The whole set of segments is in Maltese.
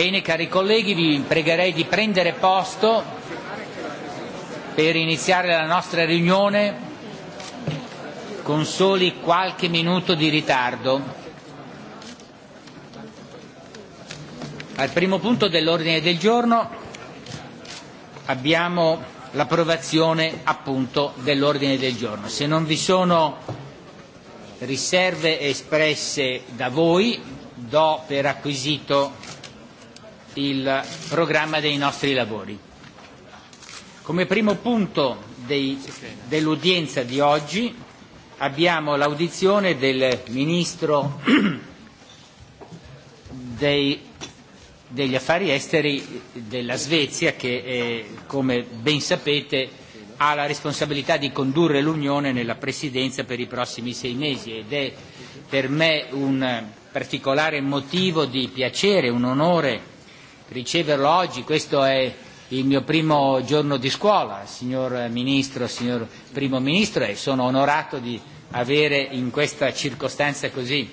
Bene, cari colleghi, vi pregherei di prendere posto per iniziare la nostra riunione con soli qualche minuto di ritardo. Al primo punto dell'ordine del giorno abbiamo l'approvazione appunto dell'ordine del giorno. Se non vi sono riserve espresse da voi, do per acquisito il programma dei nostri lavori. Come primo punto dell'udienza di oggi abbiamo l'audizione del Ministro dei, degli Affari Esteri della Svezia che, è, eh, come ben sapete, ha la responsabilità di condurre l'Unione nella Presidenza per i prossimi sei mesi ed è per me un particolare motivo di piacere, un onore riceverlo oggi. Questo è il mio primo giorno di scuola, signor Ministro, signor Primo Ministro, e sono onorato di avere in questa circostanza così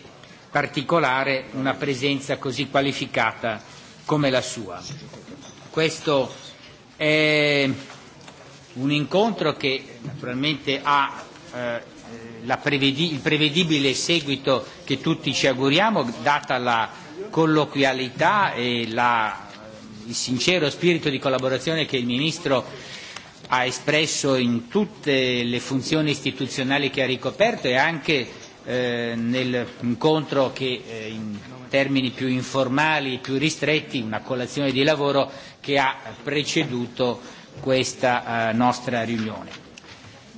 particolare una presenza così qualificata come la sua. Questo è un incontro che naturalmente ha eh, la prevedi- il prevedibile seguito che tutti ci auguriamo, data la colloquialità e la il sincero spirito di collaborazione che il Ministro ha espresso in tutte le funzioni istituzionali che ha ricoperto e anche eh, nell'incontro che eh, in termini più informali, e più ristretti, una colazione di lavoro che ha preceduto questa eh, nostra riunione.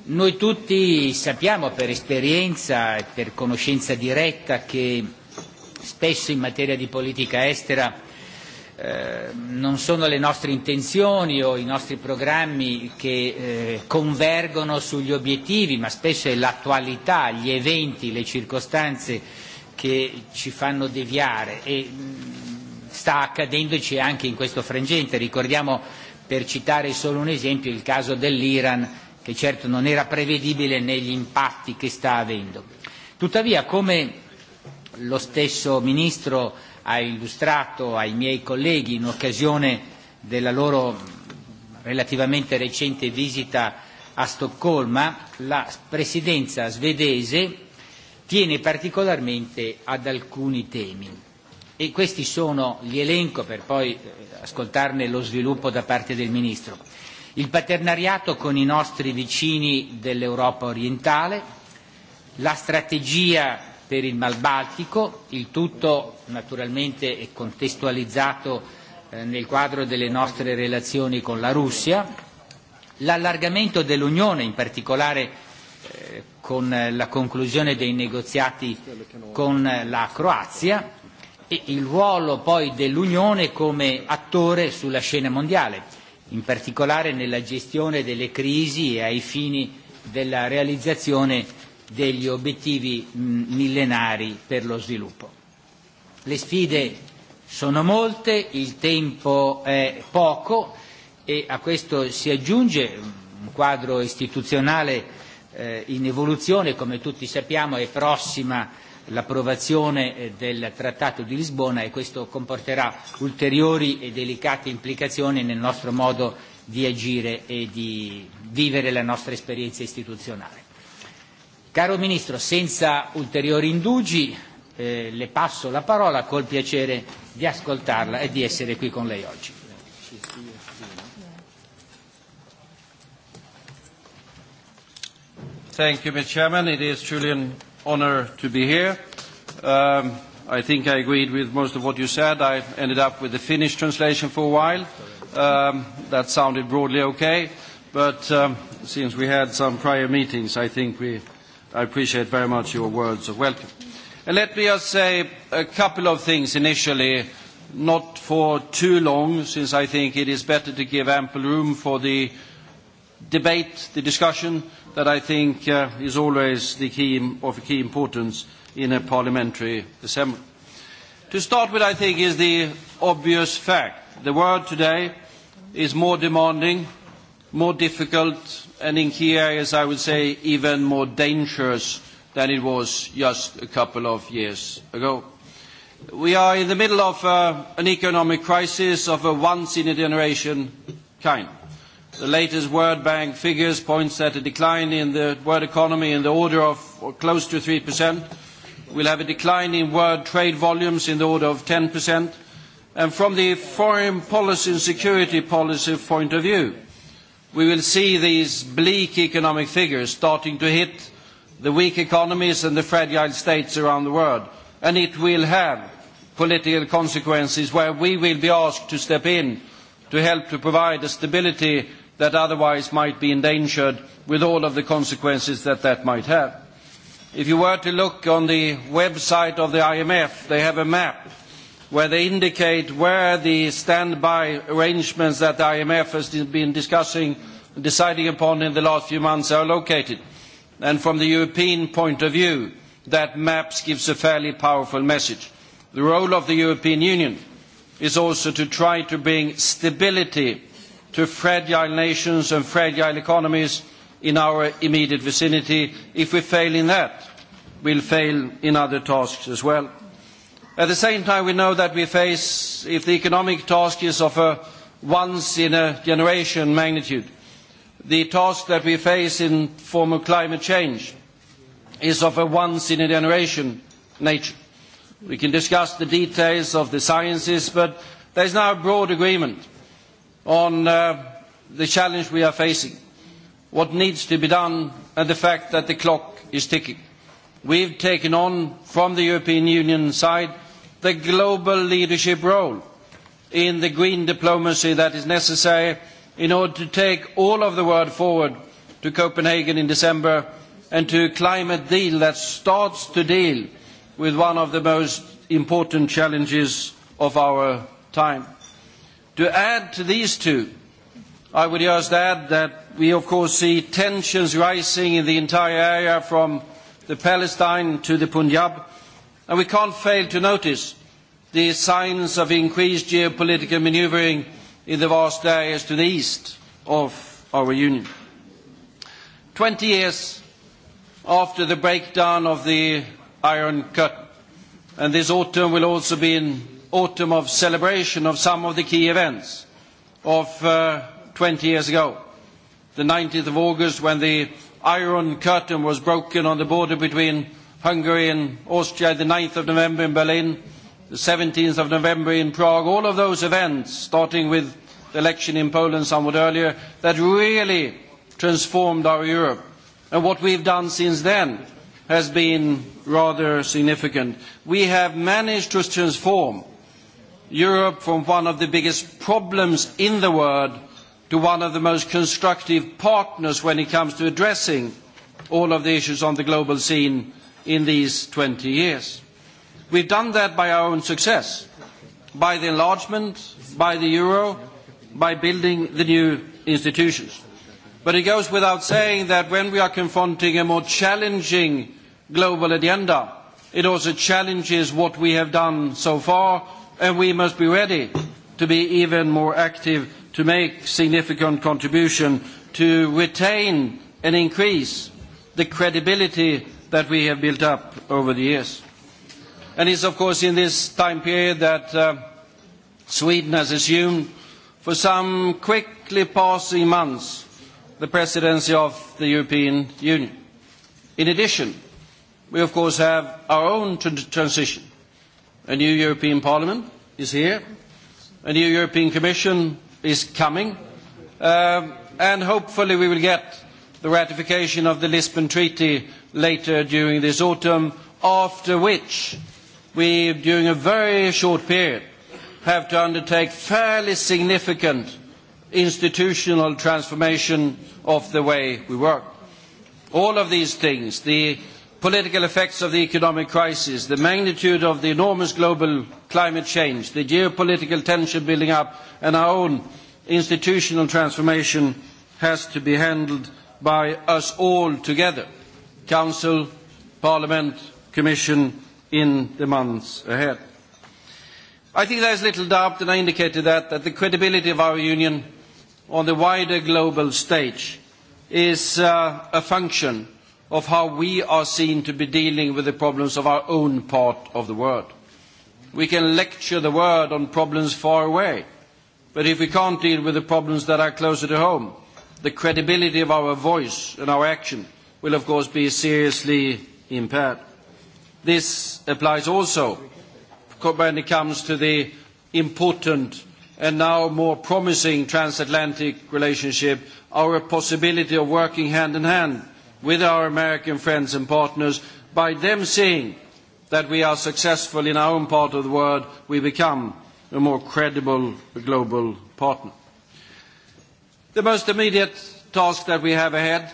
Noi tutti sappiamo per esperienza e per conoscenza diretta che spesso in materia di politica estera Eh, non sono le nostre intenzioni o i nostri programmi che eh, convergono sugli obiettivi, ma spesso è l'attualità, gli eventi, le circostanze che ci fanno deviare e mh, mm, sta accadendoci anche in questo frangente. Ricordiamo, per citare solo un esempio, il caso dell'Iran che certo non era prevedibile negli impatti che sta avendo. Tuttavia, come lo stesso Ministro ha illustrato ai miei colleghi in occasione della loro relativamente recente visita a Stoccolma, la presidenza svedese tiene particolarmente ad alcuni temi e questi sono gli elenco per poi eh, ascoltarne lo sviluppo da parte del Ministro. Il paternariato con i nostri vicini dell'Europa orientale, la strategia per il Mal Baltico, il tutto naturalmente è contestualizzato eh, nel quadro delle nostre relazioni con la Russia, l'allargamento dell'Unione in particolare eh, con la conclusione dei negoziati con la Croazia e il ruolo poi dell'Unione come attore sulla scena mondiale, in particolare nella gestione delle crisi e ai fini della realizzazione degli obiettivi mm, millenari per lo sviluppo. Le sfide sono molte, il tempo è poco e a questo si aggiunge un quadro istituzionale eh, in evoluzione, come tutti sappiamo è prossima l'approvazione eh, del Trattato di Lisbona e questo comporterà ulteriori e delicate implicazioni nel nostro modo di agire e di vivere la nostra esperienza istituzionale. Caro Ministro, senza ulteriori indugi eh, le passo la parola col piacere di ascoltarla e di essere qui con lei oggi. Thank you, Mr. Chairman. It is truly an honor to be here. Um, I think I agreed with most of what you said. I ended up with the Finnish translation for a while. Um, that sounded broadly okay, but um, since we had some prior meetings, I think we I appreciate very much your words of welcome. And let me just say a couple of things initially, not for too long, since I think it is better to give ample room for the debate, the discussion that I think uh, is always the key, of key importance in a parliamentary assembly. To start with, I think, is the obvious fact. The world today is more demanding, more difficult, and in key areas I would say even more dangerous than it was just a couple of years ago. We are in the middle of uh, an economic crisis of a once-in-a-generation kind. The latest World Bank figures points at a decline in the world economy in the order of or close to 3%. will have a decline in world trade volumes in the order of 10%. And from the foreign policy and security policy point of view, we will see these bleak economic figures starting to hit the weak economies and the fragile states around the world. And it will have political consequences where we will be asked to step in to help to provide a stability that otherwise might be endangered with all of the consequences that that might have. If you were to look on the website of the IMF, they have a map where they indicate where the standby arrangements that the IMF has been discussing and deciding upon in the last few months are located. And from the European point of view, that maps gives a fairly powerful message. The role of the European Union is also to try to bring stability to fragile nations and fragile economies in our immediate vicinity. If we fail in that, we will fail in other tasks as well. At the same time, we know that we face, if the economic task is of a once-in-a-generation magnitude, the task that we face in form of climate change is of a once-in-a-generation nature. We can discuss the details of the sciences, but there is now a broad agreement on uh, the challenge we are facing, what needs to be done, and the fact that the clock is ticking. We have taken on, from the European Union side, the global leadership role in the green diplomacy that is necessary in order to take all of the world forward to Copenhagen in December and to a climate deal that starts to deal with one of the most important challenges of our time. To add to these two, I would just add that we of course see tensions rising in the entire area from the Palestine to the Punjab And we can't fail to notice the signs of increased geopolitical manoeuvring in the vast areas to the east of our Union. Twenty years after the breakdown of the Iron Curtain, and this autumn will also be an autumn of celebration of some of the key events of uh, 20 years ago, the 19th of August when the Iron Curtain was broken on the border between Hungary and Austria, the 9th of November in Berlin, the 17th of November in Prague, all of those events, starting with the election in Poland somewhat earlier, that really transformed our Europe. And what we've done since then has been rather significant. We have managed to transform Europe from one of the biggest problems in the world to one of the most constructive partners when it comes to addressing all of the issues on the global scene in these 20 years. We've done that by our own success, by the enlargement, by the euro, by building the new institutions. But it goes without saying that when we are confronting a more challenging global agenda, it also challenges what we have done so far, and we must be ready to be even more active to make significant contribution to retain and increase the credibility that we have built up over the years. And it's of course in this time period that uh, Sweden has assumed for some quickly passing months the presidency of the European Union. In addition, we of course have our own tr transition. A new European Parliament is here, a new European Commission is coming, uh, and hopefully we will get the ratification of the Lisbon Treaty later during this autumn, after which we, during a very short period, have to undertake fairly significant institutional transformation of the way we work. All of these things, the political effects of the economic crisis, the magnitude of the enormous global climate change, the geopolitical tension building up, and our own institutional transformation has to be handled by us all together. Council, Parliament, Commission in the months ahead. I think there is little doubt, and I indicated that, that the credibility of our Union on the wider global stage is uh, a function of how we are seen to be dealing with the problems of our own part of the world. We can lecture the world on problems far away, but if we can't deal with the problems that are closer to home, the credibility of our voice and our action will of course be seriously impaired. This applies also when it comes to the important and now more promising transatlantic relationship, our possibility of working hand in hand with our American friends and partners by them seeing that we are successful in our own part of the world, we become a more credible global partner. The most immediate task that we have ahead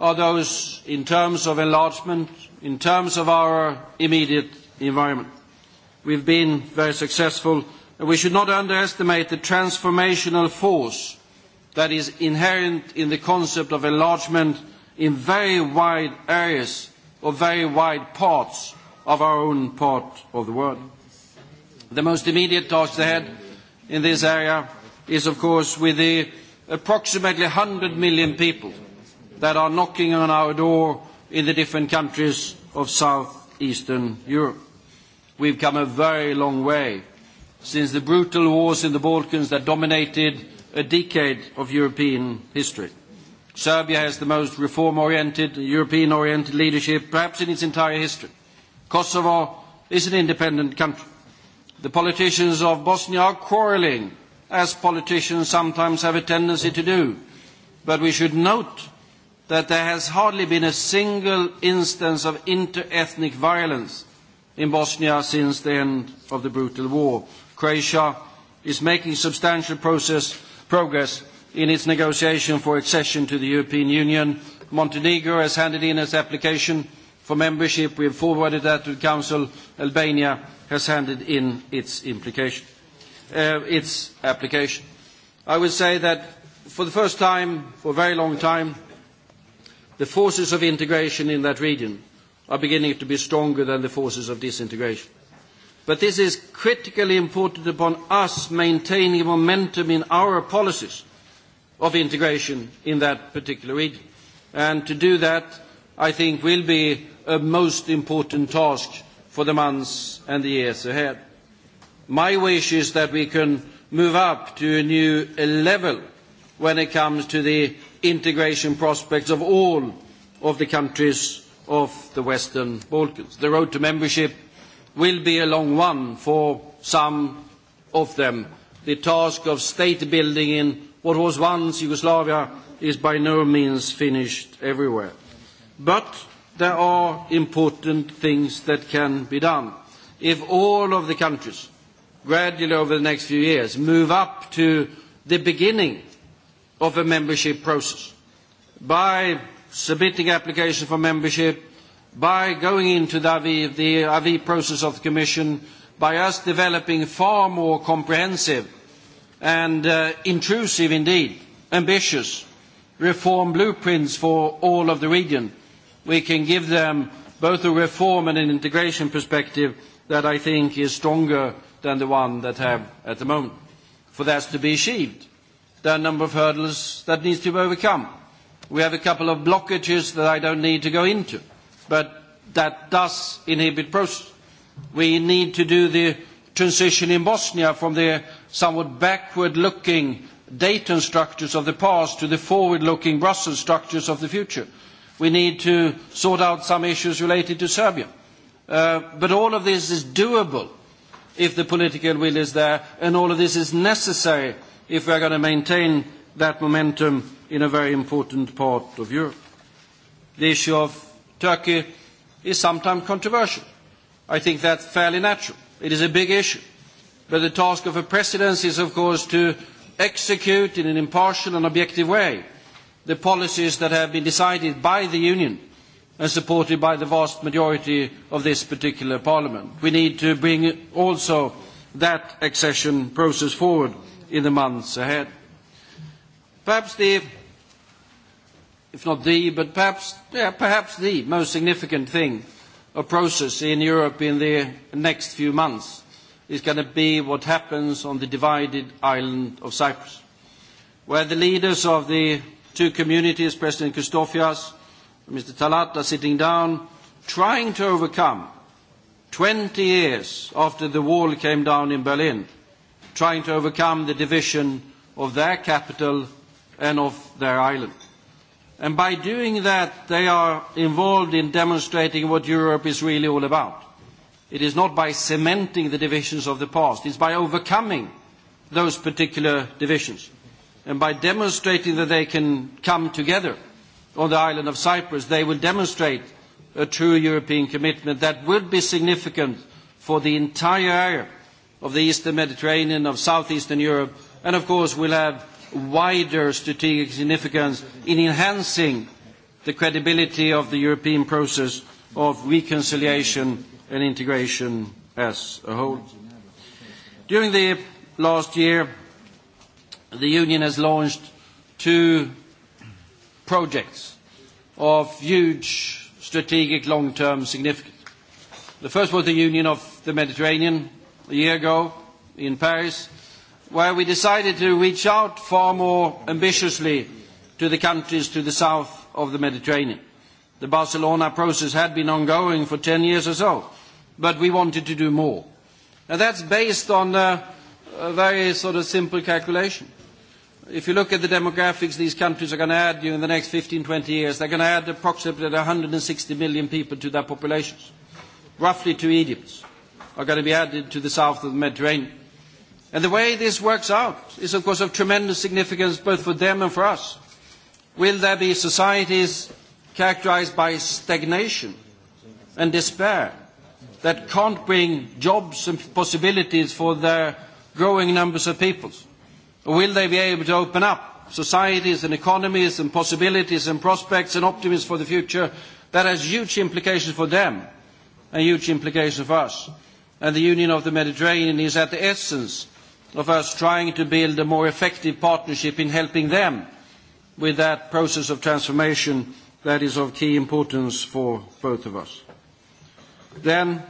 are those in terms of enlargement, in terms of our immediate environment. We've been very successful, and we should not underestimate the transformational force that is inherent in the concept of enlargement in very wide areas or very wide parts of our own part of the world. The most immediate task ahead in this area is, of course, with the approximately 100 million people that are knocking on our door in the different countries of South Eastern Europe. We've come a very long way since the brutal wars in the Balkans that dominated a decade of European history. Serbia has the most reform-oriented, European-oriented leadership, perhaps in its entire history. Kosovo is an independent country. The politicians of Bosnia are quarrelling, as politicians sometimes have a tendency to do. But we should note that there has hardly been a single instance of inter-ethnic violence in Bosnia since the end of the brutal war. Croatia is making substantial process, progress in its negotiation for accession to the European Union. Montenegro has handed in its application for membership. We have forwarded that to the Council. Albania has handed in its, implication, uh, its application. I would say that for the first time, for a very long time, The forces of integration in that region are beginning to be stronger than the forces of disintegration. But this is critically important upon us maintaining momentum in our policies of integration in that particular region. And to do that, I think, will be a most important task for the months and the years ahead. My wish is that we can move up to a new level when it comes to the integration prospects of all of the countries of the Western Balkans. The road to membership will be a long one for some of them. The task of state building in what was once Yugoslavia is by no means finished everywhere. But there are important things that can be done. If all of the countries gradually over the next few years move up to the beginning of a membership process by submitting application for membership, by going into the AVI, the AVI process of the Commission, by us developing far more comprehensive and uh, intrusive indeed, ambitious reform blueprints for all of the region. We can give them both a reform and an integration perspective that I think is stronger than the one that have at the moment. For that to be achieved, There are a number of hurdles that needs to be overcome. We have a couple of blockages that I don't need to go into, but that does inhibit process. We need to do the transition in Bosnia from the somewhat backward-looking Dayton structures of the past to the forward-looking Brussels structures of the future. We need to sort out some issues related to Serbia. Uh, but all of this is doable if the political will is there, and all of this is necessary if we are going to maintain that momentum in a very important part of Europe. The issue of Turkey is sometimes controversial. I think that's fairly natural. It is a big issue. But the task of a presidency is, of course, to execute in an impartial and objective way the policies that have been decided by the Union and supported by the vast majority of this particular Parliament. We need to bring also that accession process forward in the months ahead. Perhaps the, if not the, but perhaps, yeah, perhaps the most significant thing or process in Europe in the next few months is going to be what happens on the divided island of Cyprus, where the leaders of the two communities, President Christofias and Mr. Talat, are sitting down, trying to overcome 20 years after the wall came down in Berlin – trying to overcome the division of their capital and of their island. And by doing that, they are involved in demonstrating what Europe is really all about. It is not by cementing the divisions of the past, it is by overcoming those particular divisions. And by demonstrating that they can come together on the island of Cyprus, they will demonstrate a true European commitment that would be significant for the entire area of the Eastern Mediterranean, of Southeastern Europe, and of course will have wider strategic significance in enhancing the credibility of the European process of reconciliation and integration as a whole. During the last year, the Union has launched two projects of huge strategic long-term significance. The first was the Union of the Mediterranean, a year ago in Paris, where we decided to reach out far more ambitiously to the countries to the south of the Mediterranean. The Barcelona process had been ongoing for 10 years or so, but we wanted to do more. And that's based on a, uh, a very sort of simple calculation. If you look at the demographics these countries are going to add during the next 15, 20 years, they're going to add approximately 160 million people to their populations, roughly to Egypt's are going to be added to the south of the Mediterranean. And the way this works out is, of course, of tremendous significance both for them and for us. Will there be societies characterized by stagnation and despair that can't bring jobs and possibilities for their growing numbers of peoples? Or will they be able to open up societies and economies and possibilities and prospects and optimism for the future that has huge implications for them and huge implications for us? and the Union of the Mediterranean is at the essence of us trying to build a more effective partnership in helping them with that process of transformation that is of key importance for both of us. Then,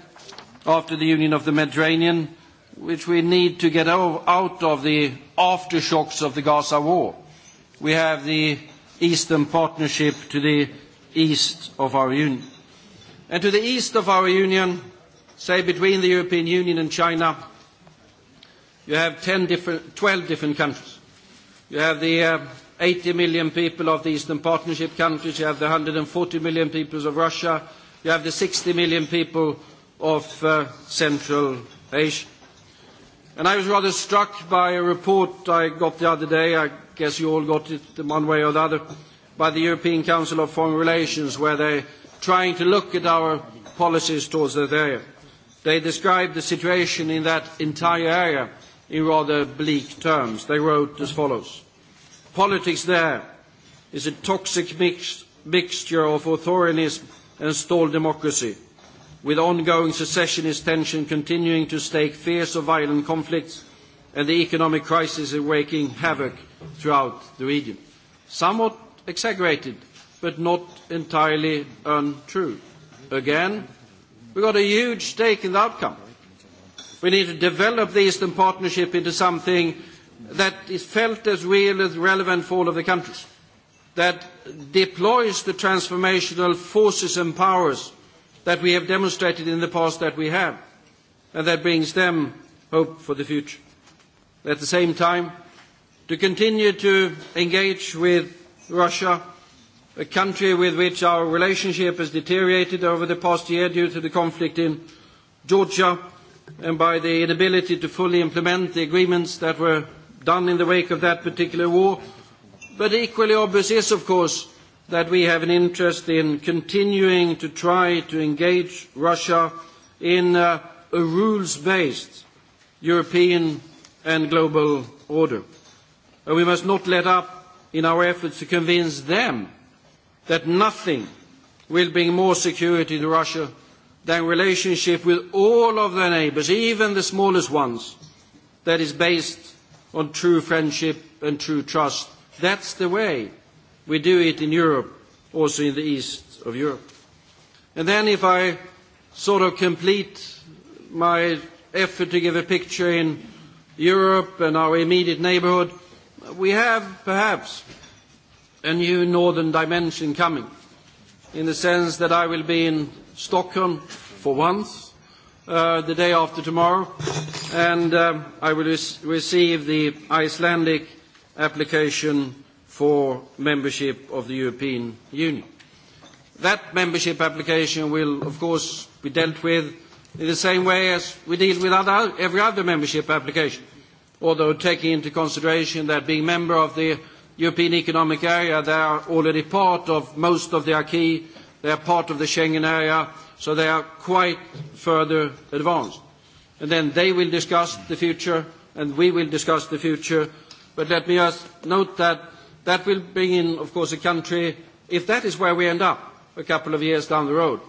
after the Union of the Mediterranean, which we need to get out of the aftershocks of the Gaza war, we have the Eastern Partnership to the east of our Union. And to the east of our Union, say between the European Union and China, you have 10 different, 12 different countries. You have the uh, 80 million people of the Eastern Partnership countries, you have the 140 million people of Russia, you have the 60 million people of uh, Central Asia. And I was rather struck by a report I got the other day, I guess you all got it one way or the other, by the European Council of Foreign Relations, where they're trying to look at our policies towards that area. They described the situation in that entire area in rather bleak terms. They wrote as follows. Politics there is a toxic mix, mixture of authoritarianism and stalled democracy, with ongoing secessionist tension continuing to stake fierce or violent conflicts, and the economic crisis is wreaking havoc throughout the region. Somewhat exaggerated, but not entirely untrue. Again, We've got a huge stake in the outcome. We need to develop the Eastern Partnership into something that is felt as real and relevant for all of the countries, that deploys the transformational forces and powers that we have demonstrated in the past that we have, and that brings them hope for the future. At the same time, to continue to engage with Russia a country with which our relationship has deteriorated over the past year due to the conflict in Georgia and by the inability to fully implement the agreements that were done in the wake of that particular war. But equally obvious is, of course, that we have an interest in continuing to try to engage Russia in uh, a rules-based European and global order. And uh, we must not let up in our efforts to convince them that nothing will bring more security to Russia than relationship with all of their neighbours, even the smallest ones, that is based on true friendship and true trust. That's the way we do it in Europe, also in the east of Europe. And then if I sort of complete my effort to give a picture in Europe and our immediate neighbourhood, we have perhaps a new northern dimension coming, in the sense that I will be in Stockholm for once, uh, the day after tomorrow, and um, I will receive the Icelandic application for membership of the European Union. That membership application will, of course, be dealt with in the same way as we deal with other, every other membership application, although taking into consideration that being member of the European Economic Area, they are already part of most of the acquis, they are part of the Schengen area, so they are quite further advanced. And then they will discuss the future, and we will discuss the future. But let me just note that that will bring in, of course, a country, if that is where we end up a couple of years down the road,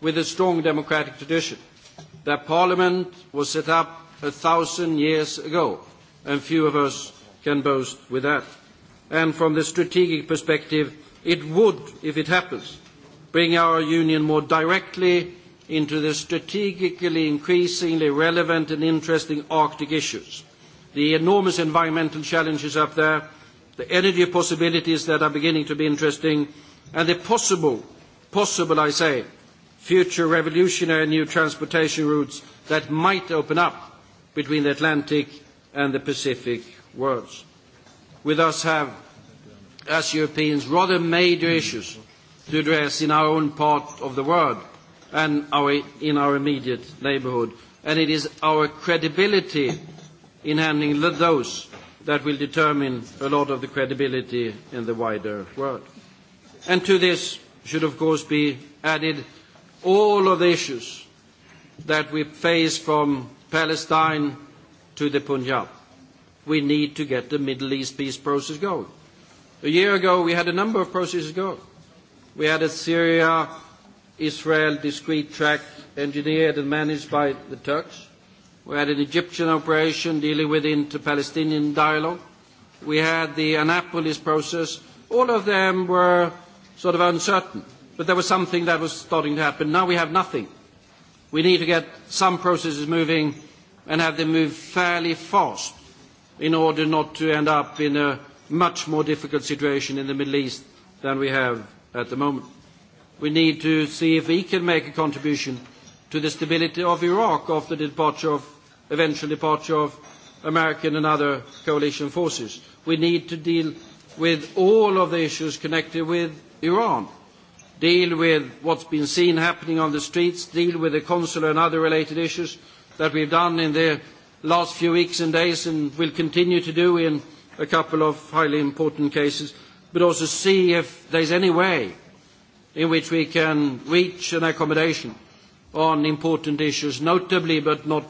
with a strong democratic tradition. That parliament was set up a thousand years ago, and few of us can boast with that and from the strategic perspective, it would, if it happens, bring our union more directly into the strategically increasingly relevant and interesting Arctic issues. The enormous environmental challenges up there, the energy possibilities that are beginning to be interesting, and the possible, possible, I say, future revolutionary new transportation routes that might open up between the Atlantic and the Pacific worlds with us have, as Europeans, rather major issues to address in our own part of the world and our, in our immediate neighbourhood. And it is our credibility in handling those that will determine a lot of the credibility in the wider world. And to this should, of course, be added all of the issues that we face from Palestine to the Punjab we need to get the Middle East peace process going. A year ago, we had a number of processes going. We had a Syria, Israel discrete track engineered and managed by the Turks. We had an Egyptian operation dealing with inter-Palestinian dialogue. We had the Annapolis process. All of them were sort of uncertain, but there was something that was starting to happen. Now we have nothing. We need to get some processes moving and have them move fairly fast in order not to end up in a much more difficult situation in the Middle East than we have at the moment. We need to see if we can make a contribution to the stability of Iraq after the departure of, eventual departure of American and other coalition forces. We need to deal with all of the issues connected with Iran, deal with what's been seen happening on the streets, deal with the consular and other related issues that we've done in the last few weeks and days and will continue to do in a couple of highly important cases, but also see if there is any way in which we can reach an accommodation on important issues, notably but not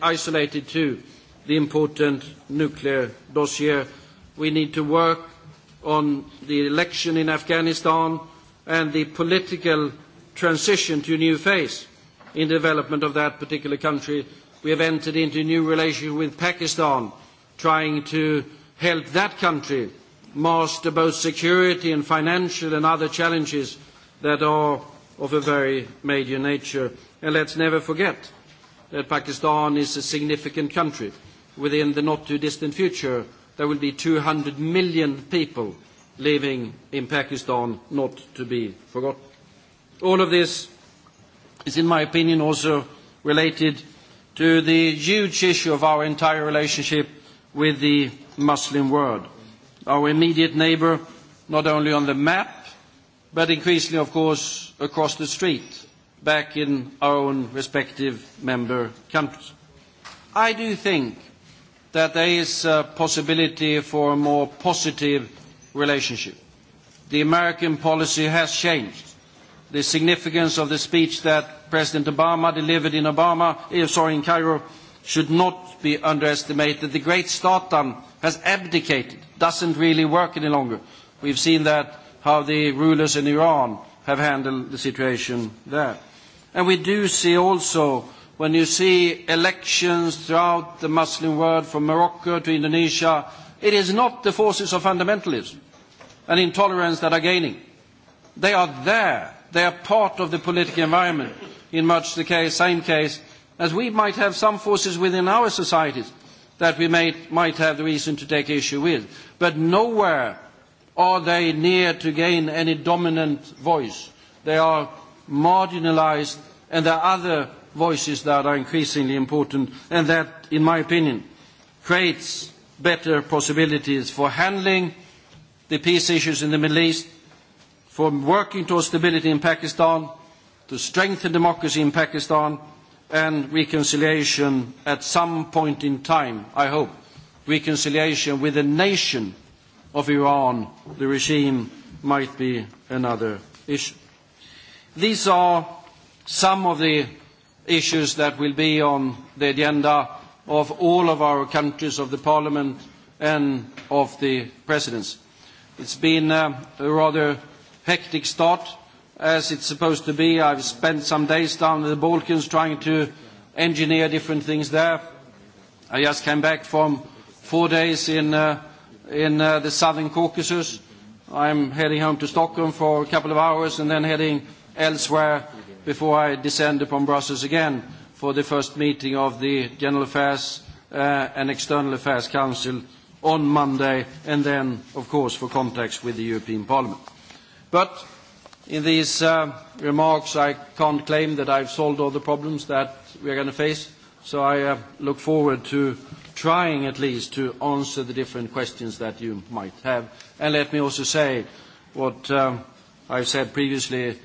isolated to the important nuclear dossier. We need to work on the election in Afghanistan and the political transition to a new phase in the development of that particular country we have entered into a new relationship with Pakistan, trying to help that country master both security and financial and other challenges that are of a very major nature. And let's never forget that Pakistan is a significant country. Within the not too distant future, there will be 200 million people living in Pakistan, not to be forgotten. All of this is, in my opinion, also related to the huge issue of our entire relationship with the Muslim world, our immediate neighbour, not only on the map, but increasingly, of course, across the street, back in our own respective member countries. I do think that there is a possibility for a more positive relationship. The American policy has changed the significance of the speech that President Obama delivered in, Obama, eh, sorry, in Cairo should not be underestimated. The great Statan has abdicated, doesn't really work any longer. We've seen that, how the rulers in Iran have handled the situation there. And we do see also, when you see elections throughout the Muslim world, from Morocco to Indonesia, it is not the forces of fundamentalism and intolerance that are gaining. They are there They are part of the political environment, in much the case, same case, as we might have some forces within our societies that we may, might have the reason to take issue with. But nowhere are they near to gain any dominant voice. They are marginalized, and there are other voices that are increasingly important, and that, in my opinion, creates better possibilities for handling the peace issues in the Middle East from working towards stability in Pakistan to strengthen democracy in Pakistan and reconciliation at some point in time, I hope, reconciliation with the nation of Iran, the regime, might be another issue. These are some of the issues that will be on the agenda of all of our countries, of the Parliament and of the Presidents. It's been uh, a rather hectic start as it's supposed to be. I've spent some days down in the Balkans trying to engineer different things there. I just came back from four days in, uh, in uh, the southern Caucasus. I'm heading home to Stockholm for a couple of hours and then heading elsewhere before I descend upon Brussels again for the first meeting of the General Affairs uh, and External Affairs Council on Monday and then, of course, for contacts with the European Parliament. But in these uh, remarks, I can't claim that I've solved all the problems that we are going to face, so I uh, look forward to trying at least to answer the different questions that you might have. And let me also say what um, I've said previously,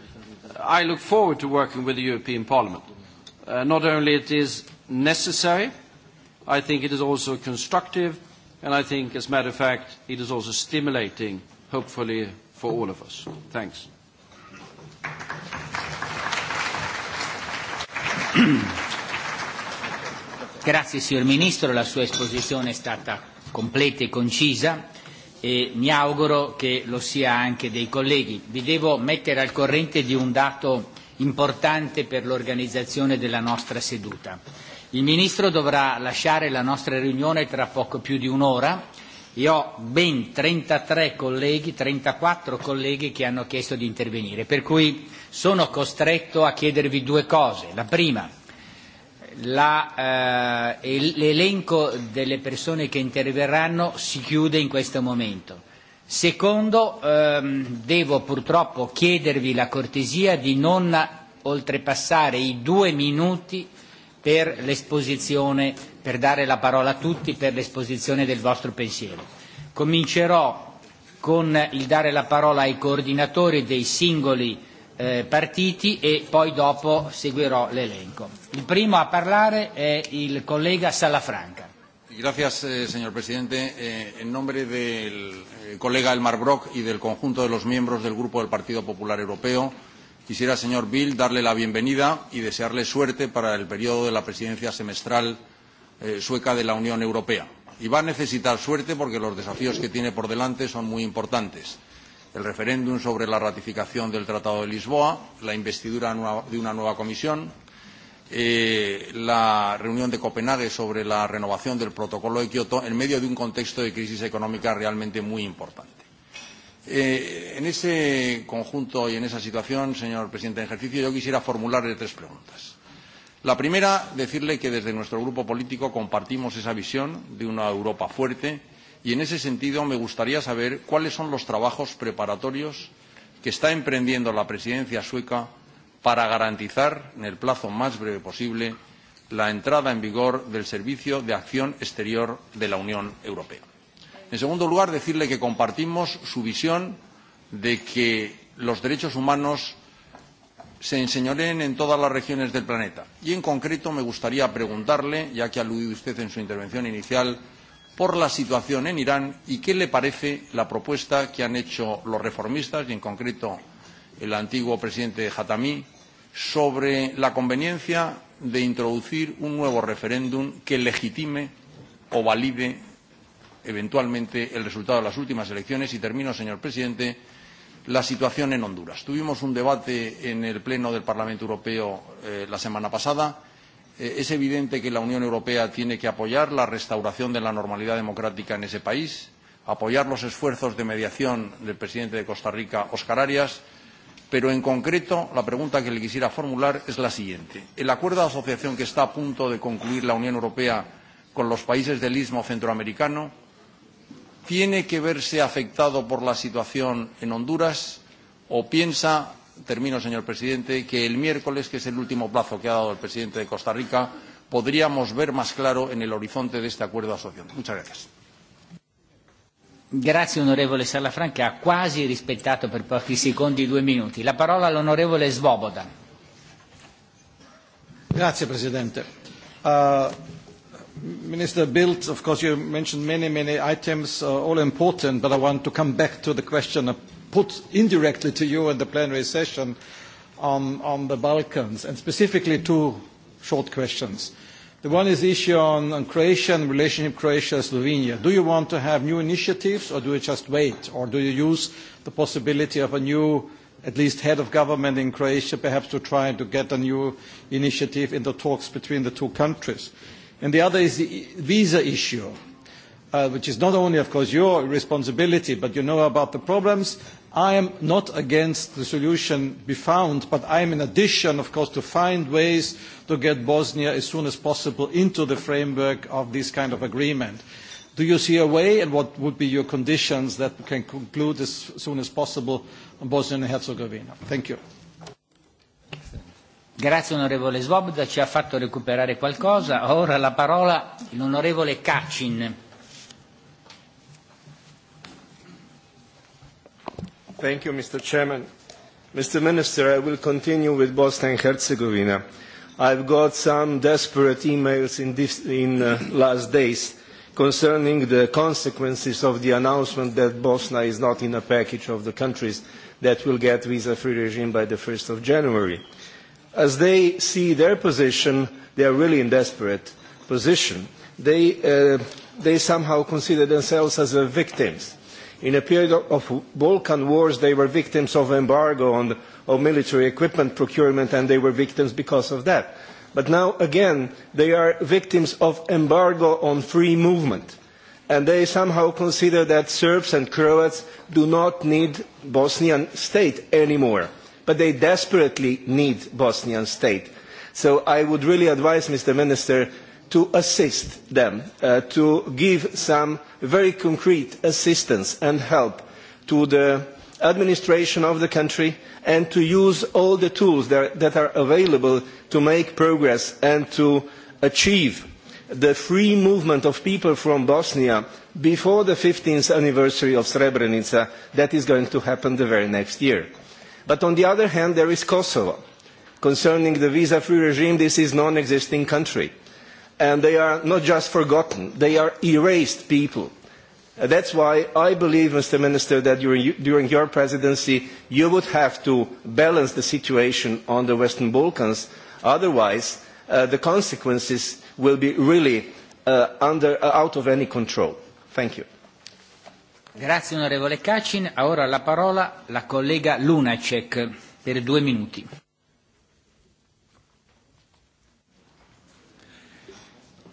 I look forward to working with the European Parliament. Uh, not only it is necessary, I think it is also constructive, and I think, as a matter of fact, it is also stimulating, hopefully, for all of us. Thanks. Grazie signor Ministro, la sua esposizione è stata completa e concisa e mi auguro che lo sia anche dei colleghi. Vi devo mettere al corrente di un dato importante per l'organizzazione della nostra seduta. Il Ministro dovrà lasciare la nostra riunione tra poco più di un'ora Io ho ben 33 colleghi, 34 colleghi che hanno chiesto di intervenire, per cui sono costretto a chiedervi due cose. La prima, la, eh, l'elenco delle persone che interverranno si chiude in questo momento. Secondo, ehm, devo purtroppo chiedervi la cortesia di non oltrepassare i due minuti per l'esposizione, per dare la parola a tutti per l'esposizione del vostro pensiero. Comincerò con il dare la parola ai coordinatori dei singoli eh, partiti e poi dopo seguirò l'elenco. Il primo a parlare è il collega Salafranca. Gracias, eh, señor presidente. Eh, en nombre del eh, colega Elmar Brock y del conjunto de los miembros del Grupo del Partido Popular Europeo, Quisiera, señor Bill, darle la bienvenida y desearle suerte para el periodo de la presidencia semestral eh, sueca de la Unión Europea. Y va a necesitar suerte porque los desafíos que tiene por delante son muy importantes. El referéndum sobre la ratificación del Tratado de Lisboa, la investidura de una nueva comisión, eh, la reunión de Copenhague sobre la renovación del protocolo de Kioto en medio de un contexto de crisis económica realmente muy importante. Eh, en ese conjunto y en esa situación, señor presidente de ejercicio, yo quisiera formularle tres preguntas. La primera, decirle que desde nuestro grupo político compartimos esa visión de una Europa fuerte y en ese sentido me gustaría saber cuáles son los trabajos preparatorios que está emprendiendo la presidencia sueca para garantizar, en el plazo más breve posible, la entrada en vigor del Servicio de Acción Exterior de la Unión Europea. En segundo lugar, decirle que compartimos su visión de que los derechos humanos se enseñoreen en todas las regiones del planeta. Y en concreto me gustaría preguntarle, ya que aludió usted en su intervención inicial, por la situación en Irán y qué le parece la propuesta que han hecho los reformistas y en concreto el antiguo presidente Hatami sobre la conveniencia de introducir un nuevo referéndum que legitime o valide eventualmente el resultado de las últimas elecciones. Y termino, señor presidente, la situación en Honduras. Tuvimos un debate en el Pleno del Parlamento Europeo eh, la semana pasada. Eh, es evidente que la Unión Europea tiene que apoyar la restauración de la normalidad democrática en ese país, apoyar los esfuerzos de mediación del presidente de Costa Rica, Oscar Arias, pero en concreto la pregunta que le quisiera formular es la siguiente. El acuerdo de asociación que está a punto de concluir la Unión Europea con los países del istmo centroamericano tiene que verse afectado por la situación en Honduras o piensa, termino señor presidente, que el miércoles, que es el último plazo que ha dado el presidente de Costa Rica, podríamos ver más claro en el horizonte de este acuerdo de asociación. Muchas gracias. Grazie onorevole Salafran che ha quasi rispettato per pochi secondi due minuti. La parola all'onorevole Svoboda. Grazie Presidente. Uh, Minister Bilt, of course, you mentioned many, many items, uh, all important, but I want to come back to the question put indirectly to you in the plenary session on, on the Balkans, and specifically two short questions. The one is the issue on, on Croatia and relationship Croatia-Slovenia. Do you want to have new initiatives, or do you just wait, or do you use the possibility of a new at least head of government in Croatia, perhaps to try to get a new initiative in the talks between the two countries. And the other is the visa issue, uh, which is not only, of course, your responsibility, but you know about the problems. I am not against the solution be found, but I am in addition, of course, to find ways to get Bosnia as soon as possible into the framework of this kind of agreement. Do you see a way, and what would be your conditions that we can conclude as soon as possible on Bosnia and Herzegovina? Thank you. Grazie onorevole Svoboda, ci ha fatto recuperare qualcosa. Ora la parola l'onorevole Kacin. Thank you, Mr. Chairman. Mr. Minister, I will continue with Bosnia and Herzegovina. I've got some desperate emails in, this, in uh, last days concerning the consequences of the announcement that Bosnia is not in a package of the countries that will get visa-free regime by the 1st of January. As they see their position, they are really in desperate position. They, uh, they somehow consider themselves as uh, victims. In a period of Balkan wars, they were victims of embargo on of military equipment procurement, and they were victims because of that. But now, again, they are victims of embargo on free movement. And they somehow consider that Serbs and Croats do not need Bosnian state anymore but they desperately need Bosnian state. So I would really advise, Mr. Minister, to assist them, uh, to give some very concrete assistance and help to the administration of the country and to use all the tools that, that are available to make progress and to achieve the free movement of people from Bosnia before the 15th anniversary of Srebrenica that is going to happen the very next year. But on the other hand, there is Kosovo. Concerning the visa-free regime, this is non-existing country. And they are not just forgotten, they are erased people. Uh, that's why I believe, Mr. Minister, that during, during your presidency, you would have to balance the situation on the Western Balkans. Otherwise, uh, the consequences will be really uh, under, uh, out of any control. Thank you. Grazie onorevole Kacin. Ora la parola la collega Lunacek per due minuti.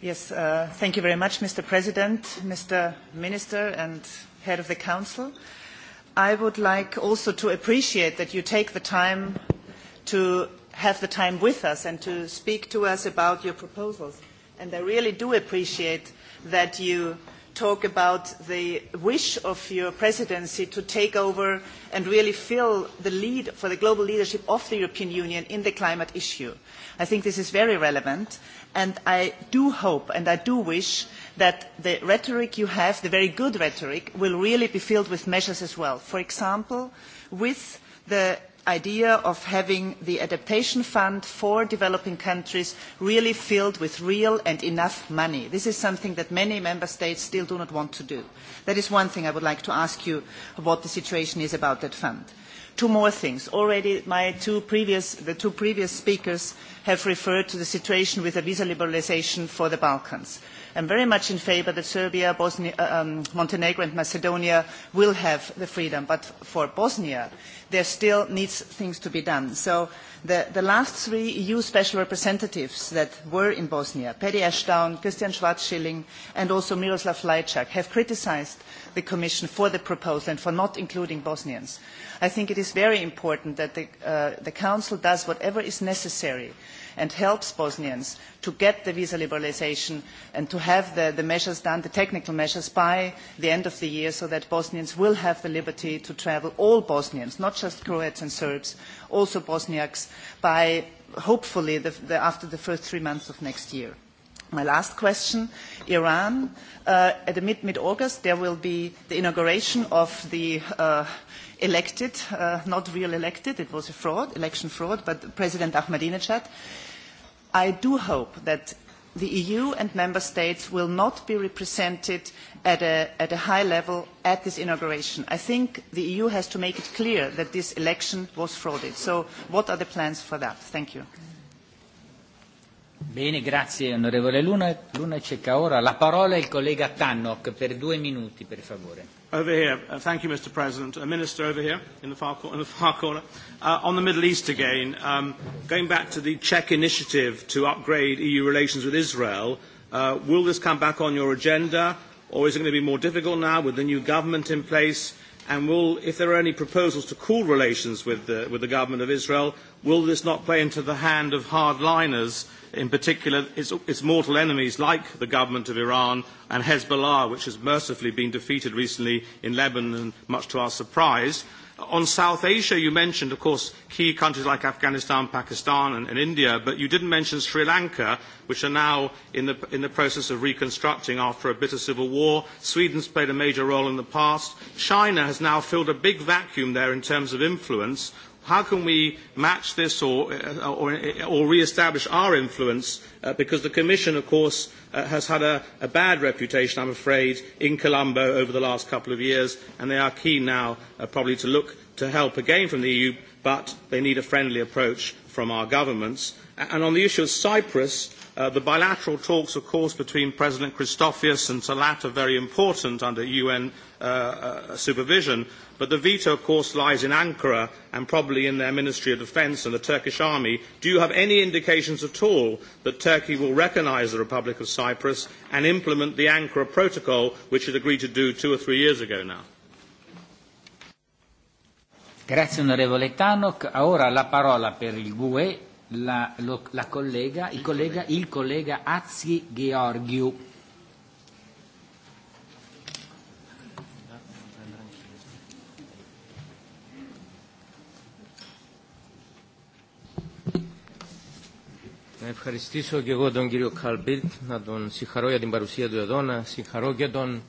Yes, uh, thank you very much, Mr. President, Mr. Minister, and Head of the Council. I would like also to appreciate that you take the time to have the time with us and to speak to us about your proposals. And I really do appreciate that you talk about the wish of your presidency to take over and really fill the lead for the global leadership of the European Union in the climate issue. I think this is very relevant and I do hope and I do wish that the rhetoric you have, the very good rhetoric, will really be filled with measures as well. For example, with the idea of having the adaptation fund for developing countries really filled with real and enough money. This is something that many member states still do not want to do. That is one thing I would like to ask you what the situation is about that fund. Two more things. Already my two previous, the two previous speakers have referred to the situation with the visa liberalisation for the Balkans am very much in favour that Serbia, Bosnia, uh, um, Montenegro and Macedonia will have the freedom, but for Bosnia there still needs things to be done. So the, the last three EU special representatives that were in Bosnia, Petty Ashton, Christian Schwarzschilling and also Miroslav Lajczak, have criticised the Commission for the proposal and for not including Bosnians. I think it is very important that the, uh, the Council does whatever is necessary and helps Bosnians to get the visa liberalization and to have the, the measures done, the technical measures, by the end of the year so that Bosnians will have the liberty to travel, all Bosnians, not just Croats and Serbs, also Bosniaks, by hopefully the, the, after the first three months of next year. My last question, Iran. Uh, at mid-August, mid there will be the inauguration of the uh, elected, uh, not real elected, it was a fraud, election fraud, but President Ahmadinejad. I do hope that the EU and member states will not be represented at a, at a high level at this inauguration. I think the EU has to make it clear that this election was frauded. So what are the plans for that? Thank you. Bene, grazie onorevole Luna. Luna c'è ora la parola il collega Tannock per due minuti, per favore over here. Uh, thank you, Mr. President. A minister over here in the far, cor in the far corner. Uh, on the Middle East again, um, going back to the Czech initiative to upgrade EU relations with Israel, uh, will this come back on your agenda, or is it going to be more difficult now with the new government in place? And will, if there are any proposals to cool relations with the, with the government of Israel, will this not play into the hand of hardliners, in particular its, its mortal enemies like the government of Iran and Hezbollah, which has mercifully been defeated recently in Lebanon, much to our surprise? On South Asia, you mentioned, of course, key countries like Afghanistan, Pakistan, and, and India, but you didn't mention Sri Lanka, which are now in the, in the process of reconstructing after a bitter civil war. Sweden's played a major role in the past. China has now filled a big vacuum there in terms of influence, How can we match this or, uh, or, uh, or re-establish our influence? Uh, because the Commission, of course, uh, has had a, a bad reputation, I'm afraid, in Colombo over the last couple of years, and they are keen now uh, probably to look to help again from the EU, but they need a friendly approach from our governments. And on the issue of Cyprus, uh, the bilateral talks, of course, between President Christofias and Talat are very important under UN uh, uh, supervision but the veto of course lies in ankara and probably in their ministry of defence and the turkish army do you have any indications at all that turkey will recognise the republic of cyprus and implement the ankara protocol which it agreed to do two or three years ago now? Grazie onorevole Tannock. Ora la parola per il GUE la, lo, la collega, il collega, il collega Azzi Georgiou. Να ευχαριστήσω και εγώ τον κύριο Μπίρτ να τον συγχαρώ για την παρουσία του εδώ, να συγχαρώ και τον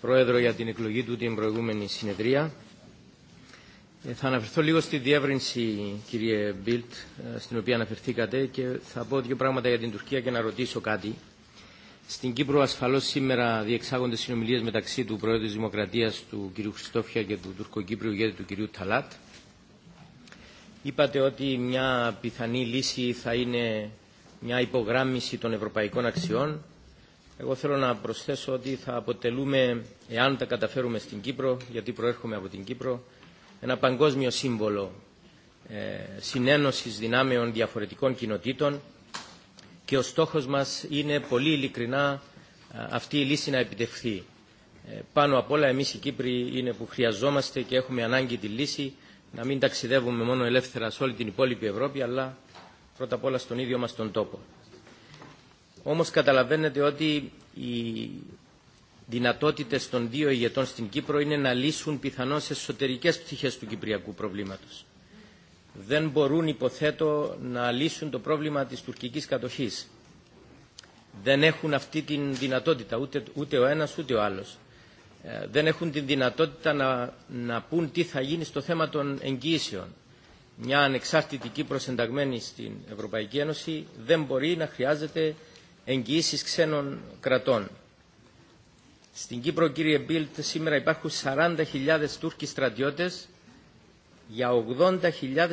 Πρόεδρο για την εκλογή του την προηγούμενη συνεδρία. Ε, θα αναφερθώ λίγο στη διεύρυνση, κύριε Μπίλτ, στην οποία αναφερθήκατε και θα πω δύο πράγματα για την Τουρκία και να ρωτήσω κάτι. Στην Κύπρο ασφαλώ σήμερα διεξάγονται συνομιλίε μεταξύ του Πρόεδρου τη Δημοκρατία, του κ. Χριστόφια και του Τουρκοκύπριου ηγέτη του κ. Ταλάτ. Είπατε ότι μια πιθανή λύση θα είναι μια υπογράμμιση των ευρωπαϊκών αξιών. Εγώ θέλω να προσθέσω ότι θα αποτελούμε, εάν τα καταφέρουμε στην Κύπρο, γιατί προέρχομαι από την Κύπρο, ένα παγκόσμιο σύμβολο ε, συνένωσης δυνάμεων διαφορετικών κοινοτήτων και ο στόχος μας είναι πολύ ειλικρινά αυτή η λύση να επιτευχθεί. Ε, πάνω απ' όλα εμείς οι Κύπροι είναι που χρειαζόμαστε και έχουμε ανάγκη τη λύση να μην ταξιδεύουμε μόνο ελεύθερα σε όλη την υπόλοιπη Ευρώπη, αλλά πρώτα απ' όλα στον ίδιο μας τον τόπο. Όμως καταλαβαίνετε ότι οι δυνατότητες των δύο ηγετών στην Κύπρο είναι να λύσουν πιθανώς εσωτερικές πτυχές του κυπριακού προβλήματος. Δεν μπορούν, υποθέτω, να λύσουν το πρόβλημα της τουρκικής κατοχής. Δεν έχουν αυτή την δυνατότητα ούτε, ούτε ο ένας ούτε ο άλλος δεν έχουν την δυνατότητα να, να πούν τι θα γίνει στο θέμα των εγγύσεων. Μια ανεξάρτητική προσενταγμένη στην Ευρωπαϊκή Ένωση δεν μπορεί να χρειάζεται εγγύησει ξένων κρατών. Στην Κύπρο, κύριε Μπίλτ, σήμερα υπάρχουν 40.000 Τούρκοι στρατιώτες για 80.000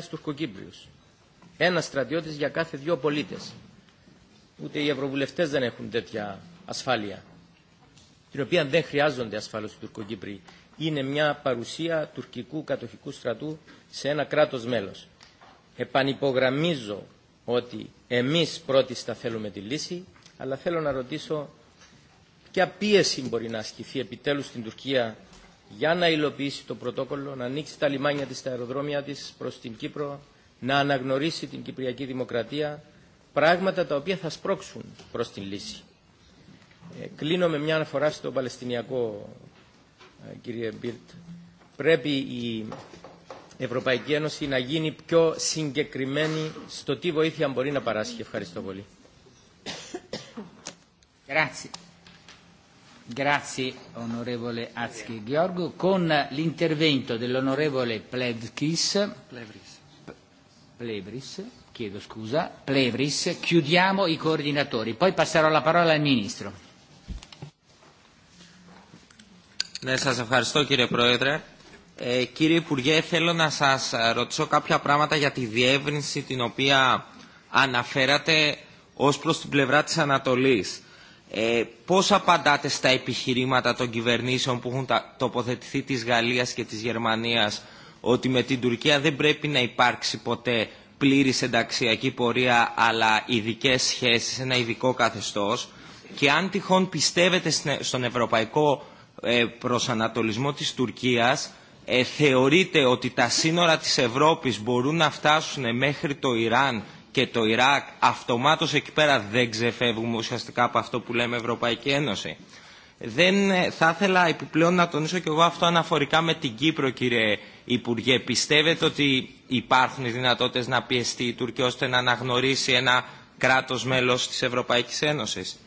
Τουρκοκύπριους. Ένα στρατιώτης για κάθε δύο πολίτες. Ούτε οι ευρωβουλευτές δεν έχουν τέτοια ασφάλεια την οποία δεν χρειάζονται ασφαλώς οι Τουρκοκύπροι. Είναι μια παρουσία τουρκικού κατοχικού στρατού σε ένα κράτος μέλος. Επανυπογραμμίζω ότι εμείς πρώτοι θα θέλουμε τη λύση, αλλά θέλω να ρωτήσω ποια πίεση μπορεί να ασκηθεί επιτέλους στην Τουρκία για να υλοποιήσει το πρωτόκολλο, να ανοίξει τα λιμάνια της, τα αεροδρόμια της προς την Κύπρο, να αναγνωρίσει την Κυπριακή Δημοκρατία, πράγματα τα οποία θα σπρώξουν προς την λύση. Κλείνω με μια αναφορά στο Παλαιστινιακό, κύριε Μπίλτ. Πρέπει η Ευρωπαϊκή Ένωση να γίνει πιο συγκεκριμένη στο τι βοήθεια μπορεί να παράσχει. Ευχαριστώ πολύ. Grazie. Grazie onorevole Azchi Gheorgho. Con l'intervento dell'onorevole Plevkis, Plevris. Plevris, chiedo scusa, Plevris, chiudiamo i coordinatori. Poi passerò la parola al Ministro. Ναι, σας ευχαριστώ κύριε Πρόεδρε. Ε, κύριε Υπουργέ, θέλω να σας ρωτήσω κάποια πράγματα για τη διεύρυνση την οποία αναφέρατε ως προς την πλευρά της Ανατολής. Ε, πώς απαντάτε στα επιχειρήματα των κυβερνήσεων που έχουν τοποθετηθεί της Γαλλίας και της Γερμανίας ότι με την Τουρκία δεν πρέπει να υπάρξει ποτέ πλήρη ενταξιακή πορεία αλλά ειδικέ σχέσεις, ένα ειδικό καθεστώς και αν τυχόν πιστεύετε στον ευρωπαϊκό προσανατολισμό της Τουρκίας ε, θεωρείται ότι τα σύνορα της Ευρώπης μπορούν να φτάσουν μέχρι το Ιράν και το Ιράκ αυτομάτως εκεί πέρα δεν ξεφεύγουμε ουσιαστικά από αυτό που λέμε Ευρωπαϊκή Ένωση. Δεν θα ήθελα επιπλέον να τονίσω και εγώ αυτό αναφορικά με την Κύπρο κύριε Υπουργέ. Πιστεύετε ότι υπάρχουν οι δυνατότητες να πιεστεί η Τουρκία ώστε να αναγνωρίσει ένα κράτος μέλος της Ευρωπαϊκής Ένωσης.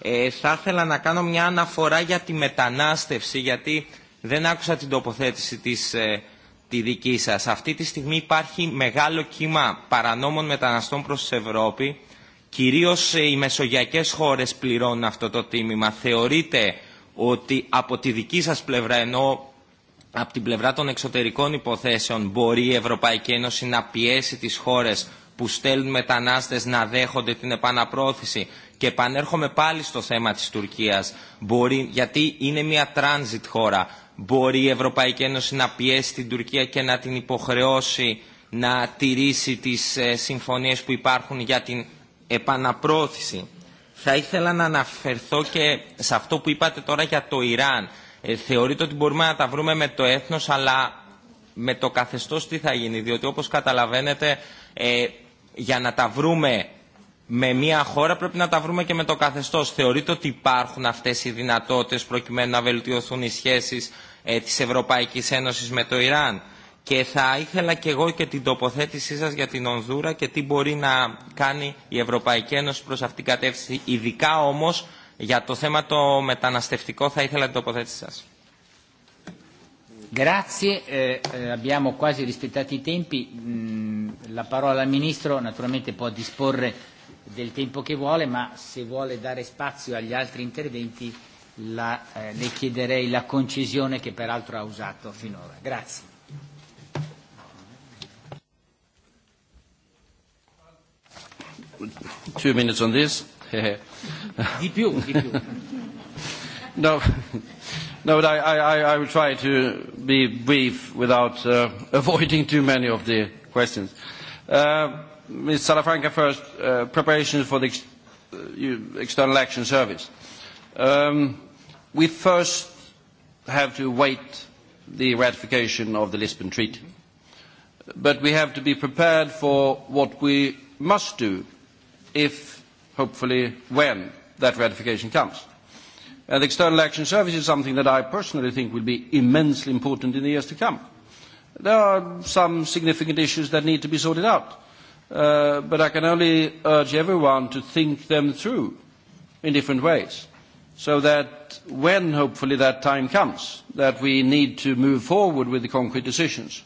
Ε, θα ήθελα να κάνω μια αναφορά για τη μετανάστευση, γιατί δεν άκουσα την τοποθέτηση της, ε, τη δική σας. Αυτή τη στιγμή υπάρχει μεγάλο κύμα παρανόμων μεταναστών προς την Ευρώπη. Κυρίως ε, οι μεσογειακές χώρες πληρώνουν αυτό το τίμημα. Θεωρείτε ότι από τη δική σας πλευρά, ενώ από την πλευρά των εξωτερικών υποθέσεων, μπορεί η Ευρωπαϊκή Ένωση να πιέσει τις χώρες που στέλνουν μετανάστες να δέχονται την επαναπρόθεση. Και επανέρχομαι πάλι στο θέμα της Τουρκίας, μπορεί, γιατί είναι μια τράνζιτ χώρα. Μπορεί η Ευρωπαϊκή Ένωση να πιέσει την Τουρκία και να την υποχρεώσει να τηρήσει τις ε, συμφωνίες που υπάρχουν για την επαναπρόθεση. Θα ήθελα να αναφερθώ και σε αυτό που είπατε τώρα για το Ιράν. Ε, θεωρείτε ότι μπορούμε να τα βρούμε με το έθνος, αλλά με το καθεστώς τι θα γίνει, διότι όπως καταλαβαίνετε ε, για να τα βρούμε με μια χώρα πρέπει να τα βρούμε και με το καθεστώς. Θεωρείτε ότι υπάρχουν αυτές οι δυνατότητες προκειμένου να βελτιωθούν οι σχέσεις ε, της Ευρωπαϊκής Ένωσης με το Ιράν. Και θα ήθελα και εγώ και την τοποθέτησή σας για την Ονδούρα και τι μπορεί να κάνει η Ευρωπαϊκή Ένωση προς αυτήν την κατεύθυνση. Ειδικά όμως για το θέμα το μεταναστευτικό θα ήθελα την τοποθέτησή σας. Grazie, eh, eh, abbiamo quasi rispettato i tempi. Mm, la parola al Ministro naturalmente può disporre del tempo che vuole, ma se vuole dare spazio agli altri interventi la, eh, le chiederei la concisione che peraltro ha usato finora. Grazie. Two minutes on this. di più, di più. no. No, but I, I, I will try to be brief without uh, avoiding too many of the questions. Uh, Ms. Salafranca first, uh, preparations for the ex uh, External Action Service. Um, we first have to wait the ratification of the Lisbon Treaty. But we have to be prepared for what we must do if, hopefully, when that ratification comes. And the External Action Service is something that I personally think will be immensely important in the years to come. There are some significant issues that need to be sorted out, uh, but I can only urge everyone to think them through in different ways so that when hopefully that time comes that we need to move forward with the concrete decisions,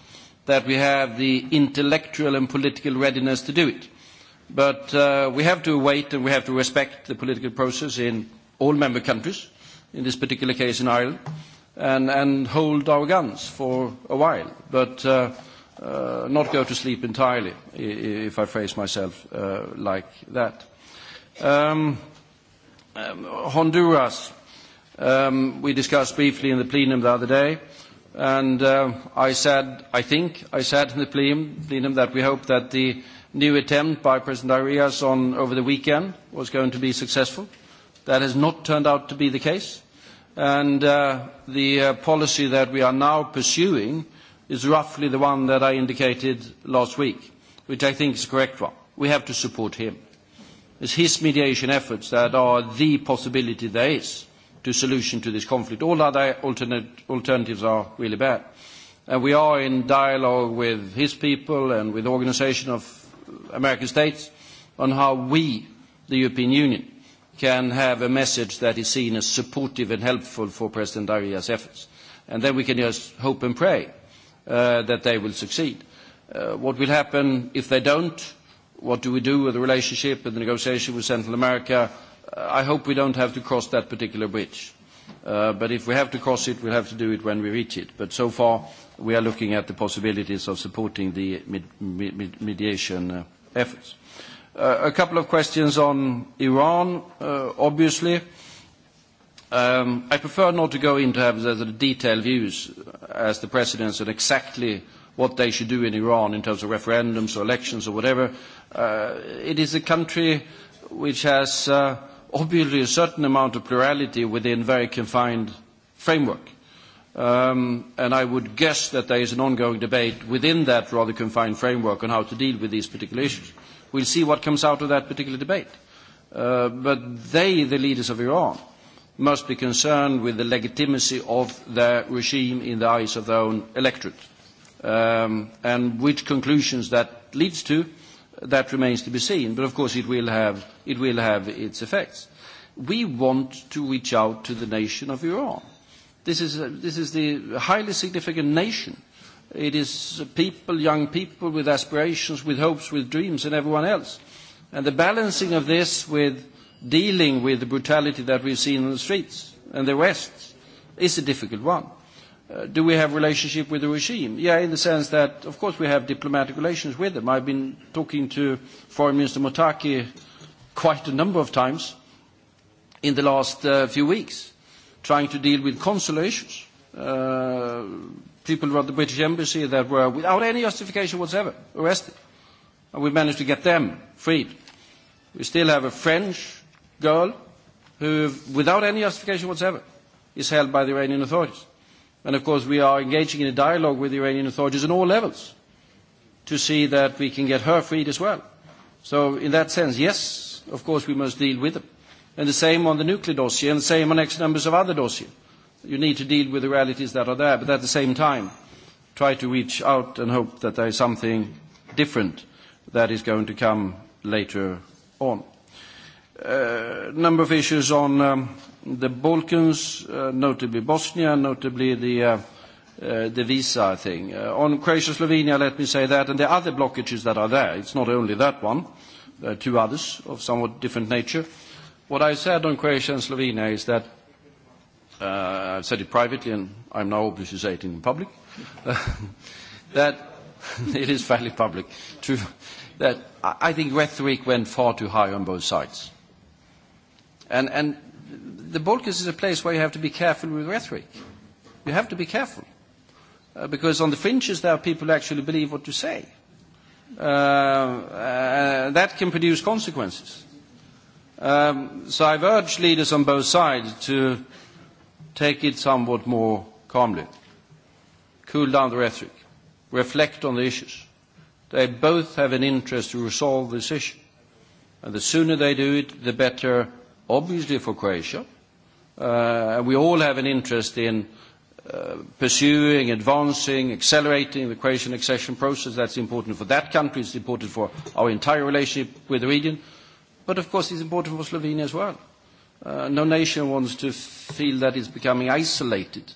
that we have the intellectual and political readiness to do it. But uh, we have to wait and we have to respect the political process in all member countries, in this particular case in Ireland, and, and hold our guns for a while, but uh, uh, not go to sleep entirely, if I phrase myself uh, like that. Um, um, Honduras, um, we discussed briefly in the plenum the other day, and uh, I said, I think I said in the plenum, plenum that we hope that the new attempt by President Arias on over the weekend was going to be successful. That has not turned out to be the case. And uh, the uh, policy that we are now pursuing is roughly the one that I indicated last week, which I think is the correct one. We have to support him. It's his mediation efforts that are the possibility there is to solution to this conflict. All other alternate, alternatives are really bad. And we are in dialogue with his people and with the Organization of American States on how we, the European Union, can have a message that is seen as supportive and helpful for President Arias' efforts. And then we can just hope and pray uh, that they will succeed. Uh, what will happen if they don't? What do we do with the relationship and the negotiation with Central America? Uh, I hope we don't have to cross that particular bridge. Uh, but if we have to cross it, we'll have to do it when we reach it. But so far, we are looking at the possibilities of supporting the med med mediation uh, efforts. Uh, a couple of questions on Iran, uh, obviously. Um, I prefer not to go into have the, detailed views as the presidents on exactly what they should do in Iran in terms of referendums or elections or whatever. Uh, it is a country which has obviously a certain amount of plurality within very confined framework. Um, and I would guess that there is an ongoing debate within that rather confined framework on how to deal with these particular issues. We'll see what comes out of that particular debate. Uh, but they, the leaders of Iran, must be concerned with the legitimacy of their regime in the eyes of their own electorate. Um, and which conclusions that leads to, that remains to be seen. But of course it will have, it will have its effects. We want to reach out to the nation of Iran. This is, a, uh, this is the highly significant nation It is people, young people with aspirations, with hopes, with dreams, and everyone else. And the balancing of this with dealing with the brutality that we've seen in the streets and the West is a difficult one. Uh, do we have relationship with the regime? Yeah, in the sense that, of course, we have diplomatic relations with them. I've been talking to Foreign Minister Motaki quite a number of times in the last uh, few weeks, trying to deal with consular issues, uh, people from the British Embassy that were, without any justification whatsoever, arrested. And we managed to get them freed. We still have a French girl who, without any justification whatsoever, is held by the Iranian authorities. And of course, we are engaging in a dialogue with the Iranian authorities on all levels to see that we can get her freed as well. So in that sense, yes, of course, we must deal with them. And the same on the nuclear dossier, and the same on X numbers of other dossiers. You need to deal with the realities that are there, but at the same time, try to reach out and hope that there is something different that is going to come later on. A uh, number of issues on um, the Balkans, uh, notably Bosnia, notably the, uh, uh, the visa thing. Uh, on Croatia, Slovenia, let me say that, and the other blockages that are there, it's not only that one, there are two others of somewhat different nature. What I said on Croatia and Slovenia is that uh, I've said it privately and I'm now obviously saying it in public, uh, that it is fairly public, true, that I think rhetoric went far too high on both sides. And, and the Balkans is a place where you have to be careful with rhetoric. You have to be careful. Uh, because on the fringes there are people who actually believe what you say. Uh, uh, that can produce consequences. Um, so I've urged leaders on both sides to take it somewhat more calmly, cool down the rhetoric, reflect on the issues. They both have an interest to resolve this issue. And the sooner they do it, the better, obviously, for Croatia. Uh, we all have an interest in uh, pursuing, advancing, accelerating the Croatian accession process. That's important for that country. It's important for our entire relationship with the region. But, of course, it's important for Slovenia as well. Uh, no nation wants to feel that it's becoming isolated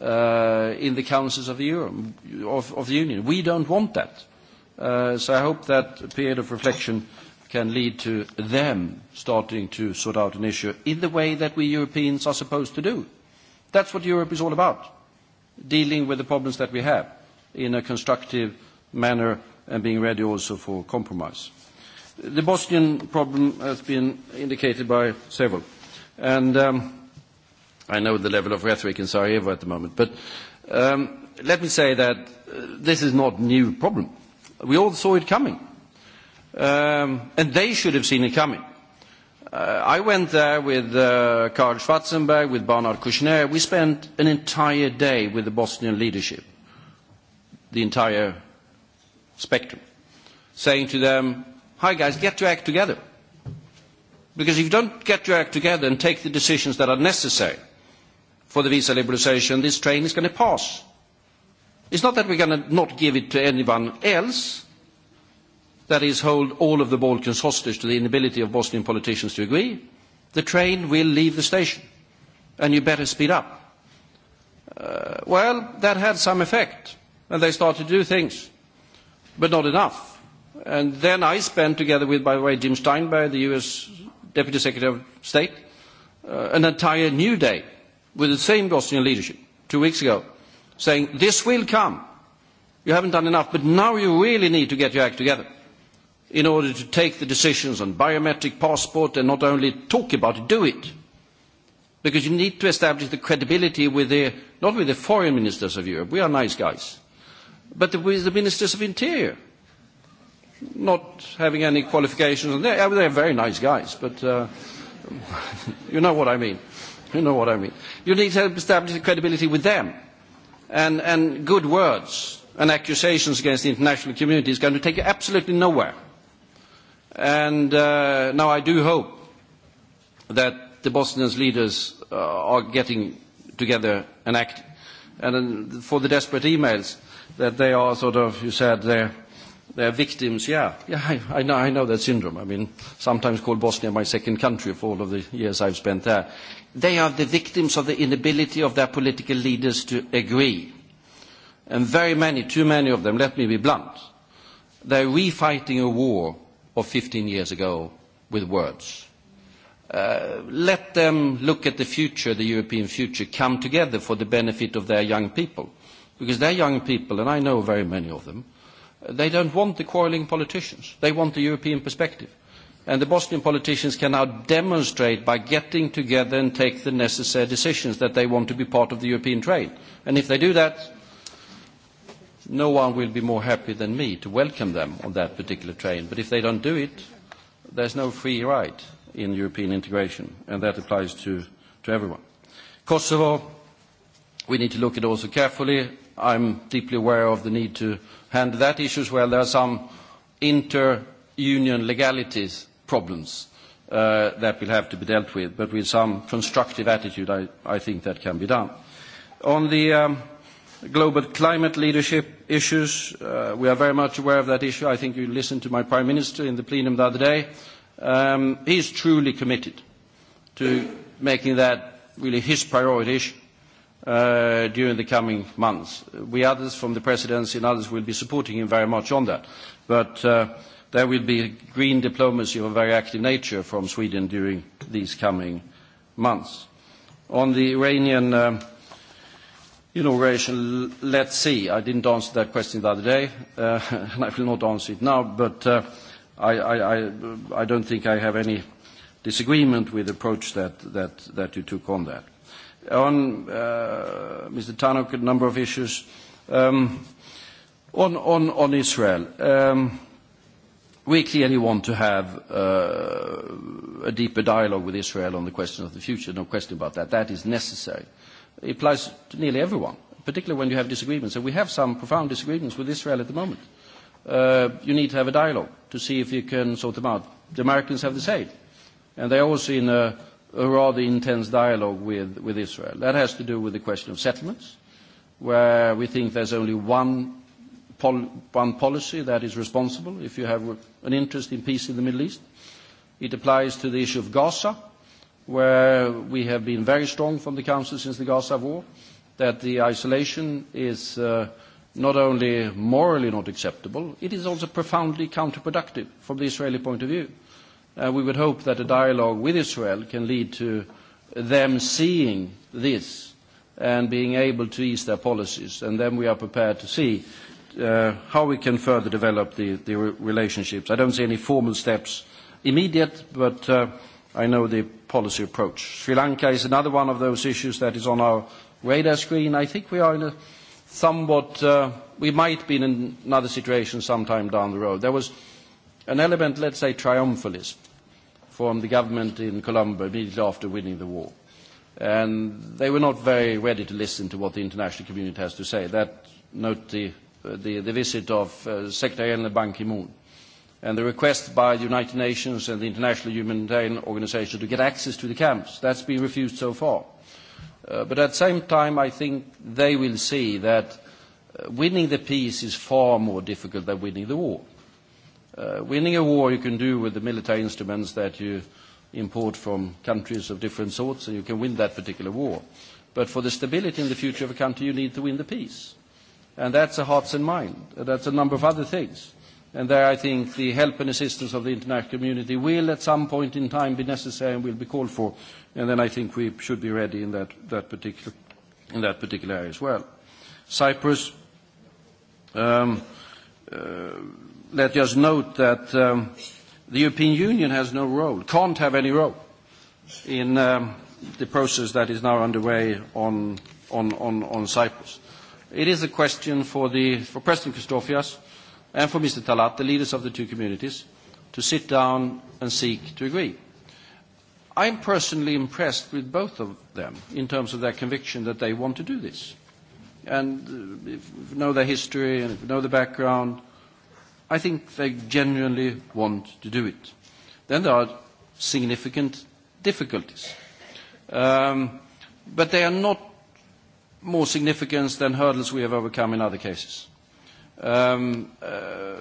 uh, in the councils of the, Euro, of, of the Union. We don't want that. Uh, so I hope that a period of reflection can lead to them starting to sort out an issue in the way that we Europeans are supposed to do. That's what Europe is all about, dealing with the problems that we have in a constructive manner and being ready also for compromise. The Bosnian problem has been indicated by several. And um, I know the level of rhetoric in Sarajevo at the moment, but um, let me say that uh, this is not a new problem. We all saw it coming, um, and they should have seen it coming. Uh, I went there with uh, Karl Schwarzenberg, with Bernard Kushner, We spent an entire day with the Bosnian leadership, the entire spectrum, saying to them, hi guys, get to act together. Because if you don't get your act together and take the decisions that are necessary for the visa liberalisation, this train is going to pass. It's not that we're going to not give it to anyone else, that is, hold all of the Balkans hostage to the inability of Bosnian politicians to agree. The train will leave the station, and you better speed up. Uh, well, that had some effect, and they started to do things, but not enough. And then I spent, together with, by the way, Jim Steinberg, the US Deputy Secretary of State, uh, an entire new day with the same Bosnian leadership two weeks ago, saying, this will come. You haven't done enough, but now you really need to get your act together in order to take the decisions on biometric passport and not only talk about it, do it. Because you need to establish the credibility with the, not with the foreign ministers of Europe, we are nice guys, but with the ministers of interior not having any qualifications. They're, they're very nice guys, but uh, you know what I mean. You know what I mean. You need to establish credibility with them. And, and good words and accusations against the international community is going to take you absolutely nowhere. And uh, now I do hope that the Bosnians leaders uh, are getting together and acting. And uh, for the desperate emails that they are sort of, you said, they're They are victims, yeah. Yeah, I, I, know, I know that syndrome. I mean, sometimes called Bosnia my second country for all of the years I've spent there. They are the victims of the inability of their political leaders to agree. And very many, too many of them, let me be blunt, they're refighting a war of 15 years ago with words. Uh, let them look at the future, the European future, come together for the benefit of their young people. Because their young people, and I know very many of them, They don't want the quarrelling politicians. They want the European perspective. And the Bosnian politicians can now demonstrate by getting together and take the necessary decisions that they want to be part of the European train. And if they do that, no one will be more happy than me to welcome them on that particular train. But if they don't do it, there's no free ride in European integration, and that applies to, to everyone. Kosovo, we need to look at also carefully. I'm deeply aware of the need to and that issue as well. There are some inter-union legalities problems uh, that will have to be dealt with, but with some constructive attitude, I, I think that can be done. On the um, global climate leadership issues, uh, we are very much aware of that issue. I think you listened to my Prime Minister in the plenum the other day. Um, he is truly committed to making that really his priority issue uh, during the coming months. We others from the presidency and others will be supporting him very much on that. But uh, there will be green diplomacy of a very active nature from Sweden during these coming months. On the Iranian uh, inauguration, let's see. I didn't answer that question the other day, uh, and I will not answer it now, but uh, I, I, I, I don't think I have any disagreement with the approach that, that, that you took on that on uh, Mr. Tanok, a number of issues. Um, on, on, on Israel, um, we clearly want to have uh, a deeper dialogue with Israel on the question of the future, no question about that. That is necessary. It applies to nearly everyone, particularly when you have disagreements. And we have some profound disagreements with Israel at the moment. Uh, you need to have a dialogue to see if you can sort them out. The Americans have the same. And they're also in a a rather intense dialogue with, with Israel. That has to do with the question of settlements, where we think there's only one, pol one policy that is responsible if you have an interest in peace in the Middle East. It applies to the issue of Gaza, where we have been very strong from the Council since the Gaza war, that the isolation is uh, not only morally not acceptable, it is also profoundly counterproductive from the Israeli point of view uh, we would hope that a dialogue with Israel can lead to them seeing this and being able to ease their policies. And then we are prepared to see uh, how we can further develop the, the relationships. I don't see any formal steps immediate, but uh, I know the policy approach. Sri Lanka is another one of those issues that is on our radar screen. I think we are in a somewhat, uh, we might be in another situation sometime down the road. There was an element, let's say, triumphalist formed the government in Colombo immediately after winning the war. And they were not very ready to listen to what the international community has to say. That note the, uh, the, the visit of uh, Secretary General Ban Ki-moon and the request by the United Nations and the International Humanitarian Organization to get access to the camps. That's been refused so far. Uh, but at the same time, I think they will see that uh, winning the peace is far more difficult than winning the war. Uh, Uh, winning a war you can do with the military instruments that you import from countries of different sorts, and you can win that particular war. But for the stability in the future of a country, you need to win the peace. And that's a hearts and mind. That's a number of other things. And there I think the help and assistance of the international community will at some point in time be necessary and will be called for. And then I think we should be ready in that, that, particular, in that particular area as well. Cyprus, um, uh, let us note that um, the European Union has no role, can't have any role in um, the process that is now underway on, on, on, on Cyprus. It is a question for, the, for President Christofias and for Mr. Talat, the leaders of the two communities, to sit down and seek to agree. I'm personally impressed with both of them in terms of their conviction that they want to do this. And uh, if you know their history and if you know the background, I think they genuinely want to do it. Then there are significant difficulties. Um, but they are not more significant than hurdles we have overcome in other cases. Um, uh,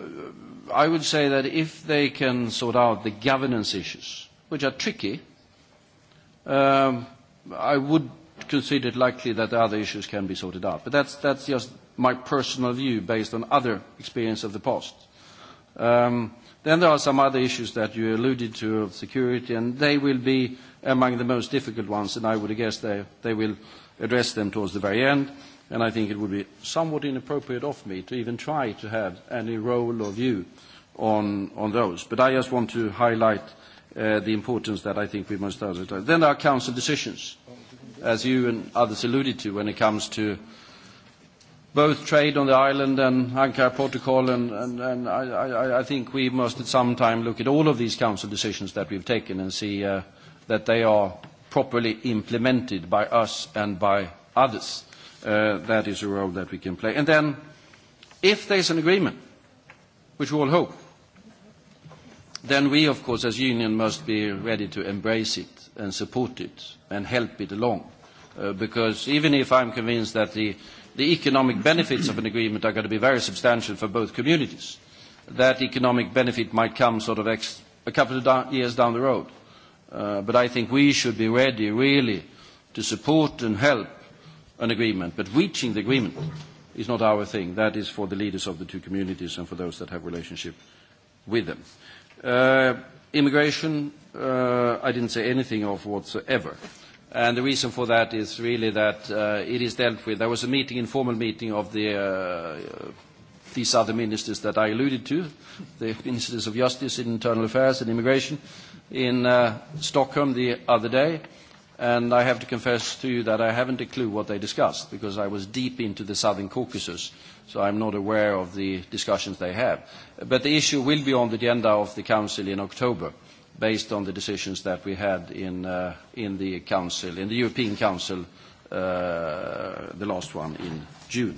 I would say that if they can sort out the governance issues, which are tricky, um, I would consider it likely that the other issues can be sorted out. But that's, that's just my personal view based on other experience of the past. Um, then there are some other issues that you alluded to of security, and they will be among the most difficult ones, and I would guess they, they will address them towards the very end. And I think it would be somewhat inappropriate of me to even try to have any role or view on, on those. But I just want to highlight uh, the importance that I think we must have. Then there are council decisions, as you and others alluded to, when it comes to both trade on the island and Ankara Protocol, and, and, and I, I, I think we must at some time look at all of these council decisions that we've taken and see uh, that they are properly implemented by us and by others. Uh, that is a role that we can play. And then, if there's an agreement, which we all hope, then we, of course, as union, must be ready to embrace it and support it and help it along. Uh, because even if I'm convinced that the the economic benefits of an agreement are going to be very substantial for both communities. That economic benefit might come sort of ex a couple of down years down the road. Uh, but I think we should be ready, really, to support and help an agreement. But reaching the agreement is not our thing. That is for the leaders of the two communities and for those that have relationship with them. Uh, immigration, uh, I didn't say anything of whatsoever. And the reason for that is really that uh, it is dealt with. There was a meeting, informal meeting of the, uh, these other ministers that I alluded to, the ministers of justice, internal affairs and immigration, in uh, Stockholm the other day. And I have to confess to you that I haven't a clue what they discussed because I was deep into the southern Caucasus, so I'm not aware of the discussions they have. But the issue will be on the agenda of the Council in October based on the decisions that we had in, uh, in the Council, in the European Council, uh, the last one in June.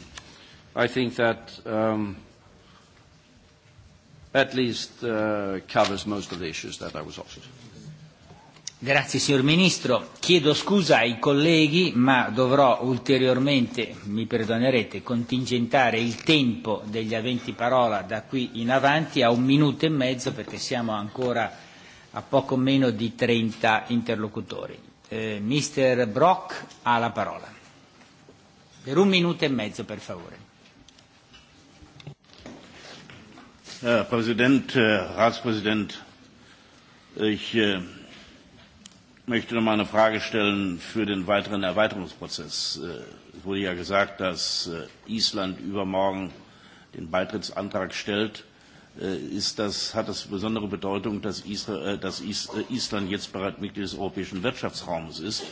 I think that um, at least uh, covers most of the issues that I was offered. Grazie signor Ministro, chiedo scusa ai colleghi ma dovrò ulteriormente, mi perdonerete, contingentare il tempo degli aventi parola da qui in avanti a un minuto e mezzo perché siamo ancora a poco meno di 30 interlocutori. Eh, Mr. Brock ha la parola. Per un minuto e mezzo, per favore. Herr Präsident, Herr Ratspräsident, ich äh, möchte noch mal eine Frage stellen für den weiteren Erweiterungsprozess. Äh, es wurde ja gesagt, dass äh, Island übermorgen den Beitrittsantrag stellt. Äh, ist das, hat das besondere Bedeutung, dass, Israel, äh, dass äh, Island jetzt bereits Mitglied des europäischen Wirtschaftsraums ist,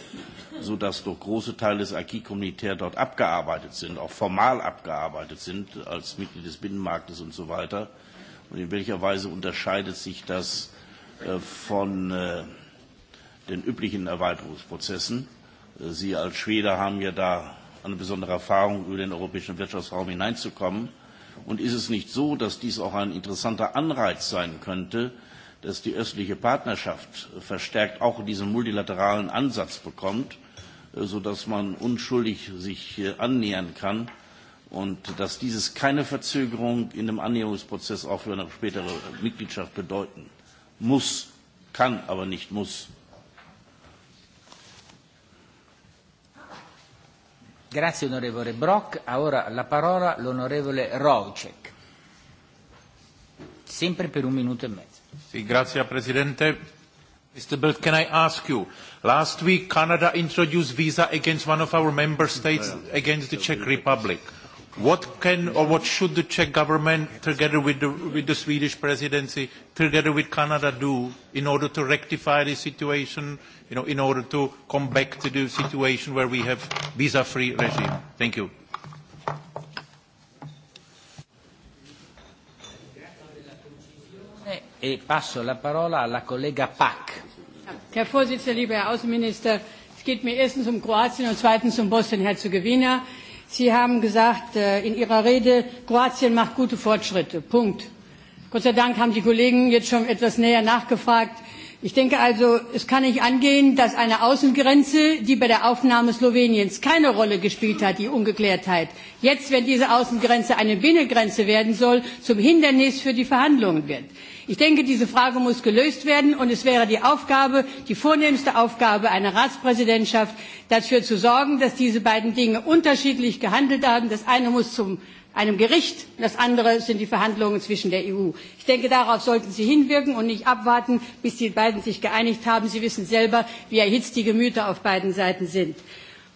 sodass doch große Teile des Acquis communautaire dort abgearbeitet sind, auch formal abgearbeitet sind als Mitglied des Binnenmarktes und so weiter. Und in welcher Weise unterscheidet sich das von den üblichen Erweiterungsprozessen? Sie als Schwede haben ja da eine besondere Erfahrung, über den europäischen Wirtschaftsraum hineinzukommen. Und ist es nicht so, dass dies auch ein interessanter Anreiz sein könnte, dass die östliche Partnerschaft verstärkt auch diesen multilateralen Ansatz bekommt, äh, sodass man unschuldig sich annähern kann und dass dieses keine Verzögerung in dem Annäherungsprozess auch für eine spätere Mitgliedschaft bedeuten muss, kann aber nicht muss. Grazie onorevole Brock. Ora la parola l'onorevole Rojcek. Sempre per un minuto e mezzo. Sì, grazie Presidente. Mr. Bilt, can I ask you, last week Canada introduced visa against one of our member states, against the Czech Republic. What can or what should the Czech government, together with the, with the Swedish presidency, together with Canada, do in order to rectify the situation, you know, in order to come back to the situation where we have visa-free regime? Thank you. E passo la parola alla collega Pack. Herr Vorsitzender, lieber Herr Außenminister, es geht mir erstens um Kroatien und zweitens um Bosnien-Herzegowina. Sie haben gesagt äh, in Ihrer Rede, Kroatien macht gute Fortschritte. Punkt. Gott sei Dank haben die Kollegen jetzt schon etwas näher nachgefragt. Ich denke also, es kann nicht angehen, dass eine Außengrenze, die bei der Aufnahme Sloweniens keine Rolle gespielt hat, die Ungeklärtheit, jetzt, wenn diese Außengrenze eine Binnengrenze werden soll, zum Hindernis für die Verhandlungen wird. Ich denke, diese Frage muss gelöst werden und es wäre die Aufgabe, die vornehmste Aufgabe einer Ratspräsidentschaft, dafür zu sorgen, dass diese beiden Dinge unterschiedlich gehandelt haben. Das eine muss zum einem Gericht, das andere sind die Verhandlungen zwischen der EU. Ich denke, darauf sollten Sie hinwirken und nicht abwarten, bis die beiden sich geeinigt haben. Sie wissen selber, wie erhitzt die Gemüter auf beiden Seiten sind.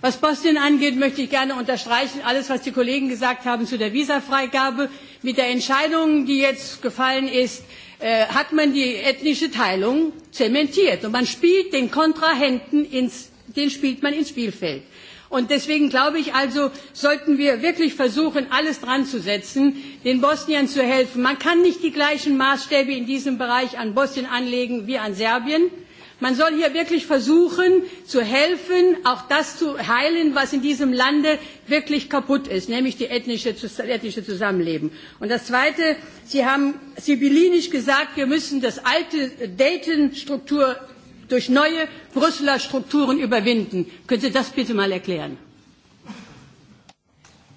Was Bosnien angeht, möchte ich gerne unterstreichen, alles, was die Kollegen gesagt haben zu der Visafreigabe. Mit der Entscheidung, die jetzt gefallen ist, äh, hat man die ethnische Teilung zementiert. Und man spielt den Kontrahenten ins, den spielt man ins Spielfeld. Und deswegen glaube ich also, sollten wir wirklich versuchen, alles dran zu setzen, den Bosniern zu helfen. Man kann nicht die gleichen Maßstäbe in diesem Bereich an Bosnien anlegen wie an Serbien. Man soll hier wirklich versuchen zu helfen, auch das zu heilen, was in diesem Lande wirklich kaputt ist, nämlich die ethnische, ethnische Zusammenleben. Und das Zweite, Sie haben sibyllinisch gesagt, wir müssen das alte Dayton-Struktur durch neue Brüsseler Strukturen überwinden. Können Sie das bitte mal erklären?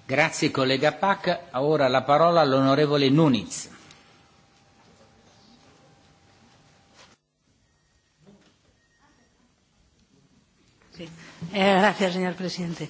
Grazie Kollege Pack, ora la parola all'onorevole Nunitz. Eh, gracias, señor presidente.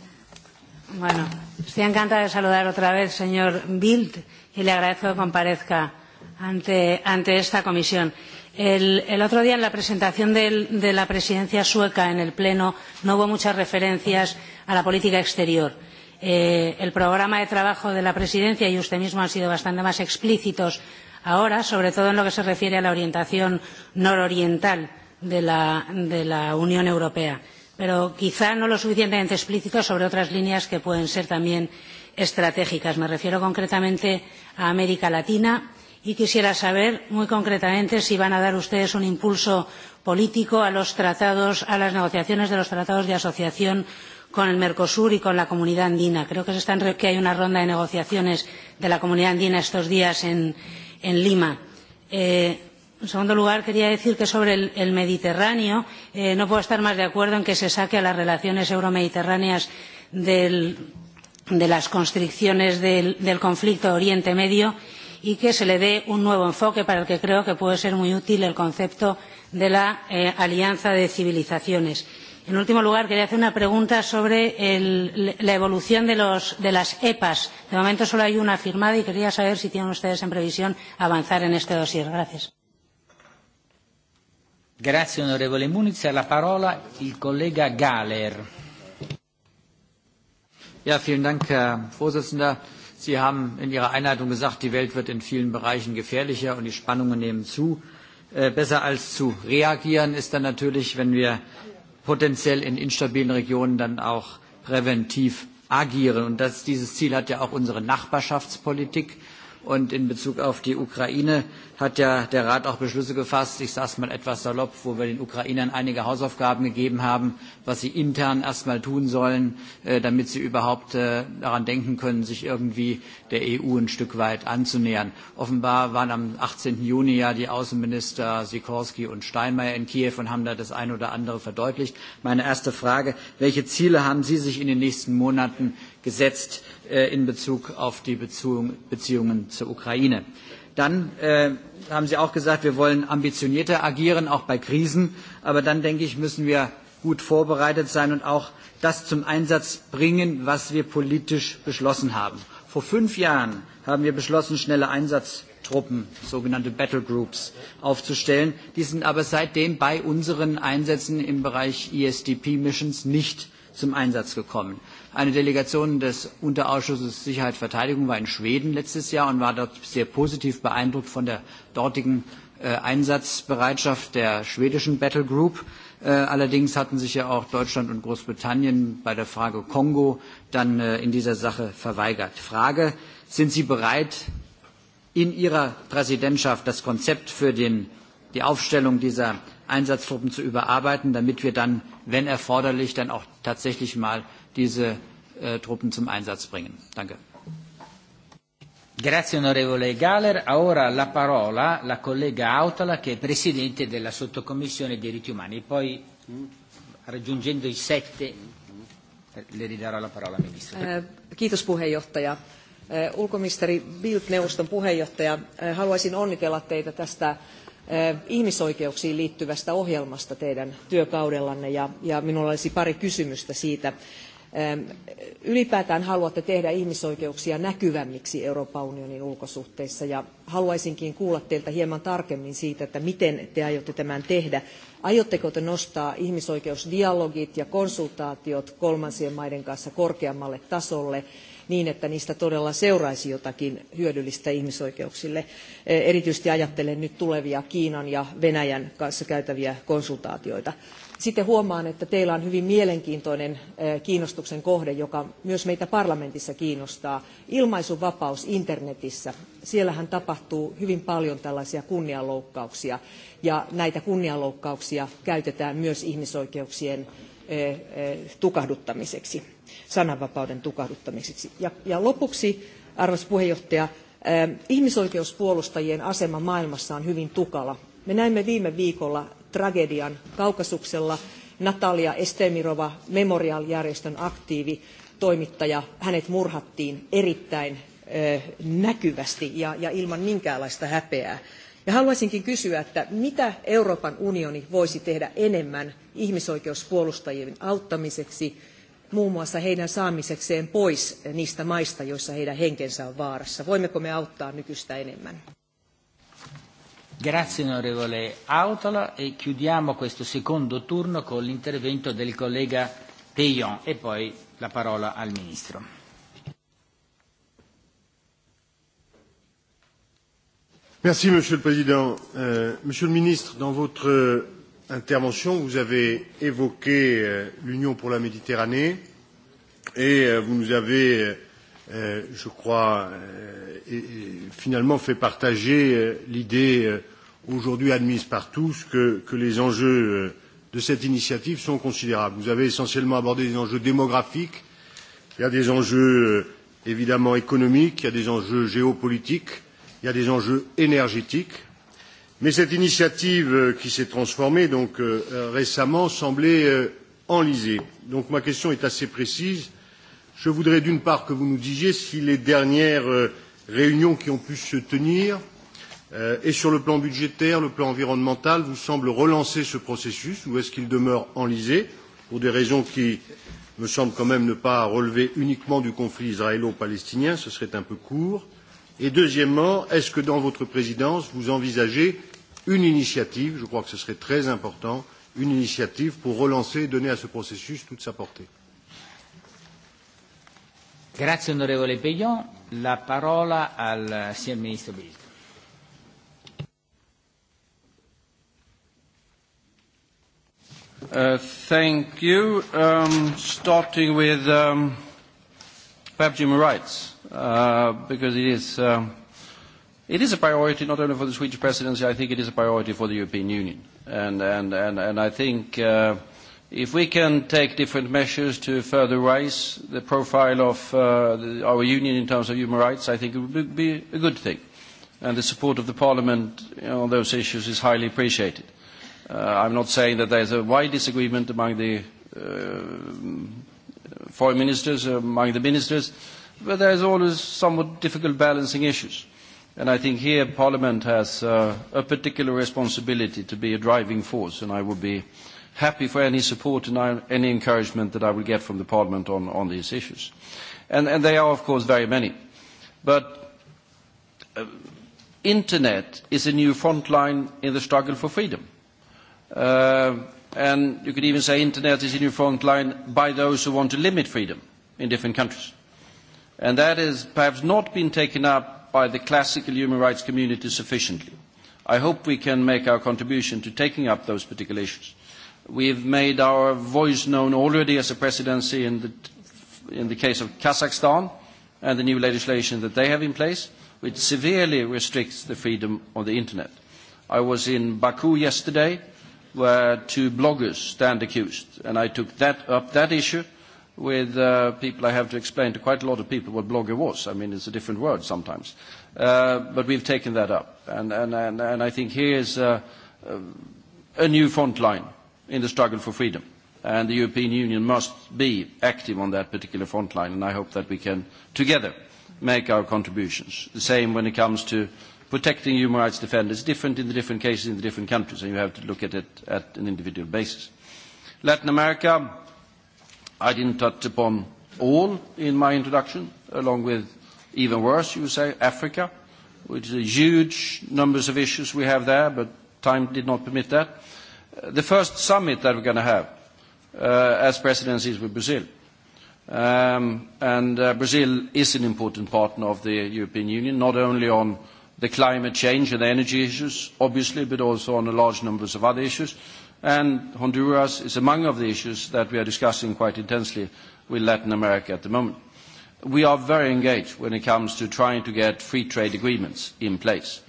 Bueno, estoy encantada de saludar otra vez, señor Bild, y le agradezco que comparezca ante, ante esta comisión. El, el otro día, en la presentación del, de la presidencia sueca en el Pleno, no hubo muchas referencias a la política exterior. Eh, el programa de trabajo de la presidencia y usted mismo han sido bastante más explícitos ahora, sobre todo en lo que se refiere a la orientación nororiental de la, de la Unión Europea pero quizá no lo suficientemente explícito sobre otras líneas que pueden ser también estratégicas. Me refiero concretamente a América Latina y quisiera saber muy concretamente si van a dar ustedes un impulso político a los tratados, a las negociaciones de los tratados de asociación con el Mercosur y con la comunidad andina. Creo que, se están, que hay una ronda de negociaciones de la comunidad andina estos días en, en Lima. Eh, En segundo lugar, quería decir que sobre el, el Mediterráneo eh, no puedo estar más de acuerdo en que se saque a las relaciones euromediterráneas del, de las constricciones del, del conflicto Oriente Medio y que se le dé un nuevo enfoque para el que creo que puede ser muy útil el concepto de la eh, Alianza de Civilizaciones. En último lugar, quería hacer una pregunta sobre el, la evolución de, los, de las EPAs. De momento solo hay una firmada y quería saber si tienen ustedes en previsión avanzar en este dossier. Gracias. Grazie onorevole Muniz, la parola il collega Galer. Ja, vielen Dank, Herr Vorsitzender. Sie haben in Ihrer Einleitung gesagt, die Welt wird in vielen Bereichen gefährlicher und die Spannungen nehmen zu. Äh, besser als zu reagieren ist dann natürlich, wenn wir potenziell in instabilen Regionen dann auch präventiv agieren. Und das, dieses Ziel hat ja auch unsere Nachbarschaftspolitik Und in Bezug auf die Ukraine hat ja der Rat auch Beschlüsse gefasst, ich sage es mal etwas salopp, wo wir den Ukrainern einige Hausaufgaben gegeben haben, was sie intern erst mal tun sollen, äh, damit sie überhaupt äh, daran denken können, sich irgendwie der EU ein Stück weit anzunähern. Offenbar waren am 18. Juni ja die Außenminister Sikorski und Steinmeier in Kiew und haben da das eine oder andere verdeutlicht. Meine erste Frage, welche Ziele haben Sie sich in den nächsten Monaten gesetzt äh, in Bezug auf die Beziehung, Beziehungen zur Ukraine. Dann äh, haben Sie auch gesagt, wir wollen ambitionierter agieren, auch bei Krisen. Aber dann, denke ich, müssen wir gut vorbereitet sein und auch das zum Einsatz bringen, was wir politisch beschlossen haben. Vor fünf Jahren haben wir beschlossen, schnelle Einsatztruppen, sogenannte Battle Groups, aufzustellen. Die sind aber seitdem bei unseren Einsätzen im Bereich ESDP Missions nicht zum Einsatz gekommen. Eine Delegation des Unterausschusses Sicherheit und Verteidigung war in Schweden letztes Jahr und war dort sehr positiv beeindruckt von der dortigen äh, Einsatzbereitschaft der schwedischen Battle Group. Äh, allerdings hatten sich ja auch Deutschland und Großbritannien bei der Frage Kongo dann äh, in dieser Sache verweigert. Frage, sind Sie bereit, in Ihrer Präsidentschaft das Konzept für den, die Aufstellung dieser Einsatztruppen zu überarbeiten, damit wir dann, wenn erforderlich, dann auch tatsächlich mal diese äh, Truppen zum Einsatz bringen. Danke. Grazie onorevole Galler. Ora la parola la collega Autola che è Presidente della Sottocommissione diritti umani. Poi mm, raggiungendo i sette mm, le ridarò la parola Ministro. Eh, kiitos puheenjohtaja. Eh, ulkoministeri Bildt, neuvoston puheenjohtaja, eh, haluaisin onnitella teitä tästä eh, ihmisoikeuksiin liittyvästä ohjelmasta teidän työkaudellanne ja, ja minulla olisi pari kysymystä siitä ylipäätään haluatte tehdä ihmisoikeuksia näkyvämmiksi Euroopan unionin ulkosuhteissa ja haluaisinkin kuulla teiltä hieman tarkemmin siitä, että miten te aiotte tämän tehdä. Aiotteko te nostaa ihmisoikeusdialogit ja konsultaatiot kolmansien maiden kanssa korkeammalle tasolle? niin, että niistä todella seuraisi jotakin hyödyllistä ihmisoikeuksille. E, erityisesti ajattelen nyt tulevia Kiinan ja Venäjän kanssa käytäviä konsultaatioita. Sitten huomaan, että teillä on hyvin mielenkiintoinen eh, kiinnostuksen kohde, joka myös meitä parlamentissa kiinnostaa. Ilmaisuvapaus internetissä. Siellähän tapahtuu hyvin paljon tällaisia kunnianloukkauksia. Ja näitä kunnianloukkauksia käytetään myös ihmisoikeuksien eh, eh, tukahduttamiseksi, sananvapauden tukahduttamiseksi. Ja, ja lopuksi, arvoisa puheenjohtaja, ihmisoikeuspuolustajien asema maailmassa on hyvin tukala. Me näimme viime viikolla tragedian Kaukasuksella Natalia Estemirova Memorial-järjestön aktiivi toimittaja, hänet murhattiin erittäin näkyvästi ja, ja ilman minkäänlaista häpeää. Ja haluaisinkin kysyä, että mitä Euroopan unioni voisi tehdä enemmän ihmisoikeuspuolustajien auttamiseksi, muun muassa heidän saamisekseen pois niistä maista, joissa heidän henkensä on vaarassa. Voimmeko me auttaa nykyistä enemmän? Grazie onorevole Autola e chiudiamo questo secondo turno con l'intervento del collega Peillon e poi la parola al Ministro. Merci Monsieur le Président. Euh, Monsieur le Ministre, dans votre intervention, vous avez évoqué euh, l'Union pour la Méditerranée et euh, vous nous avez euh, euh, je crois, euh, et, et finalement fait partager euh, l'idée euh, aujourd'hui admise par tous que, que les enjeux euh, de cette initiative sont considérables. Vous avez essentiellement abordé des enjeux démographiques, il y a des enjeux euh, évidemment économiques, il y a des enjeux géopolitiques, il y a des enjeux énergétiques. Mais cette initiative euh, qui s'est transformée donc récemment semblait enlisée. Donc ma question est assez précise. Je voudrais d'une part que vous nous disiez si les dernières réunions qui ont pu se tenir Euh, et sur le plan budgétaire, le plan environnemental vous semble relancer ce processus ou est-ce qu'il demeure enlisé pour des raisons qui me semblent quand même ne pas relever uniquement du conflit israélo-palestinien, ce serait un peu court. Et deuxièmement, est-ce que dans votre présidence, vous envisagez une initiative, je crois que ce serait très important, une initiative pour relancer et donner à ce processus toute sa portée Grazie onorevole Peillon, la parola al signor ministro Bilt. Uh, thank you. Um, starting with um, perhaps human rights, uh, because it is, um, it is a priority not only for the Swedish presidency, I think it is a priority for the European Union. And, and, and, and I think uh, if we can take different measures to further raise the profile of uh, the, our union in terms of human rights, I think it would be a good thing. And the support of the Parliament on you know, those issues is highly appreciated. Uh, I'm not saying that there is a wide disagreement among the uh, foreign ministers, among the ministers, but there is always somewhat difficult balancing issues. And I think here Parliament has uh, a particular responsibility to be a driving force, and I would be happy for any support and any encouragement that I will get from the Parliament on, on these issues. And, and they are, of course, very many. But uh, Internet is a new front line in the struggle for freedom. Uh, and you could even say internet is in your front line by those who want to limit freedom in different countries. And that has perhaps not been taken up by the classical human rights community sufficiently. I hope we can make our contribution to taking up those particular issues. We have made our voice known already as a presidency in the, in the case of Kazakhstan and the new legislation that they have in place, which severely restricts the freedom of the Internet. I was in Baku yesterday where two bloggers stand accused. And I took that up that issue with uh, people. I have to explain to quite a lot of people what blogger was. I mean, it's a different word sometimes. Uh, but we've taken that up. And, and, and, and I think here is uh, uh, a new front line in the struggle for freedom. And the European Union must be active on that particular front line. And I hope that we can together make our contributions. The same when it comes to protecting human rights defenders different in the different cases in the different countries, and you have to look at it at an individual basis. Latin America, I didn't touch upon all in my introduction, along with even worse, you would say, Africa, which is a huge numbers of issues we have there, but time did not permit that. Uh, the first summit that we're going to have uh, as presidencies with Brazil. Um, and uh, Brazil is an important partner of the European Union, not only on the climate change and the energy issues, obviously, but also on a large number of other issues. And Honduras is among of the issues that we are discussing quite intensely with Latin America at the moment. We are very engaged when it comes to trying to get free trade agreements in place.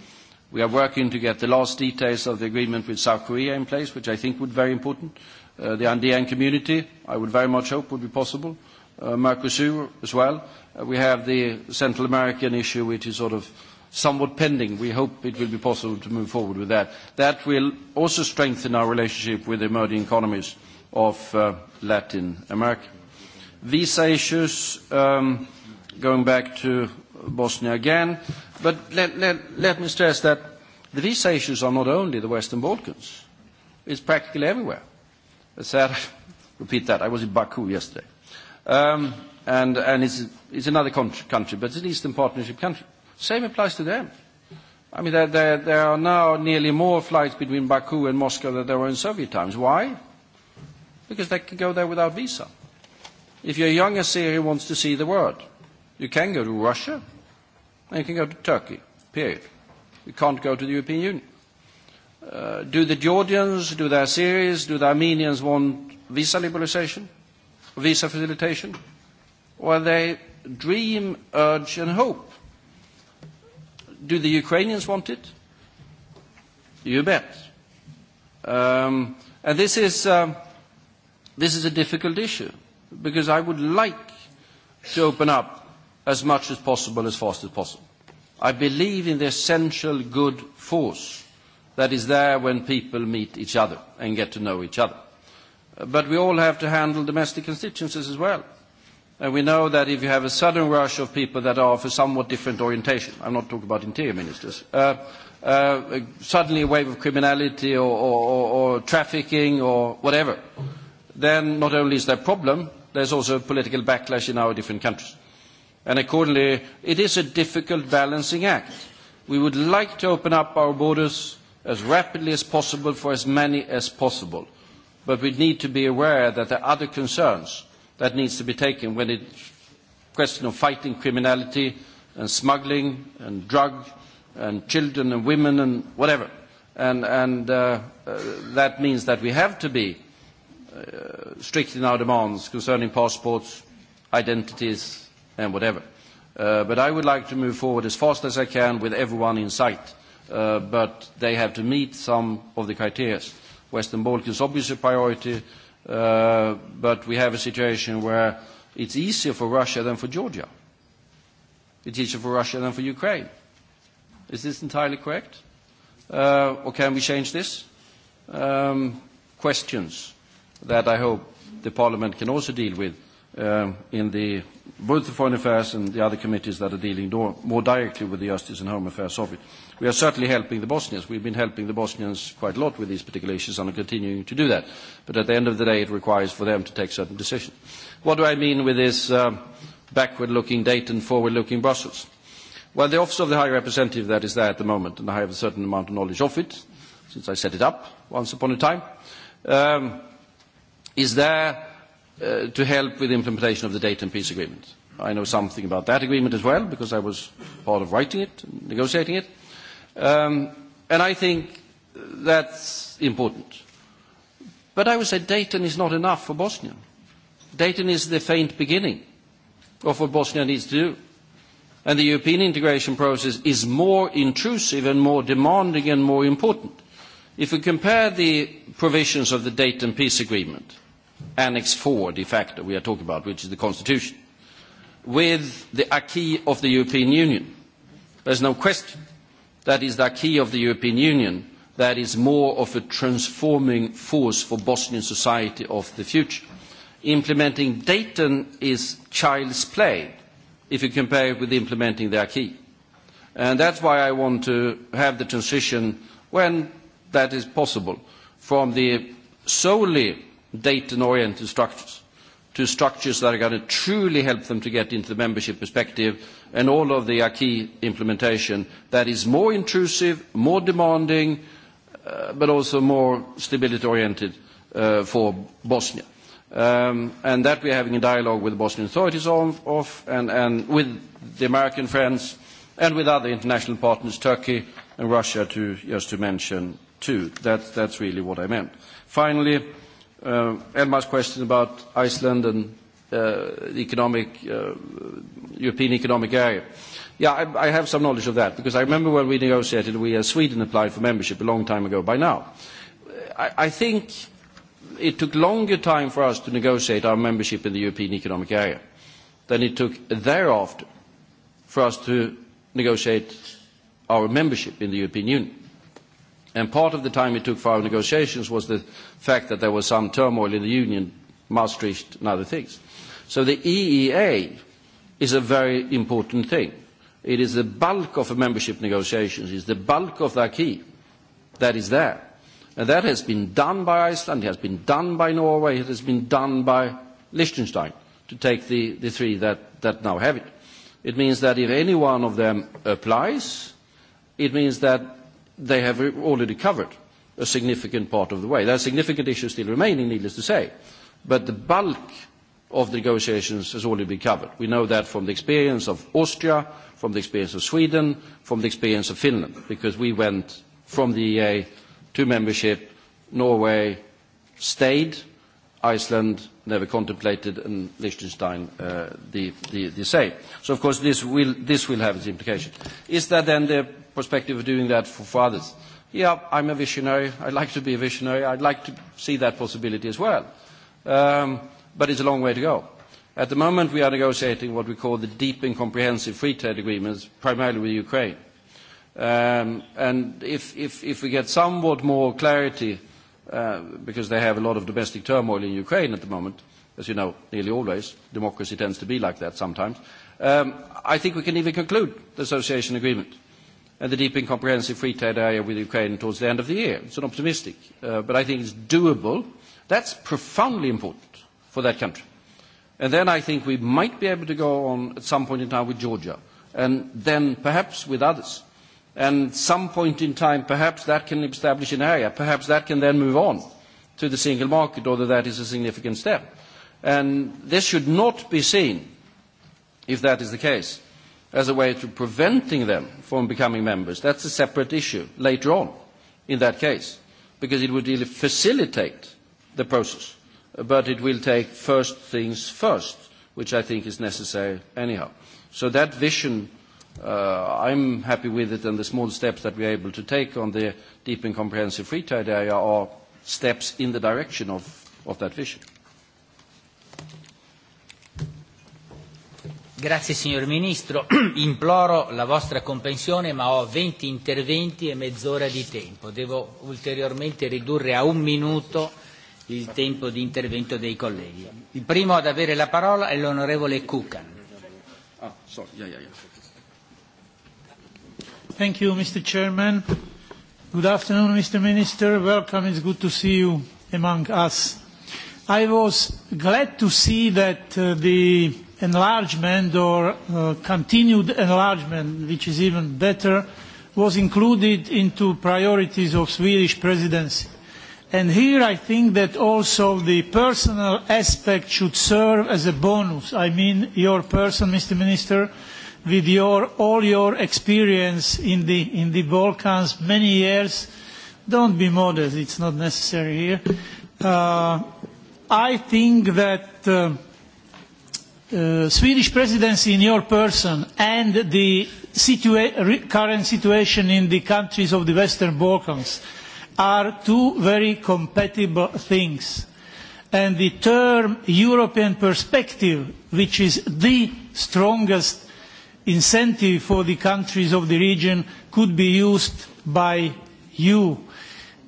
We are working to get the last details of the agreement with South Korea in place, which I think would be very important. Uh, the Andean community, I would very much hope, would be possible. Uh, Mercosur as well. Uh, we have the Central American issue, which is sort of somewhat pending. We hope it will be possible to move forward with that. That will also strengthen our relationship with the emerging economies of uh, Latin America. Visa issues, um, going back to Bosnia again, but let, let, let me stress that the visa issues are not only the Western Balkans. It's practically everywhere. It's that, repeat that, I was in Baku yesterday. Um, and and it's, it's another country, but it's an Eastern Partnership country. Same applies to them. I mean, there, there, there are now nearly more flights between Baku and Moscow than there were in Soviet times. Why? Because they can go there without visa. If you're young Assyrian wants to see the world, you can go to Russia and you can go to Turkey, period. You can't go to the European Union. Uh, do the Georgians, do the Assyrians, do the Armenians want visa liberalization, visa facilitation? Well, they dream, urge, and hope Do the Ukrainians want it? You bet. Um, and this is, um, this is a difficult issue because I would like to open up as much as possible, as fast as possible. I believe in the essential good force that is there when people meet each other and get to know each other. But we all have to handle domestic constituencies as well. And we know that if you have a sudden rush of people that are of a somewhat different orientation, I'm not talking about interior ministers, uh, uh, suddenly a wave of criminality or, or, or, or trafficking or whatever, then not only is there a problem, there's also a political backlash in our different countries. And accordingly, it is a difficult balancing act. We would like to open up our borders as rapidly as possible for as many as possible. But we need to be aware that there are other concerns that needs to be taken when it question of fighting criminality and smuggling and drug and children and women and whatever. And, and uh, uh, that means that we have to be uh, strict in our demands concerning passports, identities and whatever. Uh, but I would like to move forward as fast as I can with everyone in sight. Uh, but they have to meet some of the criteria. Western Balkans obviously priority, uh, but we have a situation where it's easier for Russia than for Georgia. It's easier for Russia than for Ukraine. Is this entirely correct? Uh, or can we change this? Um, questions that I hope the Parliament can also deal with um, in the, both the Foreign Affairs and the other committees that are dealing more directly with the Justice and Home Affairs Office. We are certainly helping the Bosnians. We've been helping the Bosnians quite a lot with these particular issues and are continuing to do that. But at the end of the day, it requires for them to take certain decisions. What do I mean with this uh, backward-looking Dayton, forward-looking Brussels? Well, the Office of the High Representative that is there at the moment, and I have a certain amount of knowledge of it, since I set it up once upon a time, um, is there uh, to help with the implementation of the Dayton Peace Agreement. I know something about that agreement as well, because I was part of writing it, and negotiating it. Um, and I think that's important. But I would say Dayton is not enough for Bosnia. Dayton is the faint beginning of what Bosnia needs to do. And the European integration process is more intrusive and more demanding and more important. If we compare the provisions of the Dayton Peace Agreement, Annex 4 de facto we are talking about, which is the Constitution, with the acquis of the European Union, there's no question That is the key of the European Union. That is more of a transforming force for Bosnian society of the future. Implementing Dayton is child's play if you compare it with implementing the acquis. And that's why I want to have the transition when that is possible from the solely Dayton-oriented structures to structures that are going to truly help them to get into the membership perspective and all of the acquis implementation that is more intrusive, more demanding, uh, but also more stability-oriented uh, for Bosnia. Um, and that we're having a dialogue with the Bosnian authorities on, of and, and with the American friends and with other international partners, Turkey and Russia, to, just to mention two. That, that's really what I meant. Finally, Uh, Elmar's question about Iceland and uh, economic, uh, European economic area. Yeah, I, I have some knowledge of that because I remember when we negotiated, we as uh, Sweden applied for membership a long time ago by now. Uh, I, I think it took longer time for us to negotiate our membership in the European economic area than it took thereafter for us to negotiate our membership in the European Union. And part of the time it took for our negotiations was the fact that there was some turmoil in the Union, Maastricht and other things. So the EEA is a very important thing. It is the bulk of membership negotiations, it is the bulk of the acquis that is there. And that has been done by Iceland, it has been done by Norway, it has been done by Liechtenstein, to take the, the three that, that now have it. It means that if any one of them applies, it means that they have already covered a significant part of the way. There are significant issues still remaining, needless to say, but the bulk of the negotiations has already been covered. We know that from the experience of Austria, from the experience of Sweden, from the experience of Finland, because we went from the EA to membership, Norway stayed, Iceland never contemplated, and Liechtenstein uh, the, the, the same. So, of course, this will, this will have its implications. Is that then the perspective of doing that for, for others. Yeah, I'm a visionary. I'd like to be a visionary. I'd like to see that possibility as well. Um, but it's a long way to go. At the moment, we are negotiating what we call the deep and comprehensive free trade agreements, primarily with Ukraine. Um, and if, if, if we get somewhat more clarity, uh, because they have a lot of domestic turmoil in Ukraine at the moment, as you know, nearly always, democracy tends to be like that sometimes, um, I think we can even conclude the association agreement and the and comprehensive free trade area with Ukraine towards the end of the year. It's an optimistic, uh, but I think it's doable. That's profoundly important for that country. And then I think we might be able to go on at some point in time with Georgia, and then perhaps with others. And some point in time, perhaps that can establish an area. Perhaps that can then move on to the single market, although that is a significant step. And this should not be seen, if that is the case, as a way to preventing them from becoming members, that's a separate issue later on in that case, because it would really facilitate the process. But it will take first things first, which I think is necessary anyhow. So that vision, uh, I'm happy with it, and the small steps that we're able to take on the deep and comprehensive free trade area are steps in the direction of, of that vision. Grazie signor Ministro, imploro la vostra comprensione ma ho 20 interventi e mezz'ora di tempo, devo ulteriormente ridurre a un minuto il tempo di intervento dei colleghi. Il primo ad avere la parola è l'onorevole Kukan. Ah, Thank you Mr. Chairman, good afternoon Mr. Minister, welcome, it's good to see you among us. I was glad to see that uh, the enlargement or uh, continued enlargement, which is even better, was included into priorities of Swedish presidency. And here I think that also the personal aspect should serve as a bonus. I mean your person, Mr. Minister, with your, all your experience in the, in the Balkans, many years, don't be modest, it's not necessary here. Uh, I think that uh, Uh, Swedish presidency in your person and the situa current situation in the countries of the Western Balkans are two very compatible things. And the term European perspective, which is the strongest incentive for the countries of the region, could be used by you.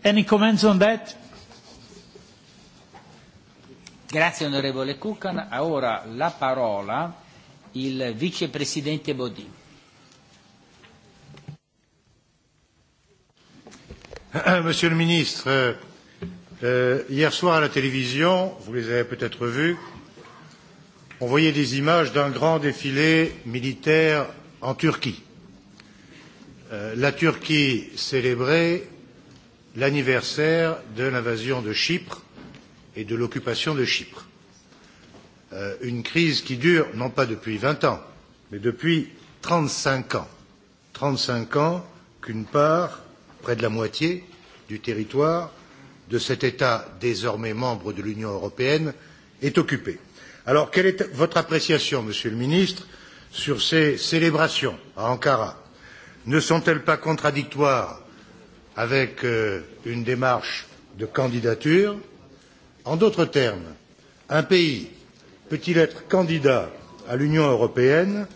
Any comments on that? Grazie onorevole Kukan. A ora la parola il vicepresidente Bodin. Monsieur le ministre, euh, hier soir à la télévision, vous les avez peut-être vus, on voyait des images d'un grand défilé militaire en Turquie. Euh, la Turquie célébrait l'anniversaire de l'invasion de Chypre et de l'occupation de Chypre. Euh, une crise qui dure non pas depuis 20 ans, mais depuis 35 ans. 35 ans qu'une part, près de la moitié du territoire de cet État désormais membre de l'Union européenne est occupé. Alors, quelle est votre appréciation, Monsieur le Ministre, sur ces célébrations à Ankara Ne sont-elles pas contradictoires avec euh, une démarche de candidature En d'autres termes, un pays peut-il être candidat à l'Union européenne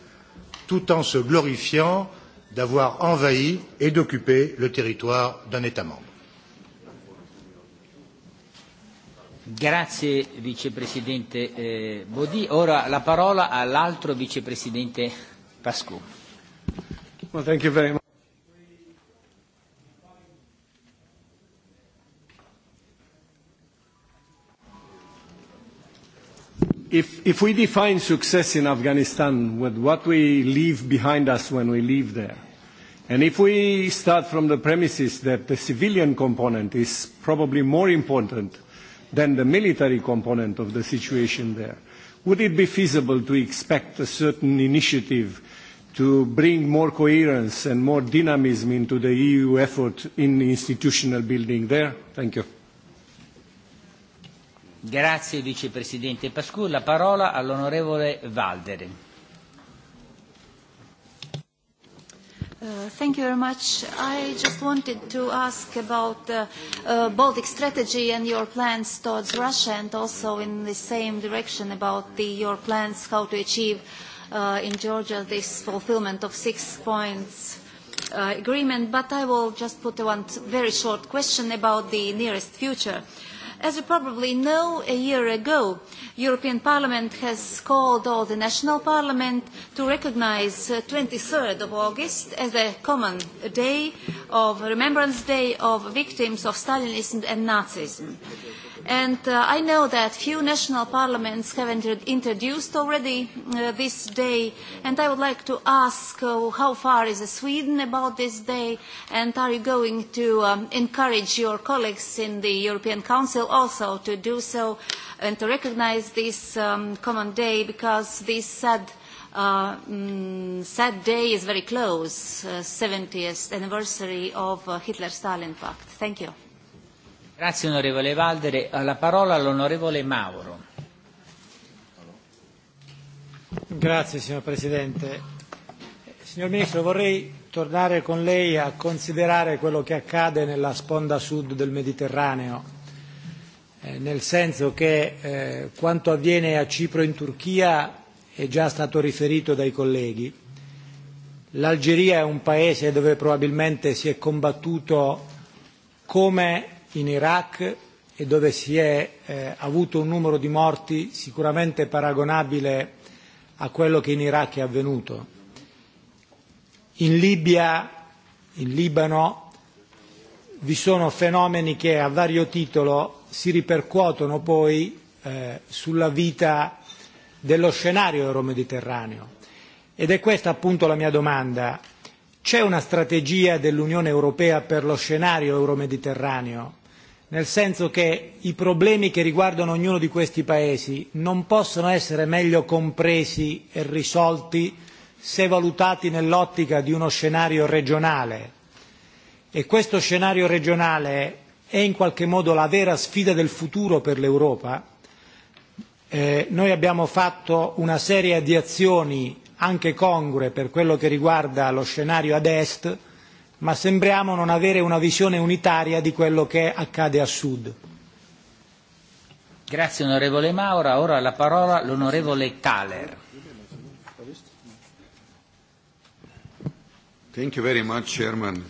tout en se glorifiant d'avoir envahi et d'occuper le territoire d'un État membre. Grazie vicepresidente eh, Bodi. Ora la parola all'altro vicepresidente Pascu. Well, thank you very much. If, if we define success in Afghanistan with what we leave behind us when we leave there, and if we start from the premises that the civilian component is probably more important than the military component of the situation there, would it be feasible to expect a certain initiative to bring more coherence and more dynamism into the EU effort in institutional building there? Thank you. Grazie Vicepresidente Pascu. La parola all'onorevole Valdere. Uh, thank you very much. I just wanted to ask about the uh, uh, Baltic strategy and your plans towards Russia and also in the same direction about the, your plans how to achieve uh, in Georgia this fulfillment of six points uh, agreement. But I will just put one very short question about the nearest future. Uh, As you probably know, a year ago, European Parliament has called all the national parliament to recognize uh, 23rd of August as a common day of Remembrance Day of victims of Stalinism and Nazism. And uh, I know that few national parliaments have introduced already uh, this day, and I would like to ask uh, how far is Sweden about this day, and are you going to um, encourage your colleagues in the European Council also to do so and to recognize this um, common day, because this sad, uh, um, sad day is very close, uh, 70th anniversary of uh, Hitler-Stalin Pact. Thank you. Grazie onorevole Valdere. La parola all'onorevole Mauro. Grazie signor Presidente. Signor Ministro, vorrei tornare con lei a considerare quello che accade nella sponda sud del Mediterraneo, eh, nel senso che eh, quanto avviene a Cipro in Turchia è già stato riferito dai colleghi. L'Algeria è un paese dove probabilmente si è combattuto come in Iraq e dove si è eh, avuto un numero di morti sicuramente paragonabile a quello che in Iraq è avvenuto. In Libia, in Libano, vi sono fenomeni che a vario titolo si ripercuotono poi eh, sulla vita dello scenario euromediterraneo. Ed è questa appunto la mia domanda. C'è una strategia dell'Unione Europea per lo scenario euromediterraneo nel senso che i problemi che riguardano ognuno di questi paesi non possono essere meglio compresi e risolti se valutati nell'ottica di uno scenario regionale. E questo scenario regionale è in qualche modo la vera sfida del futuro per l'Europa. Eh, noi abbiamo fatto una serie di azioni anche congrue per quello che riguarda lo scenario ad est, ma sembriamo non avere una visione unitaria di quello che accade a sud. Grazie onorevole Maura, ora la parola l'onorevole Thaler. Thank you very much, Chairman.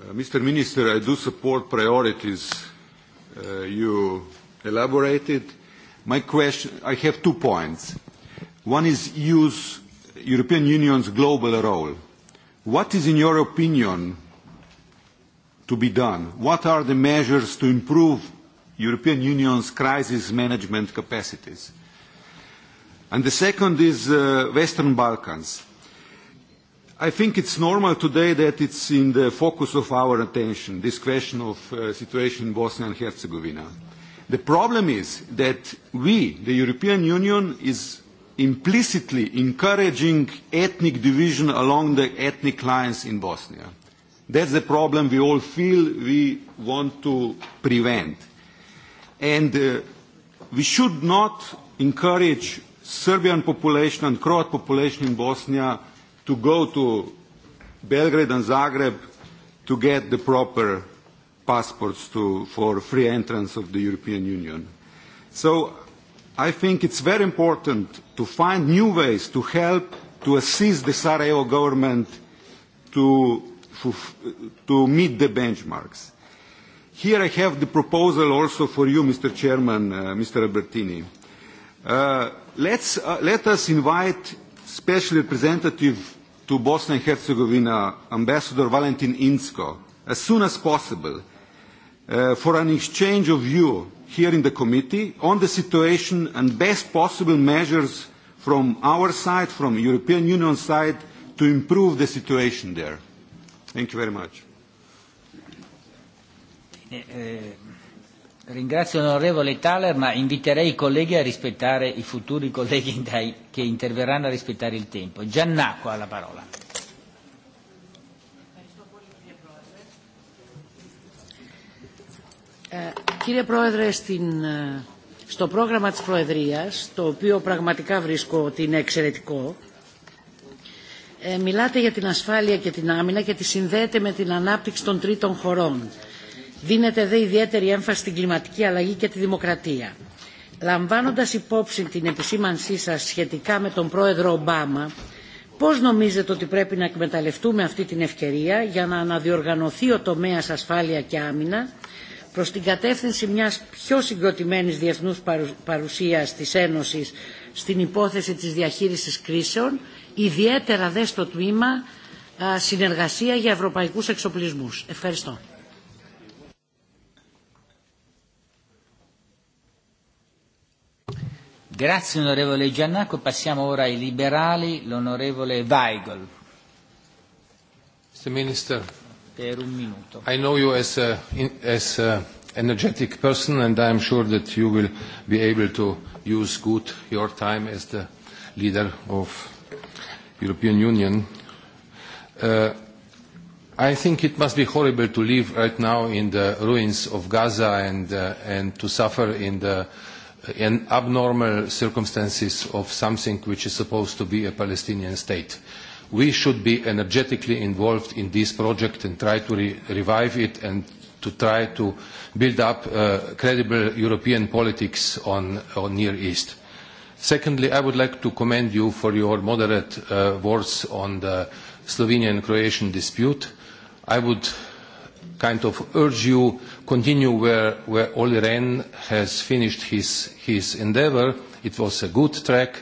Uh, Mr. Minister, I do support priorities uh, you elaborated. My question, I have two points. One is use European Union's global role. What is, in your opinion, to be done? What are the measures to improve European Union's crisis management capacities? And the second is uh, Western Balkans. I think it's normal today that it's in the focus of our attention, this question of uh, situation in Bosnia and Herzegovina. The problem is that we, the European Union, is implicitly encouraging ethnic division along the ethnic lines in Bosnia. That's the problem we all feel we want to prevent. And uh, we should not encourage Serbian population and Croat population in Bosnia to go to Belgrade and Zagreb to get the proper passports to, for free entrance of the European Union. So I think it's very important to find new ways to help to assist the Sarajevo government to, to meet the benchmarks. Here I have the proposal also for you, Mr. Chairman, uh, Mr. Albertini. Uh, let's, uh, let us invite special representative to Bosnia and Herzegovina, Ambassador Valentin Insko, as soon as possible, uh, for an exchange of view here in the committee on the situation and best possible measures from our side, from the European Union side, to improve the situation there. Thank you very much. Eh, ringrazio l'onorevole Thaler, ma inviterei i colleghi a rispettare, i futuri colleghi dai, che interverranno a rispettare il tempo. Giannacco ha la parola. Κύριε Πρόεδρε, στην, στο πρόγραμμα της Προεδρίας, το οποίο πραγματικά βρίσκω ότι είναι εξαιρετικό, ε, μιλάτε για την ασφάλεια και την άμυνα και τη συνδέεται με την ανάπτυξη των τρίτων χωρών. Δίνεται δε ιδιαίτερη έμφαση στην κλιματική αλλαγή και τη δημοκρατία. Λαμβάνοντας υπόψη την επισήμανσή σας σχετικά με τον πρόεδρο Ομπάμα, Πώς νομίζετε ότι πρέπει να εκμεταλλευτούμε αυτή την ευκαιρία για να αναδιοργανωθεί ο τομέας ασφάλεια και άμυνα προς την κατεύθυνση μιας πιο συγκροτημένης διεθνούς παρουσίας της Ένωσης στην υπόθεση της διαχείρισης κρίσεων, ιδιαίτερα δε στο τμήμα συνεργασία για ευρωπαϊκούς εξοπλισμούς. Ευχαριστώ. Grazie onorevole Giannacco, passiamo ora ai liberali, l'onorevole Weigel. Mr. Minister, per un minuto. I know you as a, in, as a energetic person and I am sure that you will be able to use good your time as the leader of European Union. Uh, I think it must be horrible to live right now in the ruins of Gaza and, uh, and to suffer in the uh, in abnormal circumstances of something which is supposed to be a Palestinian state. Uh, we should be energetically involved in this project and try to re revive it and to try to build up uh, credible European politics on, on Near East. Secondly, I would like to commend you for your moderate uh, words on the Slovenian-Croatian dispute. I would kind of urge you continue where, where Olli Rehn has finished his, his endeavor. It was a good track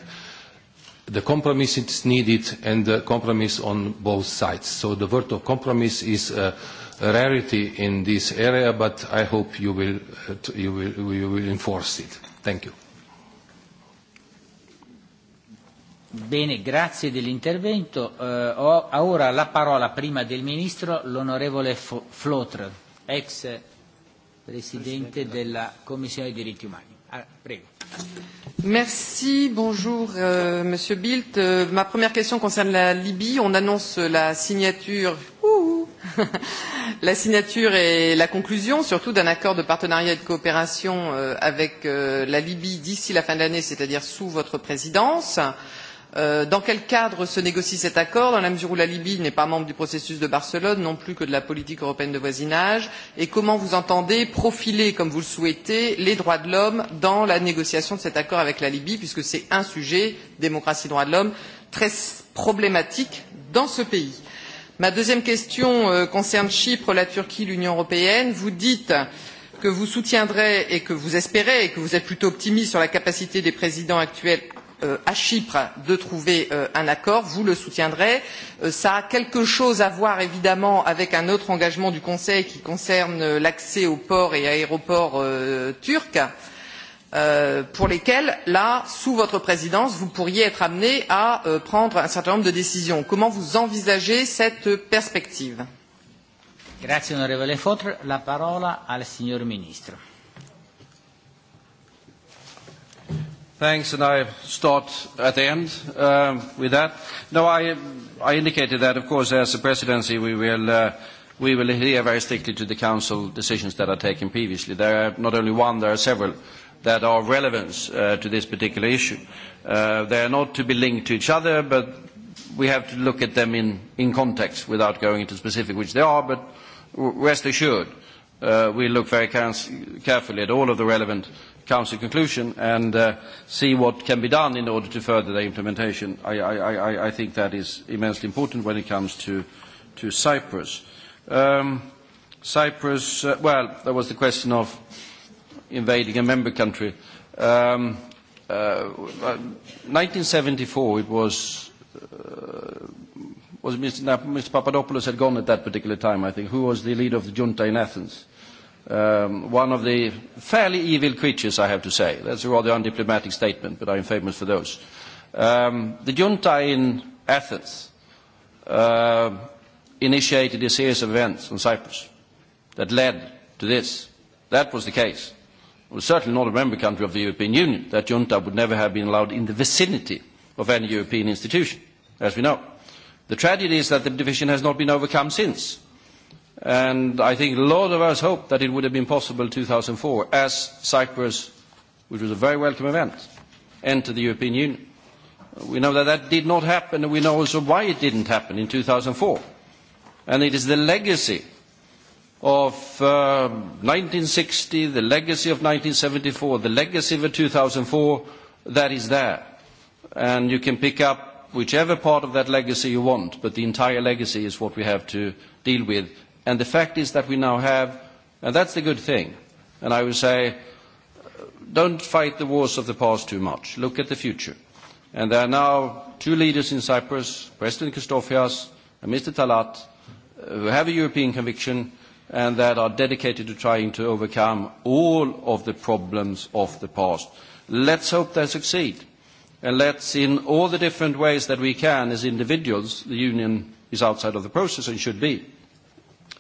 the compromise is needed and the compromise on both sides. So the word of compromise is a rarity in this area, but I hope you will, uh, you will, you will enforce it. Thank you. Bene, grazie dell'intervento. Uh, ho ora la parola prima del Ministro l'onorevole Flotr, ex Presidente della Commissione dei diritti umani. Ah, prego. Merci, bonjour euh, Monsieur Bilt. Euh, ma première question concerne la Libye. On annonce la signature, ouh, la signature et la conclusion surtout d'un accord de partenariat et de coopération euh, avec euh, la Libye d'ici la fin de l'année, c'est-à-dire sous votre présidence. Euh, Euh, dans quel cadre se négocie cet accord, dans la mesure où la Libye n'est pas membre du processus de Barcelone, non plus que de la politique européenne de voisinage, et comment vous entendez profiler, comme vous le souhaitez, les droits de l'homme dans la négociation de cet accord avec la Libye, puisque c'est un sujet, démocratie, droits de l'homme, très problématique dans ce pays. Ma deuxième question euh, concerne Chypre, la Turquie, l'Union européenne. Vous dites que vous soutiendrez et que vous espérez et que vous êtes plutôt optimiste sur la capacité des présidents actuels euh, à Chypre de trouver euh, un accord, vous le soutiendrez. Euh, ça a quelque chose à voir évidemment avec un autre engagement du Conseil qui concerne euh, l'accès aux ports et aéroports euh, turcs. Euh, pour lesquels, là, sous votre présidence, vous pourriez être amené à euh, prendre un certain nombre de décisions. Comment vous envisagez cette perspective Grazie onorevole Fotre, la parola al signor Ministro. Thanks, and I start at the end um, with that. No, I, I indicated that, of course, as a presidency, we will, uh, we will adhere very strictly to the council decisions that are taken previously. There are not only one, there are several that are of relevance uh, to this particular issue. Uh, they are not to be linked to each other, but we have to look at them in, in context without going into specific, which they are, but rest assured, uh, we look very carefully at all of the relevant Council conclusion and uh, see what can be done in order to further the implementation. I, I, I, I think that is immensely important when it comes to, to Cyprus. Um, Cyprus, uh, well, there was the question of invading a member country. Um, uh, 1974, it was, uh, was Mr. Papadopoulos had gone at that particular time, I think, who was the leader of the junta in Athens um, one of the fairly evil creatures, I have to say. That's a rather undiplomatic statement, but I'm famous for those. Um, the junta in Athens uh, initiated a series of events on Cyprus that led to this. That was the case. It was certainly not a member country of the European Union. That junta would never have been allowed in the vicinity of any European institution, as we know. The tragedy is that the division has not been overcome since. And I think a lot of us hoped that it would have been possible in 2004 as Cyprus, which was a very welcome event, entered the European Union. We know that that did not happen and we know also why it didn't happen in 2004. And it is the legacy of uh, 1960, the legacy of 1974, the legacy of 2004 that is there. And you can pick up whichever part of that legacy you want, but the entire legacy is what we have to deal with And the fact is that we now have, and that's the good thing, and I would say, uh, don't fight the wars of the past too much. Look at the future. And there are now two leaders in Cyprus, President Christofias and Mr. Talat, uh, who have a European conviction and that are dedicated to trying to overcome all of the problems of the past. Let's hope they succeed. And let's, in all the different ways that we can as individuals, the Union is outside of the process and should be,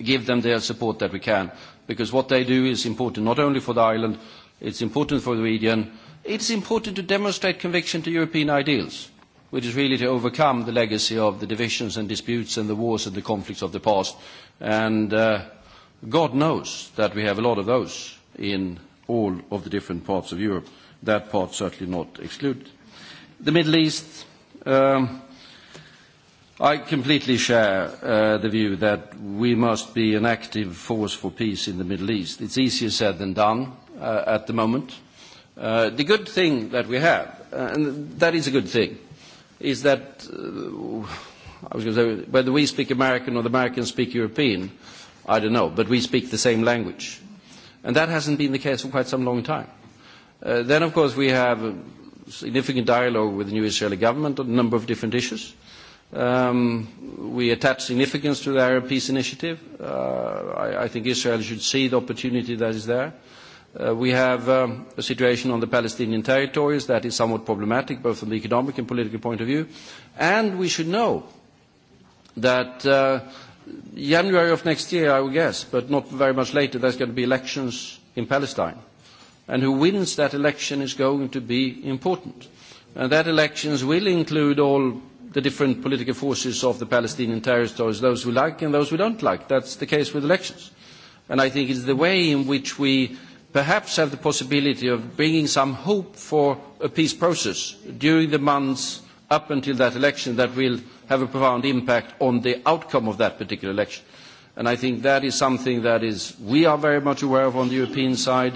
give them the support that we can, because what they do is important not only for the island, it's important for the region, it's important to demonstrate conviction to European ideals, which is really to overcome the legacy of the divisions and disputes and the wars and the conflicts of the past. And uh, God knows that we have a lot of those in all of the different parts of Europe. That part certainly not excluded. The Middle East, um, I completely share uh, the view that we must be an active force for peace in the Middle East. It's easier said than done uh, at the moment. Uh, the good thing that we have, uh, and that is a good thing, is that, uh, I was going to say, whether we speak American or the Americans speak European, I don't know, but we speak the same language. And that hasn't been the case for quite some long time. Uh, then, of course, we have a significant dialogue with the new Israeli government on a number of different issues. Uh, Um, we attach significance to the Arab Peace Initiative. Uh, I, I think Israel should see the opportunity that is there. Uh, we have um, a situation on the Palestinian territories that is somewhat problematic, both from the economic and political point of view. And we should know that uh, January of next year, I would guess, but not very much later, there's going to be elections in Palestine. And who wins that election is going to be important. And that elections will include all the different political forces of the Palestinian territories, those we like and those we don't like. That's the case with elections. And I think it's the way in which we perhaps have the possibility of bringing some hope for a peace process during the months up until that election that will have a profound impact on the outcome of that particular election. And I think that is something that is, we are very much aware of on the European side.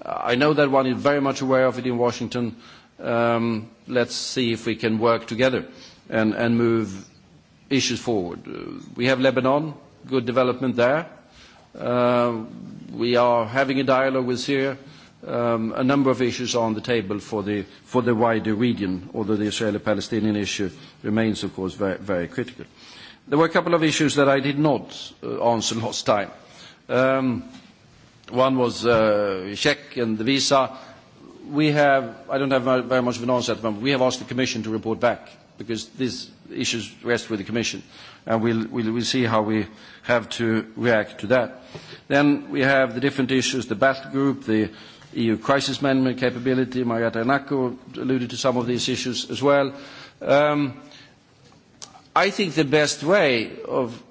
I know that one is very much aware of it in Washington. Um, let's see if we can work together and, and move issues forward. Uh, we have Lebanon, good development there. Uh, we are having a dialogue with Syria. Um, a number of issues are on the table for the, for the wider region, although the Israeli-Palestinian issue remains, of course, very, very critical. There were a couple of issues that I did not uh, answer last time. Um, one was uh, Czech and the visa. We have, I don't have very much of an answer at the moment, we have asked the Commission to report back because these issues rest with the Commission. And we'll, we'll, we'll see how we have to react to that. Then we have the different issues, the battle group, the EU crisis management capability. Marietta Anako alluded to some of these issues as well. Um, I think the best way of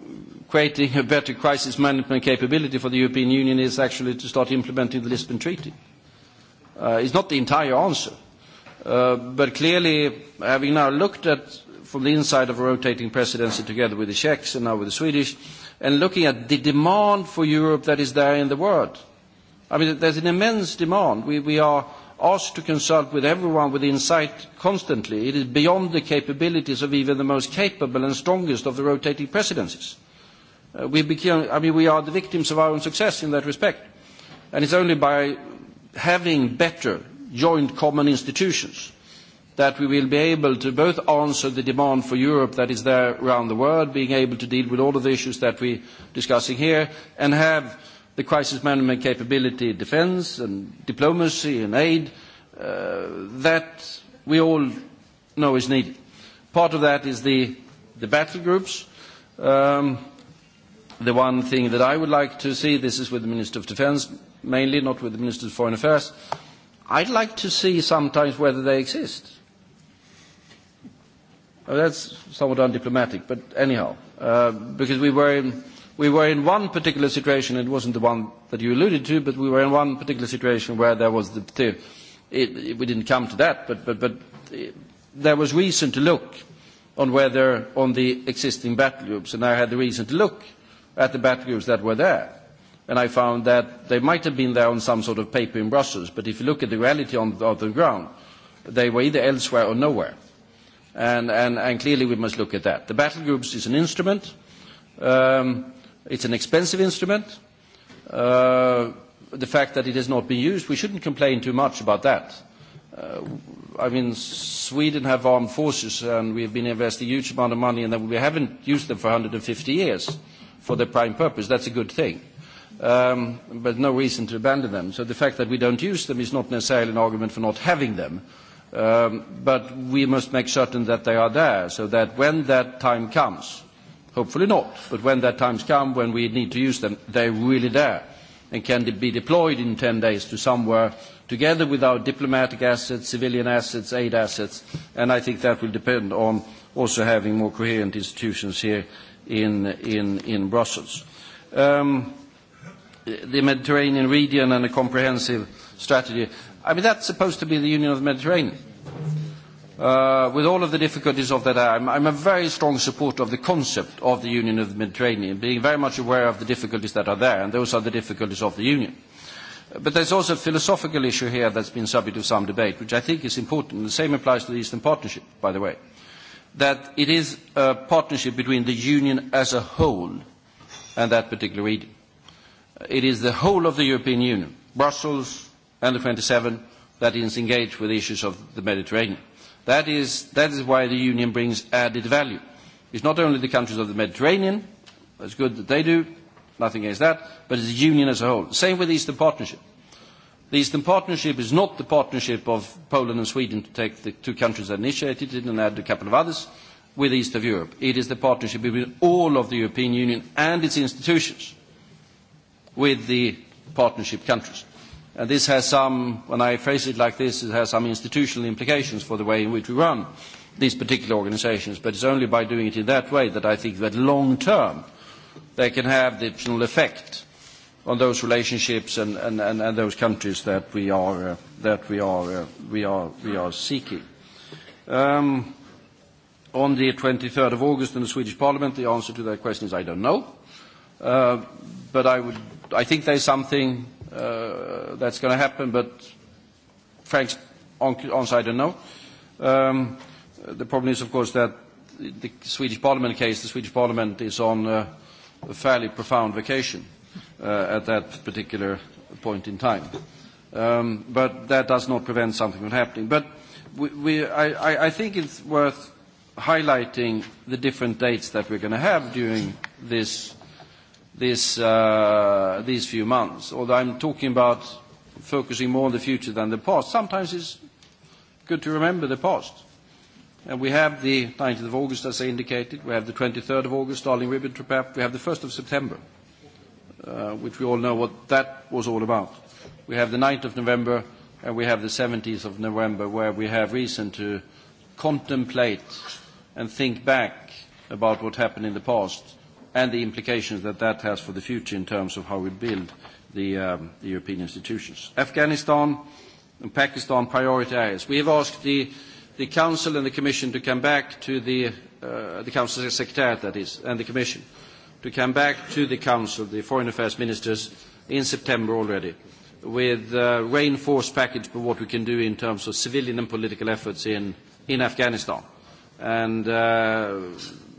creating a better crisis management capability for the European Union is actually to start implementing the Lisbon Treaty. Uh, it's not the entire answer Uh, but clearly, having now looked at from the inside of a rotating presidency together with the Czechs and now with the Swedish, and looking at the demand for Europe that is there in the world. I mean, there's an immense demand. We, we are asked to consult with everyone with insight constantly. It is beyond the capabilities of even the most capable and strongest of the rotating presidencies. Uh, we, became, I mean, we are the victims of our own success in that respect. And it's only by having better joint common institutions, that we will be able to both answer the demand for Europe that is there around the world, being able to deal with all of the issues that we are discussing here, and have the crisis management capability, defence and diplomacy and aid uh, that we all know is needed. Part of that is the, the battle groups. Um, the one thing that I would like to see, this is with the Minister of Defence mainly, not with the Minister of Foreign Affairs, I'd like to see sometimes whether they exist. Well, that's somewhat undiplomatic, but anyhow, uh, because we were, in, we were in one particular situation, it wasn't the one that you alluded to, but we were in one particular situation where there was the, the it, it, we didn't come to that, but, but, but it, uh, there was reason to look on whether on the existing battle groups, and I had the reason to look at the battle groups that were there and I found that they might have been there on some sort of paper in Brussels, but if you look at the reality on, on the ground, they were either elsewhere or nowhere. And, and, and clearly we must look at that. The battle groups is an instrument. Um, it's an expensive instrument. Uh, the fact that it has not been used, we shouldn't complain too much about that. Uh, I mean, Sweden have armed forces and we have been investing a huge amount of money and then we haven't used them for 150 years for their prime purpose. That's a good thing um, but no reason to abandon them. So the fact that we don't use them is not necessarily an argument for not having them, um, but we must make certain that they are there so that when that time comes, hopefully not, but when that time comes when we need to use them, they're really there and can be deployed in 10 days to somewhere together with our diplomatic assets, civilian assets, aid assets, and I think that will depend on also having more coherent institutions here in, in, in Brussels. Um, the Mediterranean region and a comprehensive strategy. I mean, that's supposed to be the Union of the Mediterranean. Uh, with all of the difficulties of that, I'm, I'm a very strong supporter of the concept of the Union of the Mediterranean, being very much aware of the difficulties that are there, and those are the difficulties of the Union. But there's also a philosophical issue here that's been subject to some debate, which I think is important. The same applies to the Eastern Partnership, by the way, that it is a partnership between the Union as a whole and that particular region it is the whole of the European Union, Brussels and the 27, that is engaged with the issues of the Mediterranean. That is, that is why the Union brings added value. It's not only the countries of the Mediterranean, it's good that they do, nothing against that, but it's the Union as a whole. Same with the Eastern Partnership. The Eastern Partnership is not the partnership of Poland and Sweden to take the two countries that initiated it and add a couple of others with the East of Europe. It is the partnership between all of the European Union and its institutions with the partnership countries. And this has some, when I phrase it like this, it has some institutional implications for the way in which we run these particular organizations, but it's only by doing it in that way that I think that long term they can have the additional effect on those relationships and, and, and, and those countries that we are, uh, that we are, uh, we are, we are seeking. Um, on the 23rd of August in the Swedish Parliament, the answer to that question is I don't know. Uh, but I would I think there's something uh, that's going to happen, but Frank's on, on side, I don't know. Um, the problem is, of course, that the Swedish Parliament case, the Swedish Parliament is on uh, a fairly profound vacation uh, at that particular point in time. Um, but that does not prevent something from happening. But we, we, I, I think it's worth highlighting the different dates that we're going to have during this this, uh, these few months, although I'm talking about focusing more on the future than the past. Sometimes it's good to remember the past. And we have the 19th of August, as I indicated. We have the 23rd of August, Darling-Ribbentrop. We have the 1st of September, uh, which we all know what that was all about. We have the 9th of November, and we have the 17th of November, where we have reason to contemplate and think back about what happened in the past and the implications that that has for the future in terms of how we build the, um, European institutions. Afghanistan and Pakistan priority areas. We have asked the, Council and the Commission to come back to the, uh, the Council Secretariat, that is, and the Commission, to come back to the Council, the Foreign Affairs Ministers, in September already, with a uh, reinforced package for what we can do in terms of civilian and political efforts in, in Afghanistan. Uh,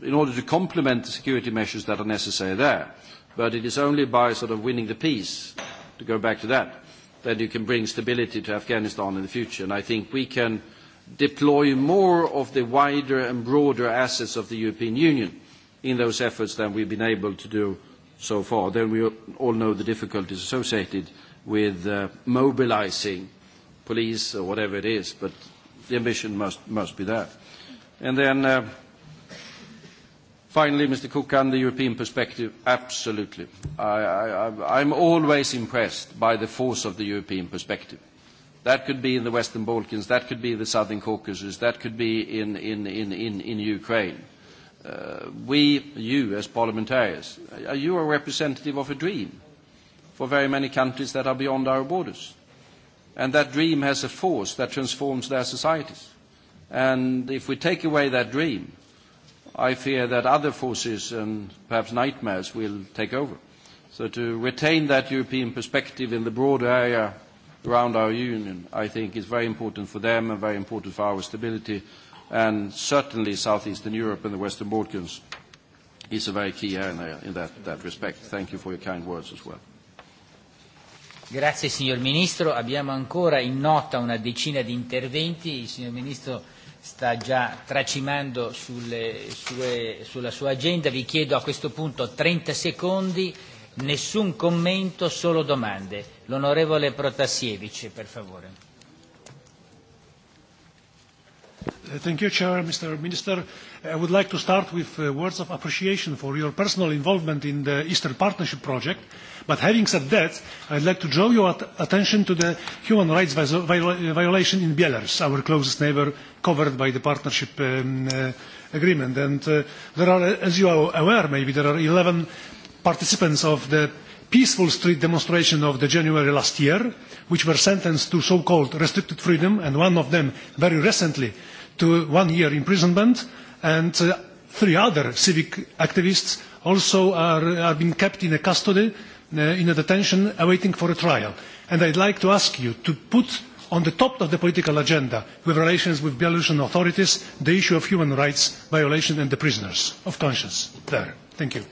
in order to complement the security measures that are necessary there. But it is only by sort of winning the peace, to go back to that, that you can bring stability to Afghanistan in the future. And I think we can deploy more of the wider and broader assets of the European Union in those efforts than we've been able to do so far. Then we all know the difficulties associated with uh, mobilizing police or whatever it is, but the ambition must, must be there. And then uh, Finally, Mr. Kukan, the European perspective, absolutely. I, I, I'm always impressed by the force of the European perspective. That could be in the Western Balkans, that could be the Southern Caucasus, that could be in, in, in, in, in Ukraine. Uh, we, you as parliamentarians, you are representative of a dream for very many countries that are beyond our borders. And that dream has a force that transforms their societies. And if we take away that dream, I fear that other forces and perhaps nightmares will take over. So to retain that European perspective in the broader area around our union, I think is very important for them and very important for our stability. And certainly Southeastern Europe and the Western Balkans is a very key area in that, that respect. Thank you for your kind words as well. Grazie signor Ministro, abbiamo ancora in nota una decina di interventi, il signor Ministro sta già tracimando sulle sue, sulla sua agenda. Vi chiedo a questo punto 30 secondi, nessun commento, solo domande. L'onorevole Protasievici, per favore. Uh, thank you, Chair, Mr. Minister. I would like to start with uh, words of appreciation for your personal involvement in the Eastern Partnership project. But having said that, I'd like to draw your at attention to the human rights uh, violation in Belarus, our closest neighbor covered by the partnership um, uh, agreement. And uh, there are, uh, as you are aware, maybe there are 11 participants of the peaceful street demonstration of the January last year, which were sentenced to so-called restricted freedom, and one of them very recently to one year imprisonment and uh, three other civic activists also are, are being kept in a custody, uh, in a detention, awaiting for a trial. And I'd like to ask you to put on the top of the political agenda with relations with Belarusian authorities the issue of human rights violations and the prisoners of conscience there. Thank you.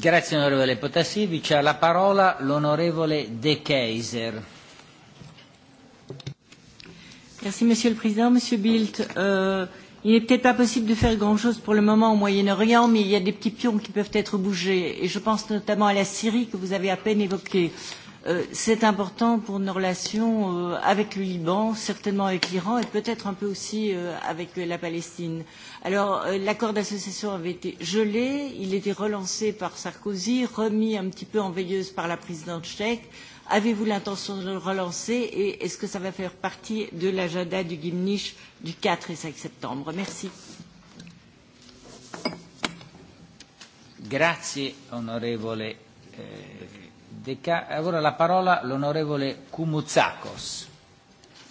Grazie onorevole Potassivi, c'è la parola l'onorevole De Keiser. Merci, Monsieur le Président. Monsieur Bilt, euh, il n'est peut-être pas possible de faire grand-chose pour le moment au Moyen-Orient, mais il y a des petits pions qui peuvent être bougés. Et je pense notamment à la Syrie que vous avez à peine évoquée. Euh, C'est important pour nos relations euh, avec le Liban, certainement avec l'Iran et peut-être un peu aussi euh, avec la Palestine. Alors, euh, l'accord d'association avait été gelé, il était relancé par Sarkozy, remis un petit peu en veilleuse par la présidente tchèque. Avez-vous l'intention de le relancer et est-ce que ça va faire partie de l'agenda du Gimnich du 4 et 5 septembre Merci. Grazie onorevole eh, Deca. Ora la parola l'onorevole Kumutsakos.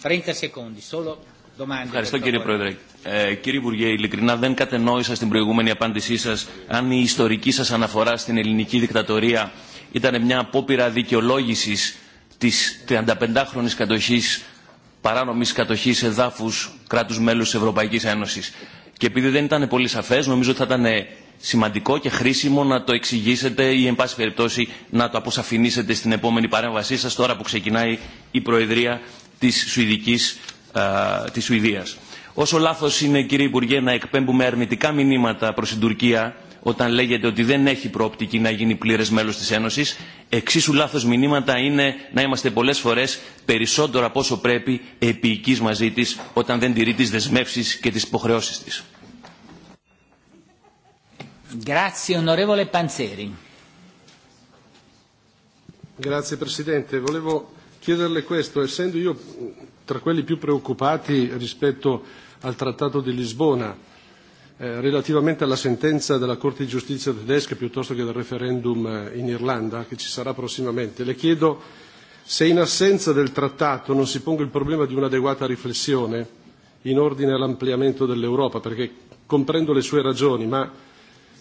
30 secondi, solo domande. Ευχαριστώ κύριε Πρόεδρε. Ε, κύριε Υπουργέ, ειλικρινά δεν κατενόησα στην προηγούμενη απάντησή σας αν η ιστορική σας αναφορά στην ελληνική δικτατορία ήταν μια απόπειρα δικαιολόγηση τη 35 χρονη κατοχή, παράνομη κατοχή εδάφου κράτου μέλου τη Ευρωπαϊκή Ένωση. Και επειδή δεν ήταν πολύ σαφέ, νομίζω ότι θα ήταν σημαντικό και χρήσιμο να το εξηγήσετε ή, εν πάση περιπτώσει, να το αποσαφηνίσετε στην επόμενη παρέμβασή σα, τώρα που ξεκινάει η Προεδρία τη Σουηδικής, α, Όσο λάθο είναι, κύριε Υπουργέ, να εκπέμπουμε αρνητικά μηνύματα προ την Τουρκία όταν λέγεται ότι δεν έχει προοπτική να γίνει πλήρες μέλος της Ένωσης, εξίσου λάθος μηνύματα είναι να είμαστε πολλές φορές περισσότερο από όσο πρέπει επίοικείς μαζί της όταν δεν τηρεί τις δεσμεύσεις και τις υποχρεώσεις της. Grazie onorevole Panzeri. Grazie Presidente, volevo chiederle questo, essendo io tra quelli più preoccupati rispetto al Trattato di Lisbona, Eh, relativamente alla sentenza della Corte di giustizia tedesca piuttosto che del referendum eh, in Irlanda che ci sarà prossimamente, le chiedo se in assenza del trattato non si ponga il problema di un'adeguata riflessione in ordine all'ampliamento dell'Europa, perché comprendo le sue ragioni, ma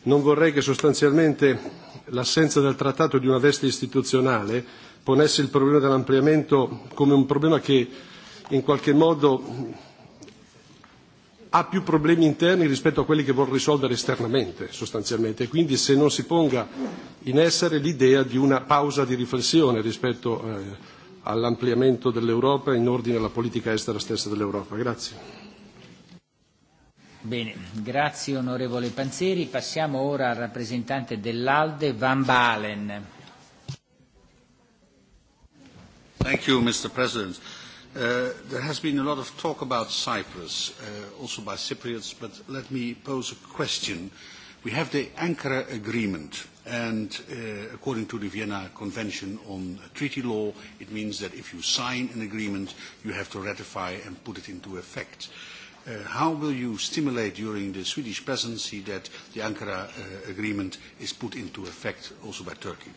non vorrei che sostanzialmente l'assenza del trattato di una veste istituzionale ponesse il problema dell'ampliamento come un problema che in qualche modo ha più problemi interni rispetto a quelli che vuol risolvere esternamente, sostanzialmente. Quindi se non si ponga in essere l'idea di una pausa di riflessione rispetto eh, all'ampliamento dell'Europa in ordine alla politica estera stessa dell'Europa. Grazie. Bene, grazie onorevole Panzeri. Passiamo ora al rappresentante dell'ALDE, Van Balen. Thank you, Mr. President. Uh, there has been a lot of talk about Cyprus, uh, also by Cypriots, but let me pose a question. We have the Ankara Agreement, and uh, according to the Vienna Convention on Treaty Law, it means that if you sign an agreement, you have to ratify and put it into effect. Uh, how will you stimulate during the Swedish presidency that the Ankara uh, Agreement is put into effect also by Turkey?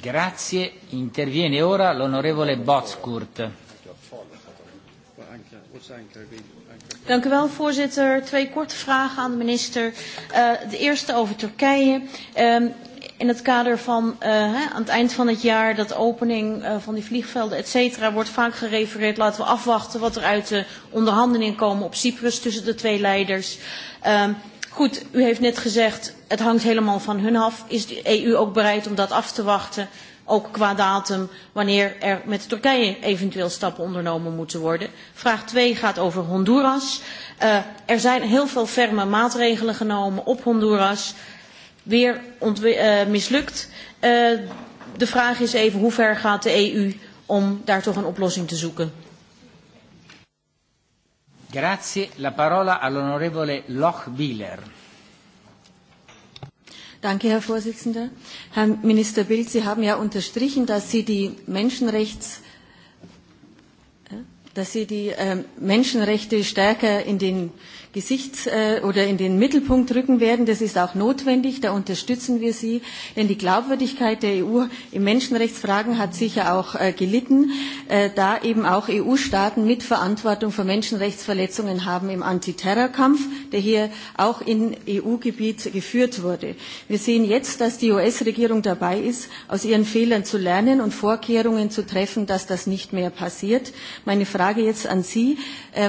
Grazie. Interviene ora l'onorevole Botskurt. Dank u wel, voorzitter. Twee korte vragen aan de minister. Uh, de eerste over Turkije. Um, in het kader van uh, hè, aan het eind van het jaar, dat opening uh, van die vliegvelden, et cetera, wordt vaak gerefereerd. Laten we afwachten wat er uit de onderhandelingen komen op Cyprus tussen de twee leiders. Um, Goed, u heeft net gezegd, het hangt helemaal van hun af. Is de EU ook bereid om dat af te wachten, ook qua datum, wanneer er met Turkije eventueel stappen ondernomen moeten worden? Vraag 2 gaat over Honduras. Uh, er zijn heel veel ferme maatregelen genomen op Honduras. Weer uh, mislukt. Uh, de vraag is even, hoe ver gaat de EU om daar toch een oplossing te zoeken? Grazie, la parola all'onorevole Lochbihler. Danke, Herr Vorsitzender. Herr Minister Bild, Sie haben ja unterstrichen, dass Sie die Menschenrechts äh, dass Sie die äh, Menschenrechte stärker in den Gesichts- äh, oder in den Mittelpunkt rücken werden. Das ist auch notwendig, da unterstützen wir Sie, denn die Glaubwürdigkeit der EU in Menschenrechtsfragen hat sicher auch äh, gelitten, äh, da eben auch EU-Staaten mit Verantwortung für Menschenrechtsverletzungen haben im Antiterrorkampf, der hier auch in EU-Gebiet geführt wurde. Wir sehen jetzt, dass die US-Regierung dabei ist, aus ihren Fehlern zu lernen und Vorkehrungen zu treffen, dass das nicht mehr passiert. Meine Frage jetzt an Sie,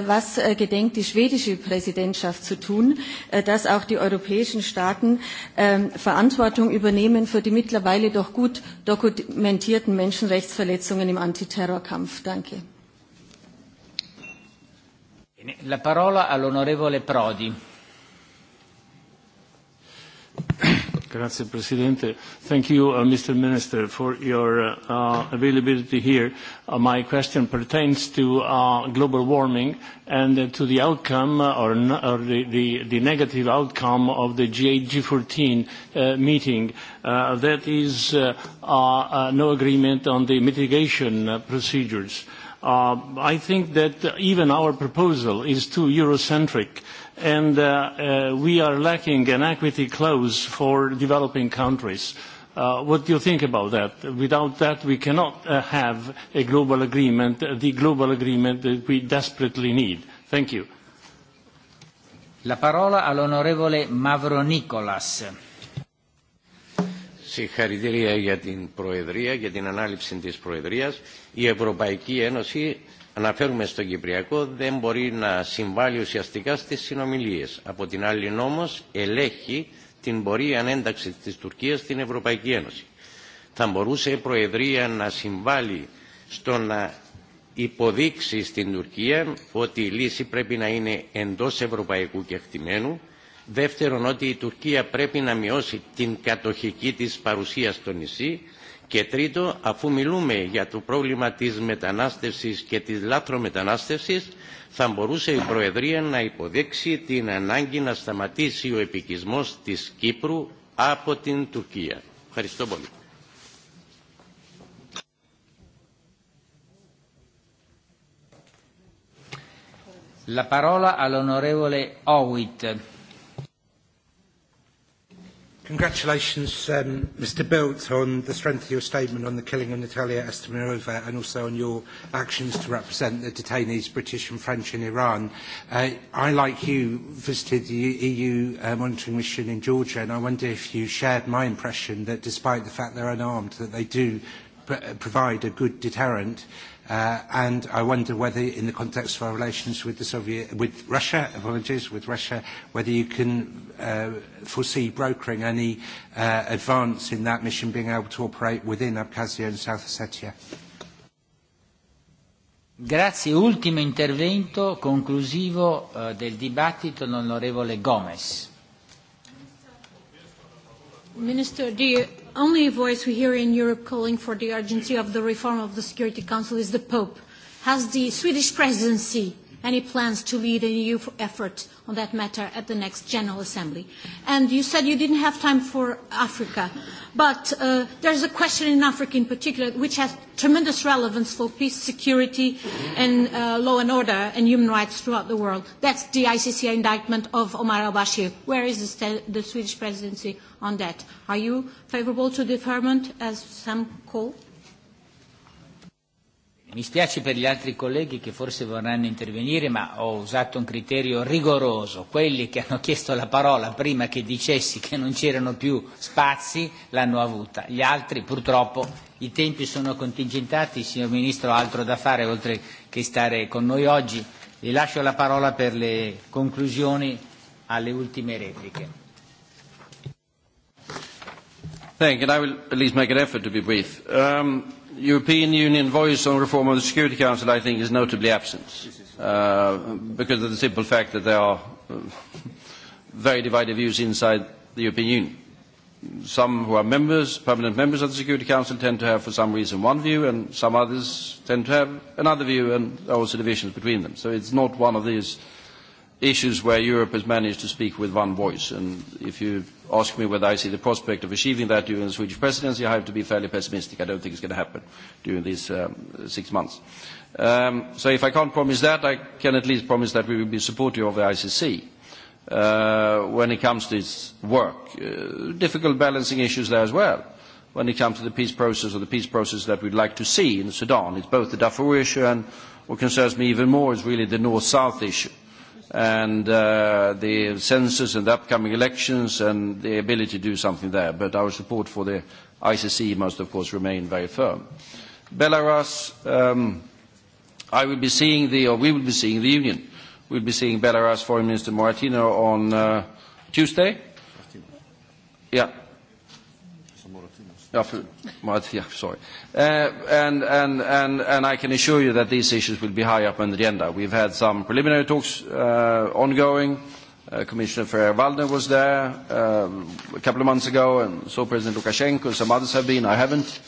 was gedenkt die schwedische Präsidentschaft Präsidentschaft zu tun, äh, dass auch die europäischen Staaten ähm, Verantwortung übernehmen für die mittlerweile doch gut dokumentierten Menschenrechtsverletzungen im Antiterrorkampf. Danke. La parola all'onorevole Prodi. Grazie, Presidente. Thank you, uh, Mr. Minister, for your uh, uh, availability here. Uh, my question pertains to uh, global warming and uh, to the outcome uh, or, n or the, the, the negative outcome of the G8, G14 uh, meeting. Uh, that is uh, uh, uh, no agreement on the mitigation uh, procedures. Uh, I think that even our proposal is too Eurocentric and uh, uh, we are lacking an equity clause for developing countries. Uh, what do you think about that? Without that, we cannot uh, have a global agreement, uh, the global agreement that we desperately need. Thank you. La parola all'onorevole Mavro Nicolas. Συγχαρητήρια για την Προεδρία, για την ανάληψη της Προεδρίας. Η Ευρωπαϊκή Ένωση αναφέρουμε στο Κυπριακό δεν μπορεί να συμβάλλει ουσιαστικά στις συνομιλίες. Από την άλλη όμως ελέγχει την πορεία ανένταξη της Τουρκίας στην Ευρωπαϊκή Ένωση. Θα μπορούσε η Προεδρία να συμβάλλει στο να υποδείξει στην Τουρκία ότι η λύση πρέπει να είναι εντός ευρωπαϊκού κεκτημένου, δεύτερον ότι η Τουρκία πρέπει να μειώσει την κατοχική της παρουσία στο νησί Και τρίτο, αφού μιλούμε για το πρόβλημα της μετανάστευσης και της λάθρομετανάστευσης, θα μπορούσε η Προεδρία να υποδείξει την ανάγκη να σταματήσει ο επικισμός της Κύπρου από την Τουρκία. Ευχαριστώ πολύ. La parola all'onorevole Owit. Congratulations, um, Mr. Bilt, on the strength of your statement on the killing of Natalia Estemirova and also on your actions to represent the detainees, British and French, in Iran. Uh, I, like you, visited the EU uh, monitoring mission in Georgia, and I wonder if you shared my impression that despite the fact they're unarmed, that they do pr provide a good deterrent Uh, and I wonder whether, in the context of our relations with the Soviet, with Russia, apologies, with Russia, whether you can uh, foresee brokering any uh, advance in that mission being able to operate within Abkhazia and South Ossetia. Grazie. Ultimo intervento conclusivo uh, del dibattito, l'onorevole Gomez. Minister, do you, only voice we hear in Europe calling for the urgency of the reform of the Security Council is the Pope. Has the Swedish presidency Any plans to lead an EU effort on that matter at the next General Assembly. And you said you didn't have time for Africa, but uh, there's a question in Africa in particular which has tremendous relevance for peace, security, and uh, law and order and human rights throughout the world. That's the ICC indictment of Omar al-Bashir. Where is the, the Swedish presidency on that? Are you favorable to deferment, as some call? Mi spiace per gli altri colleghi che forse vorranno intervenire, ma ho usato un criterio rigoroso. Quelli che hanno chiesto la parola prima che dicessi che non c'erano più spazi l'hanno avuta. Gli altri purtroppo i tempi sono contingentati, il signor Ministro ha altro da fare oltre che stare con noi oggi. Vi lascio la parola per le conclusioni alle ultime repliche. Thank you, and I will at least make an effort to be brief. Um, European Union voice on reform of the Security Council, I think, is notably absent uh, because of the simple fact that there are uh, very divided views inside the European Union. Some who are members, permanent members of the Security Council, tend to have, for some reason, one view, and some others tend to have another view, and there are also divisions between them. So it's not one of these issues where Europe has managed to speak with one voice. And if you ask me whether I see the prospect of achieving that during the Swedish presidency, I have to be fairly pessimistic. I don't think it's going to happen during these um, six months. Um, so if I can't promise that, I can at least promise that we will be supportive of the ICC uh, when it comes to its work. Uh, difficult balancing issues there as well. When it comes to the peace process or the peace process that we'd like to see in Sudan, it's both the Darfur issue and what concerns me even more is really the north-south issue and uh, the census and the upcoming elections and the ability to do something there. But our support for the ICC must, of course, remain very firm. Belarus, um, I will be seeing the, or we will be seeing the Union. We'll be seeing Belarus Foreign Minister Moratino on uh, Tuesday. Yeah, Yeah, sorry. Uh, and, and, and, and I can assure you that these issues will be high up on the agenda. We've had some preliminary talks uh, ongoing. Uh, Commissioner Ferrer-Waldner was there um, a couple of months ago, and so President Lukashenko and some others have been. I haven't.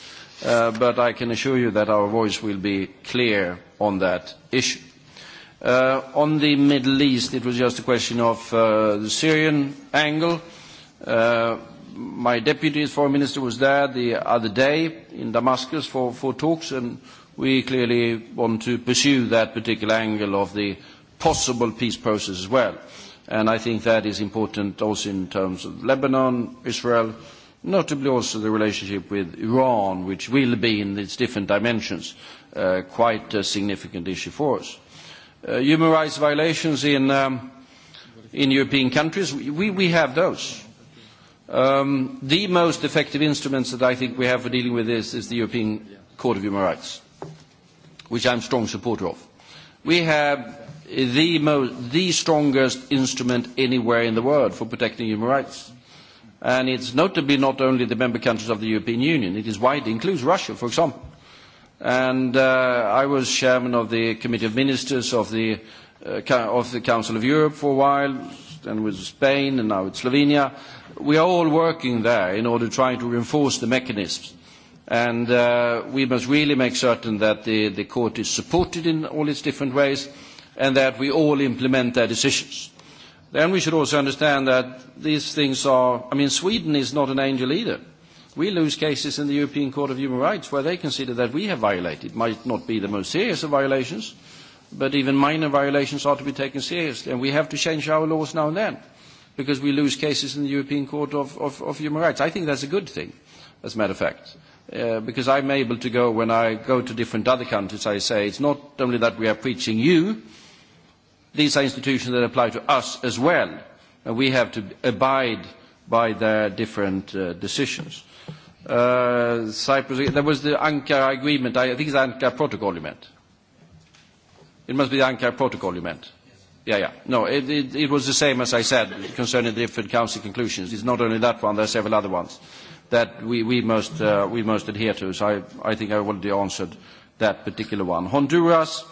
Uh, but I can assure you that our voice will be clear on that issue. Uh, on the Middle East, it was just a question of uh, the Syrian angle. Uh, my deputy foreign minister was there the other day in Damascus for, for talks, and we clearly want to pursue that particular angle of the possible peace process as well. And I think that is important also in terms of Lebanon, Israel, notably also the relationship with Iran, which will be in its different dimensions uh, quite a significant issue for us. Uh, human rights violations in, um, in European countries, we, we have those. Um, the most effective instruments that I think we have for dealing with this is the European Court of Human Rights, which I'm a strong supporter of. We have the, most, the strongest instrument anywhere in the world for protecting human rights. And it's notably not only the member countries of the European Union, it is wide, it includes Russia, for example. And uh, I was chairman of the Committee of Ministers of the, uh, of the Council of Europe for a while, then with Spain, and now it's Slovenia we are all working there in order to try to reinforce the mechanisms. And uh, we must really make certain that the, the court is supported in all its different ways and that we all implement their decisions. Then we should also understand that these things are, I mean, Sweden is not an angel either. We lose cases in the European Court of Human Rights where they consider that we have violated. It might not be the most serious of violations, but even minor violations are to be taken seriously, and we have to change our laws now and then because we lose cases in the European Court of, of, of Human Rights. I think that's a good thing, as a matter of fact. Uh, because I'm able to go, when I go to different other countries, I say it's not only that we are preaching you, these are institutions that apply to us as well, and we have to abide by their different uh, decisions. Uh, Cyprus, there was the Ankara agreement, I think it's the Ankara protocol you meant. It must be the Ankara protocol you meant. Yeah, yeah. No, it, it, it was the same as I said concerning the different Council conclusions. It's not only that one, there are several other ones that we, we, must, uh, we must adhere to. So I, I think I already answered that particular one. Honduras,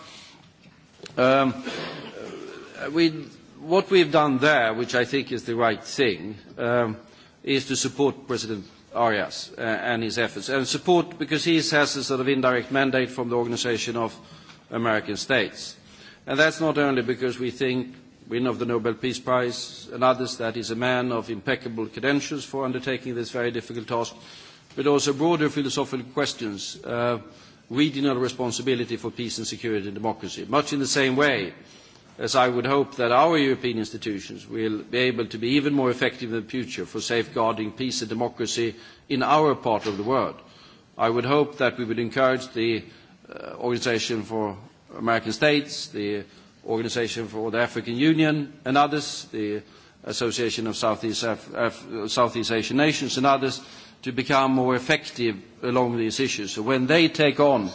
um, we, what we've done there, which I think is the right thing, um, is to support President Arias uh, and his efforts. And support because he has a sort of indirect mandate from the Organization of American States And that's not only because we think, winner of the Nobel Peace Prize and others, that is a man of impeccable credentials for undertaking this very difficult task, but also broader philosophical questions. Uh, regional responsibility for peace and security and democracy, much in the same way as I would hope that our European institutions will be able to be even more effective in the future for safeguarding peace and democracy in our part of the world. I would hope that we would encourage the uh, Organization for American States, the Organization for the African Union and others, the Association of Southeast, Af Af Southeast Asian Nations and others, to become more effective along these issues. So when they take on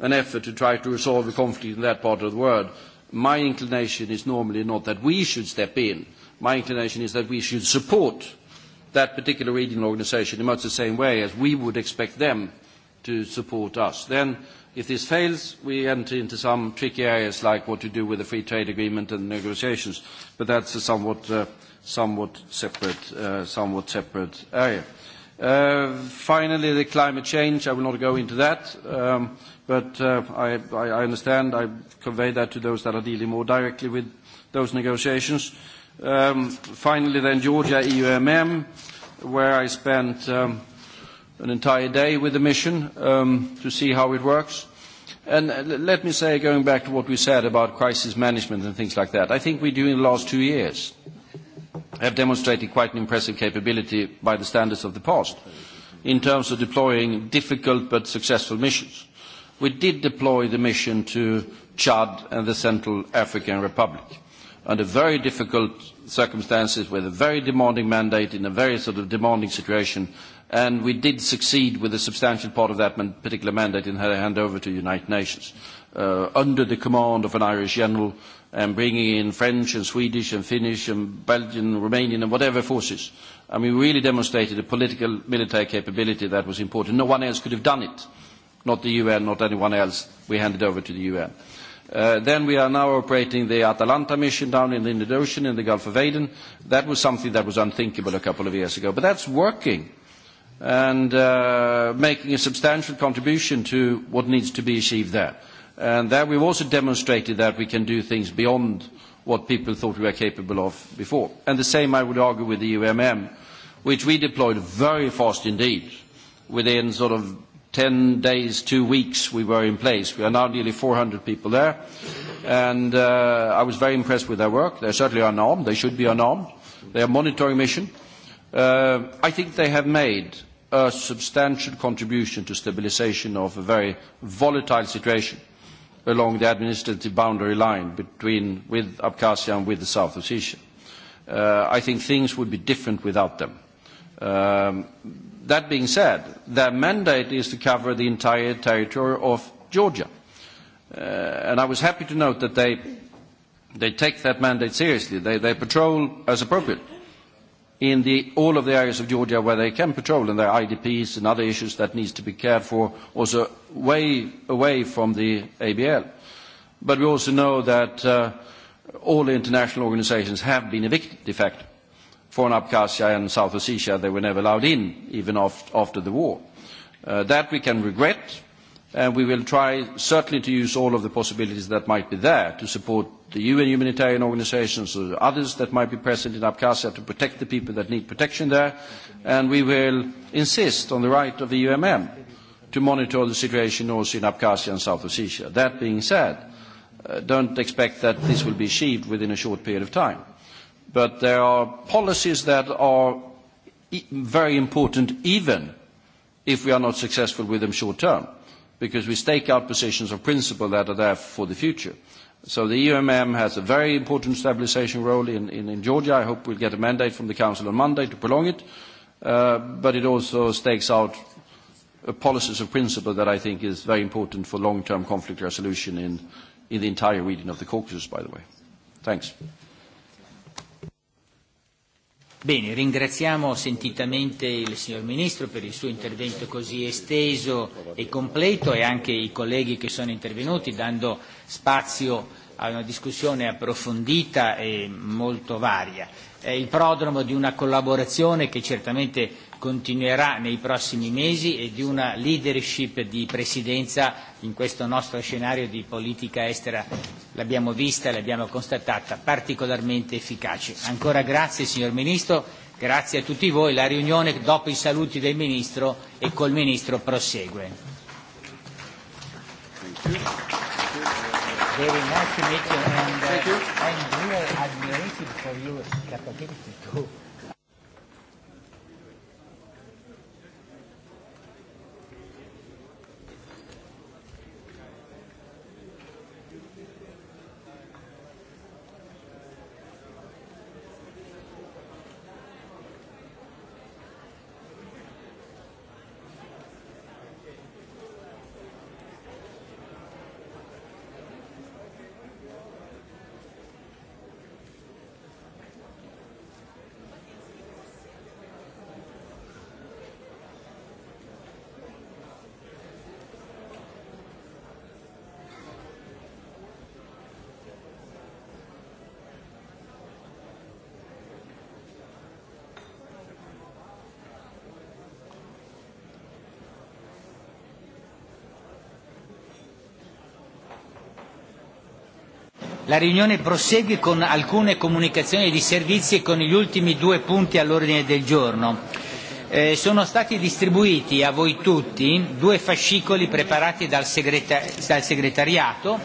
an effort to try to resolve a conflict in that part of the world, my inclination is normally not that we should step in. My inclination is that we should support that particular regional organization in much the same way as we would expect them to support us. Then If this fails, we enter into some tricky areas like what to do with the free trade agreement and negotiations, but that's a somewhat, uh, somewhat, separate, uh, somewhat separate area. Uh, finally, the climate change, I will not go into that, um, but uh, I, I understand, I convey that to those that are dealing more directly with those negotiations. Um, finally, then Georgia, EUMM, where I spent um, an entire day with the mission um, to see how it works. And uh, let me say, going back to what we said about crisis management and things like that, I think we, during the last two years, have demonstrated quite an impressive capability by the standards of the past in terms of deploying difficult but successful missions. We did deploy the mission to Chad and the Central African Republic under very difficult circumstances with a very demanding mandate in a very sort of demanding situation and we did succeed with a substantial part of that man particular mandate in hand over to the United Nations uh, under the command of an Irish general and bringing in French and Swedish and Finnish and Belgian, Romanian and whatever forces. I mean, we really demonstrated a political military capability that was important. No one else could have done it, not the UN, not anyone else. We handed over to the UN. Uh, then we are now operating the Atalanta mission down in the Indian Ocean, in the Gulf of Aden. That was something that was unthinkable a couple of years ago. But that's working and uh, making a substantial contribution to what needs to be achieved there. And there we've also demonstrated that we can do things beyond what people thought we were capable of before. And the same I would argue with the UMM, which we deployed very fast indeed, within sort of 10 days, two weeks we were in place. We are now nearly 400 people there. And uh, I was very impressed with their work. They're certainly unarmed. They should be unarmed. They are monitoring mission. Uh, I think they have made a substantial contribution to stabilization of a very volatile situation along the administrative boundary line between with Abkhazia and with the south of Uh, I think things would be different without them. Um, That being said, their mandate is to cover the entire territory of Georgia. Uh, and I was happy to note that they, they take that mandate seriously. They, they patrol as appropriate in the, all of the areas of Georgia where they can patrol, and there are IDPs and other issues that needs to be cared for, also way away from the ABL. But we also know that uh, all the international organizations have been evicted, de facto, Foreign Abkhazia and South Ossetia, they were never allowed in, even after the war. Uh, that we can regret, and we will try certainly to use all of the possibilities that might be there to support the UN humanitarian organizations or others that might be present in Abkhazia to protect the people that need protection there. And we will insist on the right of the UMM to monitor the situation also in Abkhazia and South Ossetia. That being said, uh, don't expect that this will be achieved within a short period of time but there are policies that are e, very important even if we are not successful with them short term, because we stake out positions of principle that are there for the future. So the EMM has a very important stabilization role in, in, in Georgia. I hope we'll get a mandate from the Council on Monday to prolong it, uh, but it also stakes out a policies of principle that I think is very important for long-term conflict resolution in, in the entire region of the Caucasus, by the way. Thanks. Bene, ringraziamo sentitamente il signor Ministro per il suo intervento così esteso e completo e anche i colleghi che sono intervenuti dando spazio a una discussione approfondita e molto varia. È il prodromo di una collaborazione che certamente continuerà nei prossimi mesi e di una leadership di presidenza in questo nostro scenario di politica estera, l'abbiamo vista, l'abbiamo constatata, particolarmente efficace. Ancora grazie signor Ministro, grazie a tutti voi, la riunione dopo i saluti del Ministro e col Ministro prosegue. Very nice to meet you and, uh, Thank you. Uh, I'm for your capability to La riunione prosegue con alcune comunicazioni di servizi e con gli ultimi due punti all'ordine del giorno. Eh, sono stati distribuiti a voi tutti due fascicoli preparati dal, segreta- dal segretariato,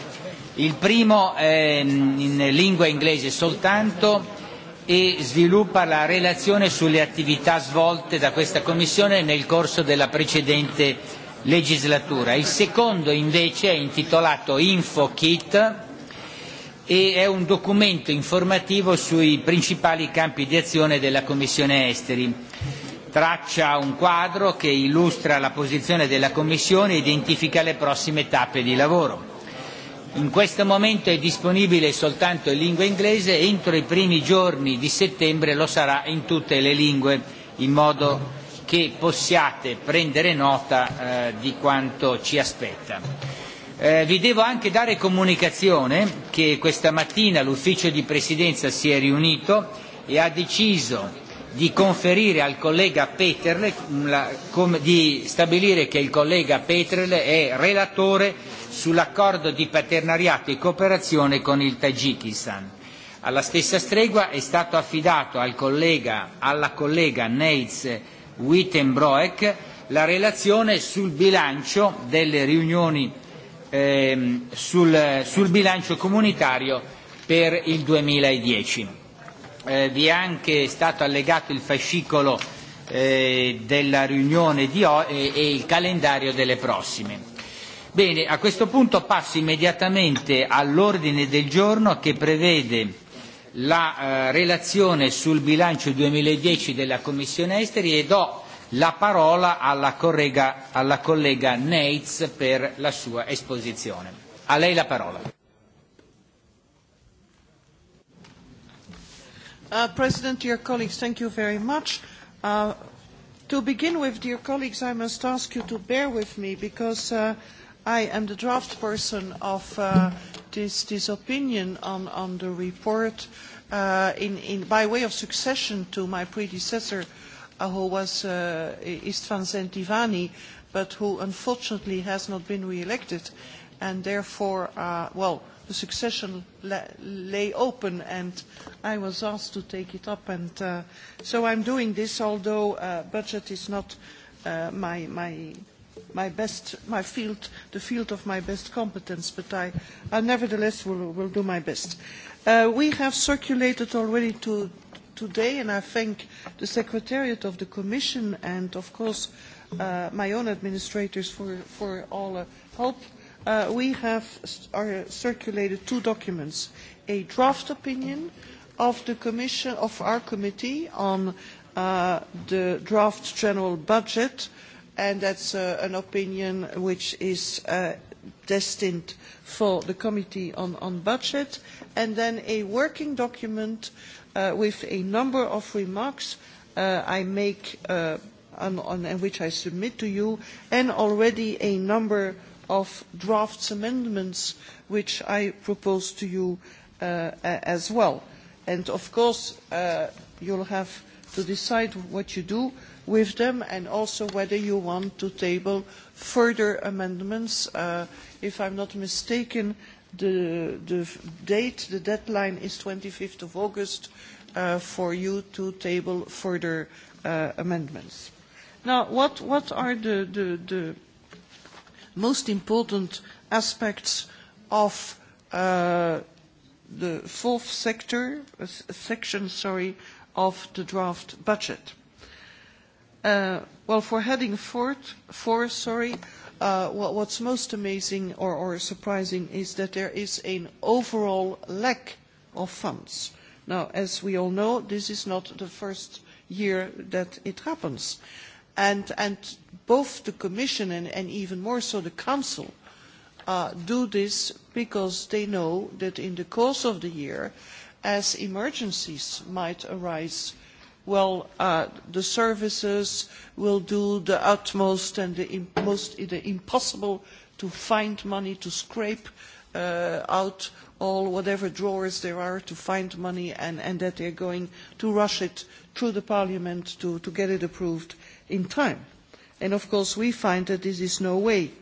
il primo eh, in lingua inglese soltanto e sviluppa la relazione sulle attività svolte da questa Commissione nel corso della precedente legislatura. Il secondo invece è intitolato InfoKit e è un documento informativo sui principali campi di azione della Commissione Esteri. Traccia un quadro che illustra la posizione della Commissione e identifica le prossime tappe di lavoro. In questo momento è disponibile soltanto in lingua inglese, e entro i primi giorni di settembre lo sarà in tutte le lingue, in modo che possiate prendere nota eh, di quanto ci aspetta. Eh, vi devo anche dare comunicazione che questa mattina l'ufficio di presidenza si è riunito e ha deciso di conferire al collega Peterle, mm, la, com, di stabilire che il collega Peterle è relatore sull'accordo di paternariato e cooperazione con il Tagikistan. Alla stessa stregua è stato affidato al collega, alla collega Neitz Wittenbroek la relazione sul bilancio delle riunioni ehm, sul, sul bilancio comunitario per il 2010. Eh, vi è anche stato allegato il fascicolo eh, della riunione di o- e, e il calendario delle prossime. Bene, a questo punto passo immediatamente all'ordine del giorno che prevede la eh, relazione sul bilancio 2010 della Commissione Esteri e do la parola alla collega, alla collega Neitz per la sua esposizione. A lei la parola. Uh, President, dear colleagues, thank you very much. Uh, to begin with, dear colleagues, I must ask you to bear with me because uh, I am the draft person of uh, this, this opinion on, on the report uh, in, in, by way of succession to my predecessor, uh, Uh, who was uh, Istvan Zentivani, but who unfortunately has not been re-elected. And therefore, uh, well, the succession la lay open, and I was asked to take it up. And uh, so I'm doing this, although uh, budget is not uh, my, my, my best, my field, the field of my best competence, but I, I nevertheless will, will do my best. Uh, we have circulated already to today, and I thank the Secretariat of the Commission and, of course, uh, my own administrators for, for all uh, help. Uh, we have are circulated two documents, a draft opinion of the Commission, of our committee on uh, the draft general budget, and that's uh, an opinion which is uh, destined for the Committee on, on Budget, and then a working document uh, with a number of remarks uh, I make uh, on, on, and which I submit to you, and already a number of draft amendments which I propose to you uh, as well. And of course, uh, you'll have to decide what you do with them and also whether you want to table further amendments. Uh, if I'm not mistaken, The, the date, the deadline is 25th of August uh, for you to table further uh, amendments. Now, what, what are the, the, the most important aspects of uh, the fourth sector, uh, section, sorry, of the draft budget? Uh, well, for heading four, four sorry, Uh, what, what's most amazing or, or surprising is that there is an overall lack of funds. Now, as we all know, this is not the first year that it happens. And, and both the Commission and, and even more so the Council uh, do this because they know that in the course of the year, as emergencies might arise well, uh, the services will do the utmost and the, most, the impossible to find money, to scrape uh, out all whatever drawers there are to find money and, and that they're going to rush it through the parliament to, to get it approved in time. And of course we find that this is no way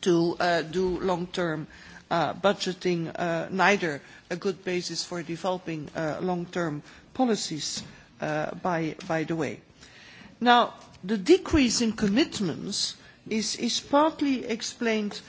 to uh, do long-term uh, budgeting, uh, neither a good basis for developing uh, long-term policies uh, by, by the way. Now, the decrease in commitments is, is partly explained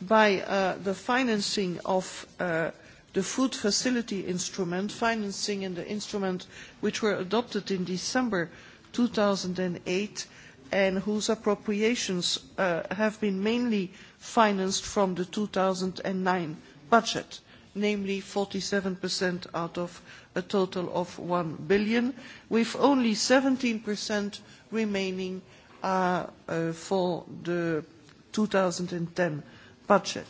by uh, the financing of uh, the food facility instrument, financing in the instrument which were adopted in December 2008 and whose appropriations uh, have been mainly financed from the 2009 budget namely 47% out of a total of 1 billion, with only 17% remaining uh, uh, for the 2010 budget.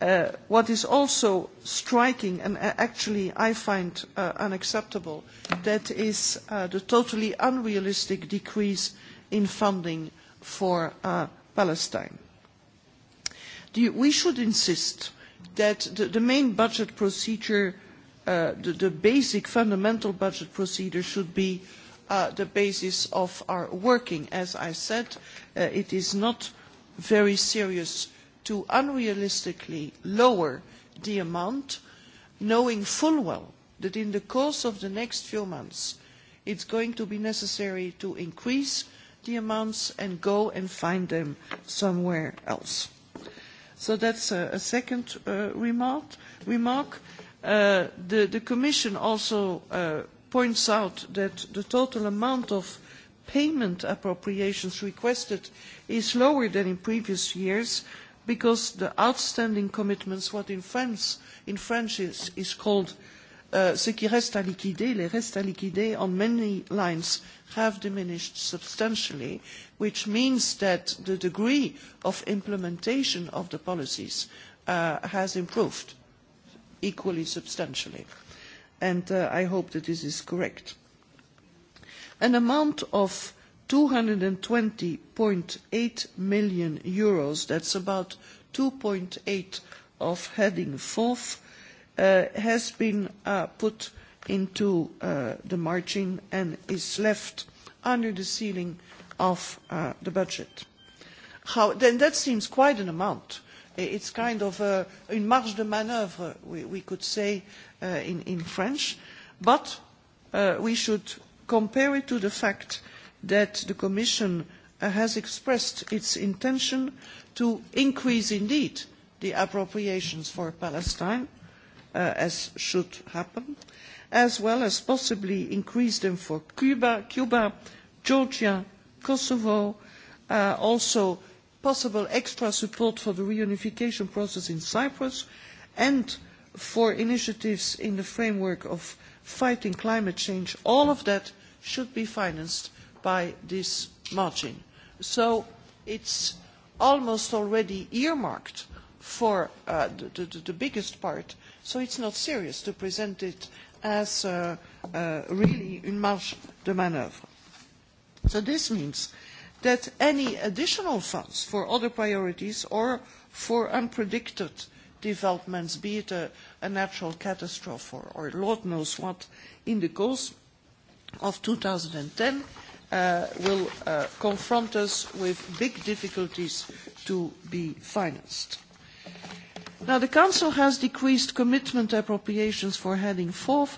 Uh, what is also striking and actually I find unacceptable, that is the totally unrealistic decrease in funding for Palestine. we should insist that the, the main budget procedure, uh, the, the basic fundamental budget procedure should be uh, the basis of our working. As I said, uh, it is not very serious to unrealistically lower the amount, knowing full well that in the course of the next few months it is going to be necessary to increase the amounts and go and find them somewhere else. So that's a, a second uh, remark. remark. Uh, the, the Commission also uh, points out that the total amount of payment appropriations requested is lower than in previous years because the outstanding commitments, what in, France, in French is, is called Euh, ce qui reste à liquider, les restes à liquider on many lines have diminished substantially, which means that the degree of implementation of the policies uh, has improved equally substantially. And uh, I hope that this is correct. An amount of 220.8 million euros, that's about 2.8 of heading fourth, uh, has been uh, put into uh, the margin and is left under the ceiling of uh, the budget. How, then that seems quite an amount. It's kind of a, une marge de manœuvre, we, we could say uh, in, in French, but uh, we should compare it to the fact that the Commission uh, has expressed its intention to increase indeed the appropriations for Palestine, uh, uh, as should happen, as well as possibly increase them for Cuba, Cuba Georgia, Kosovo, uh, also possible extra support for the reunification process in Cyprus, and for initiatives in the framework of fighting climate change, all of that should be financed by this margin. So it's almost already earmarked for uh, the, the, the biggest part So it's not serious to present it as uh, uh, really une marge de manœuvre. So this means that any additional funds for other priorities or for unpredicted developments, be it a, a natural catastrophe or, or Lord knows what, in the course of 2010 uh, will uh, confront us with big difficulties to be financed. Now, the Council has decreased commitment appropriations for heading 4,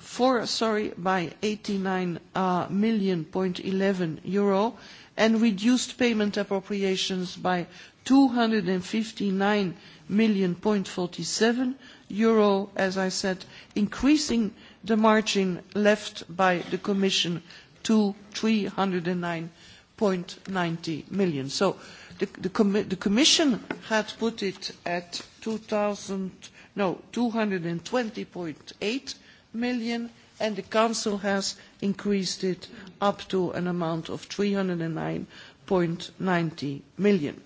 four sorry, by 89 uh, million point 11 euro and reduced payment appropriations by 259 million point 47 euro, as I said, increasing the margin left by the Commission to 309.90 million. So the, the, com the Commission had put it at 2000, no, 220.8 million and the Council has increased it up to an amount of 309.90 million.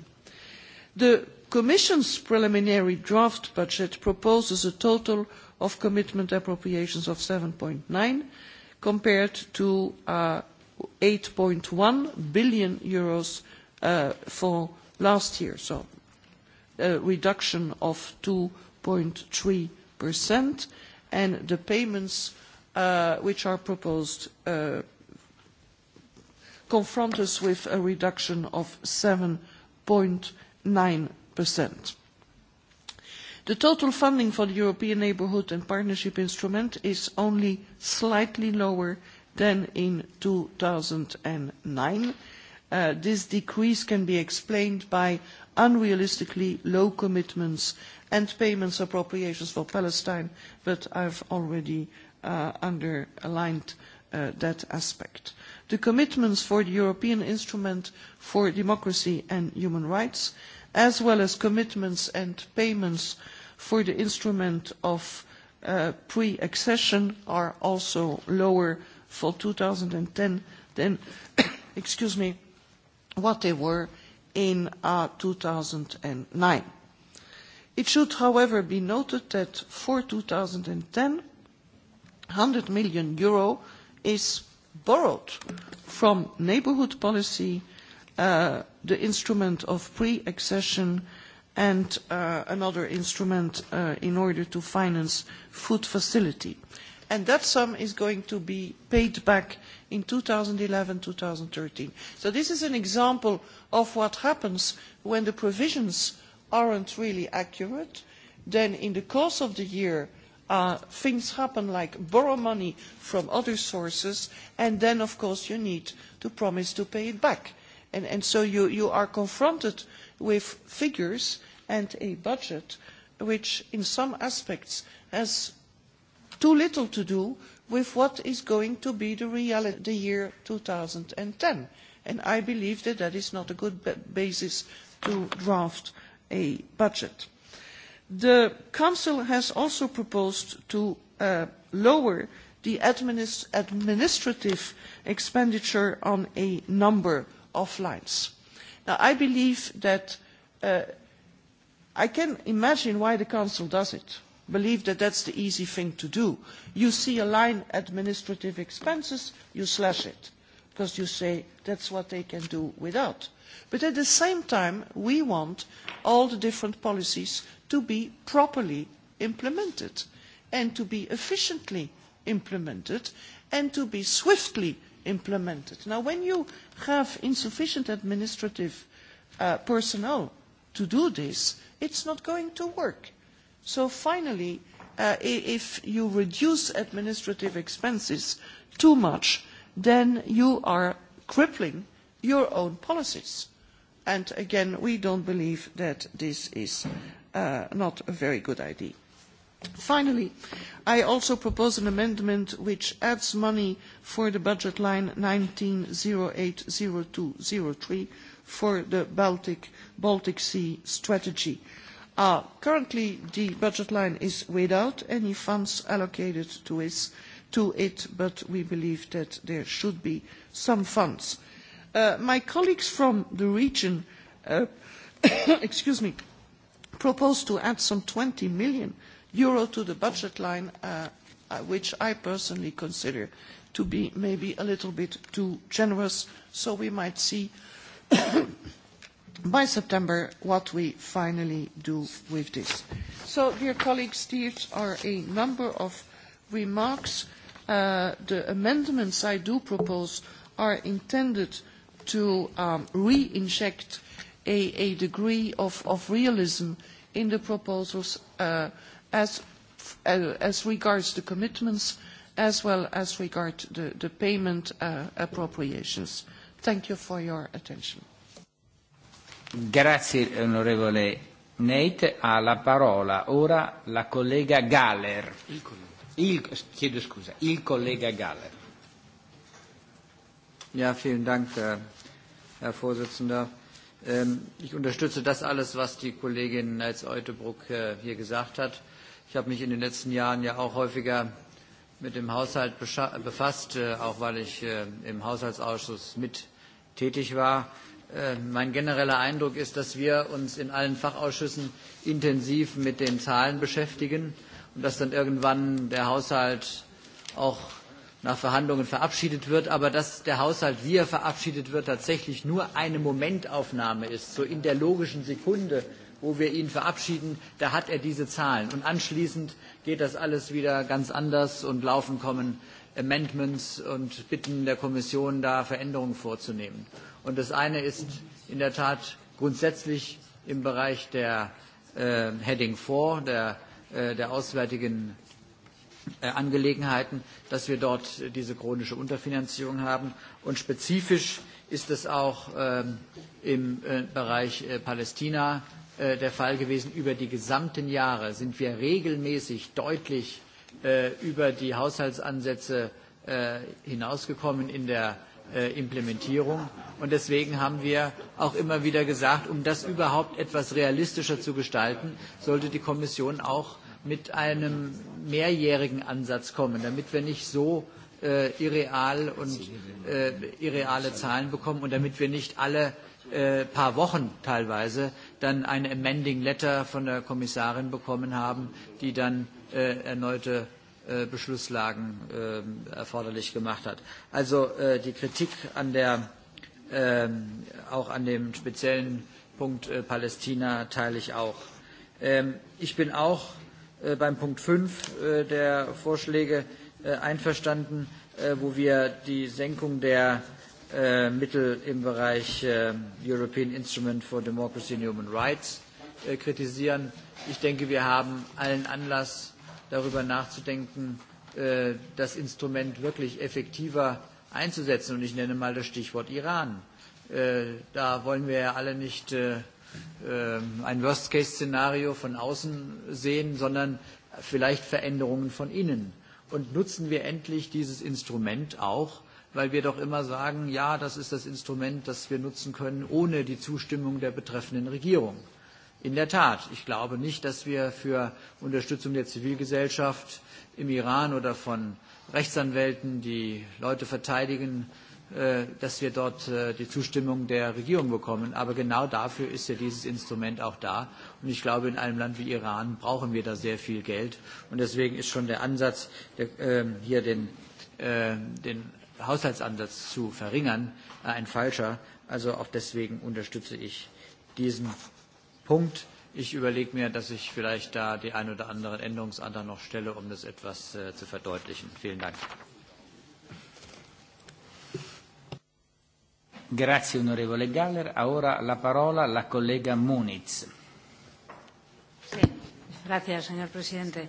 The Commission's preliminary draft budget proposes a total of commitment appropriations of 7.9 compared to uh, 8.1 billion euros Uh, for last year, so a reduction of 2.3%, and the payments uh, which are proposed uh, confront us with a reduction of 7.9%. The total funding for the European Neighbourhood and Partnership Instrument is only slightly lower than in 2009, uh, this decrease can be explained by unrealistically low commitments and payments appropriations for Palestine, but I've already uh, underlined uh, that aspect. The commitments for the European Instrument for Democracy and Human Rights, as well as commitments and payments for the instrument of uh, pre-accession are also lower for 2010 than, excuse me, what they were in uh, 2009. It should, however, be noted that for 2010, 100 million euro is borrowed from neighbourhood policy, uh, the instrument of pre-accession, and uh, another instrument uh, in order to finance food facility. And that sum is going to be paid back in 2011-2013. So this is an example of what happens when the provisions aren't really accurate. Then in the course of the year, uh, things happen like borrow money from other sources, and then of course you need to promise to pay it back. And, and so you, you are confronted with figures and a budget which in some aspects has too little to do with what is going to be the, reality, the year 2010. And I believe that that is not a good basis to draft a budget. The Council has also proposed to uh, lower the administ administrative expenditure on a number of lines. Now, I believe that uh, I can imagine why the Council does it believe that that's the easy thing to do. You see a line administrative expenses, you slash it, because you say that's what they can do without. But at the same time, we want all the different policies to be properly implemented and to be efficiently implemented and to be swiftly implemented. Now, when you have insufficient administrative uh, personnel to do this, it's not going to work So finally, uh, if you reduce administrative expenses too much, then you are crippling your own policies. And again, we don't believe that this is uh, not a very good idea. Finally, I also propose an amendment which adds money for the budget line 19080203 for the Baltic, Baltic Sea strategy Uh, currently, the budget line is without any funds allocated to, his, to it, but we believe that there should be some funds. Uh, my colleagues from the region uh, excuse me, proposed to add some 20 million euro to the budget line, uh, uh, which I personally consider to be maybe a little bit too generous, so we might see by September what we finally do with this. So, dear colleagues, these are a number of remarks. Uh, the amendments I do propose are intended to um, re-inject a, a degree of, of realism in the proposals uh, as, uh, as regards the commitments as well as regard the, the payment uh, appropriations. Thank you for your attention. Grazie onorevole Nate, ha la parola ora la collega Galler. Il collega. Il, chiedo scusa, il collega Galler. Ja, vielen Dank, äh, Herr Vorsitzender. Ähm, ich unterstütze das alles, was die Kollegin Nels Eutebruck äh, hier gesagt hat. Ich habe mich in den letzten Jahren ja auch häufiger mit dem Haushalt befasst, äh, auch weil ich im Haushaltsausschuss mit tätig war. Äh, mein genereller Eindruck ist, dass wir uns in allen Fachausschüssen intensiv mit den Zahlen beschäftigen und dass dann irgendwann der Haushalt auch nach Verhandlungen verabschiedet wird, aber dass der Haushalt, wie er verabschiedet wird, tatsächlich nur eine Momentaufnahme ist. So in der logischen Sekunde, wo wir ihn verabschieden, da hat er diese Zahlen. Und anschließend geht das alles wieder ganz anders und laufen kommen Amendments und Bitten der Kommission, da Veränderungen vorzunehmen. Und das eine ist in der Tat grundsätzlich im Bereich der äh, Heading 4, der, äh, der auswärtigen äh, Angelegenheiten, dass wir dort äh, diese chronische Unterfinanzierung haben. Und spezifisch ist es auch äh, im äh, Bereich äh, Palästina äh, der Fall gewesen. Über die gesamten Jahre sind wir regelmäßig deutlich äh, über die Haushaltsansätze äh, hinausgekommen in der äh, Implementierung. Und deswegen haben wir auch immer wieder gesagt, um das überhaupt etwas realistischer zu gestalten, sollte die Kommission auch mit einem mehrjährigen Ansatz kommen, damit wir nicht so äh, irreal und äh, irreale Zahlen bekommen und damit wir nicht alle äh, paar Wochen teilweise dann eine Amending Letter von der Kommissarin bekommen haben, die dann äh, erneute Äh, Beschlusslagen äh, erforderlich gemacht hat. Also äh, die Kritik an der, äh, auch an dem speziellen Punkt äh, Palästina teile ich auch. Ähm, ich bin auch äh, beim Punkt 5 äh, der Vorschläge äh, einverstanden, äh, wo wir die Senkung der äh, Mittel im Bereich äh, European Instrument for Democracy and Human Rights äh, kritisieren. Ich denke, wir haben allen Anlass, darüber nachzudenken, äh, das Instrument wirklich effektiver einzusetzen. Und ich nenne mal das Stichwort Iran. Äh, da wollen wir ja alle nicht äh, ähm, ein Worst-Case-Szenario von außen sehen, sondern vielleicht Veränderungen von innen. Und nutzen wir endlich dieses Instrument auch, weil wir doch immer sagen, ja, das ist das Instrument, das wir nutzen können, ohne die Zustimmung der betreffenden Regierung. In der Tat, ich glaube nicht, dass wir für Unterstützung der Zivilgesellschaft im Iran oder von Rechtsanwälten, die Leute verteidigen, äh, dass wir dort äh, die Zustimmung der Regierung bekommen. Aber genau dafür ist ja dieses Instrument auch da. Und ich glaube, in einem Land wie Iran brauchen wir da sehr viel Geld. Und deswegen ist schon der Ansatz, ähm, hier den, ähm, den Haushaltsansatz zu verringern, ein falscher. Also auch deswegen unterstütze ich diesen Punkt. Ich überlege mir, dass ich vielleicht da die ein oder anderen Änderungsantrag noch stelle, um das etwas äh, zu verdeutlichen. Vielen Dank. Grazie onorevole Galler. Ora la parola la collega Muniz. Sí. Gracias, señor presidente.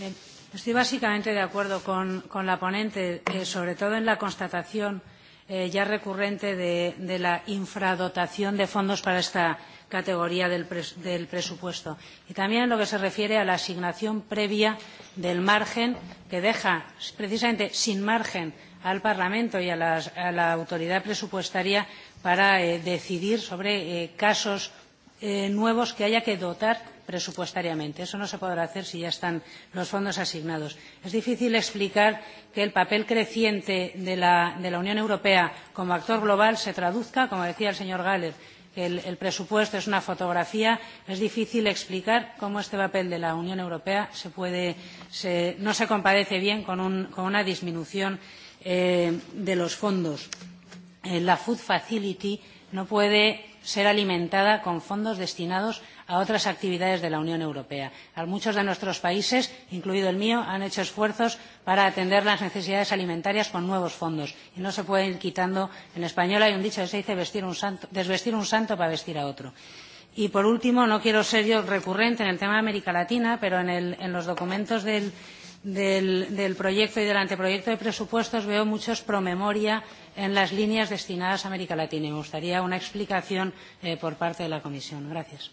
Eh, estoy básicamente de acuerdo con, con la ponente, eh, sobre todo en la constatación eh, ya recurrente de, de la infradotación de fondos para esta categoría del, pres del presupuesto. Y también en lo que se refiere a la asignación previa del margen que deja precisamente sin margen al Parlamento y a, las, a la autoridad presupuestaria para eh, decidir sobre eh, casos eh, nuevos que haya que dotar presupuestariamente. Eso no se podrá hacer si ya están los fondos asignados. Es difícil explicar que el papel creciente de la, de la Unión Europea como actor global se traduzca, como decía el señor Galler, el, el presupuesto es una fotografía, es difícil explicar cómo este papel de la Unión Europea se puede, se, no se comparece bien con, un, con una disminución eh, de los fondos. Eh, la Food Facility no puede ser alimentada con fondos destinados a otras actividades de la Unión Europea. Muchos de nuestros países, incluido el mío, han hecho esfuerzos para atender las necesidades alimentarias con nuevos fondos y no se puede ir quitando. En español hay un dicho que se dice vestir un santo, desvestir un santo para vestir a otro. Y por último, no quiero ser yo recurrente en el tema de América Latina, pero en, el, en los documentos del, del, del proyecto y del anteproyecto de presupuestos veo muchos promemoria en las líneas destinadas a América Latina y me gustaría una explicación eh, por parte de la Comisión. Gracias.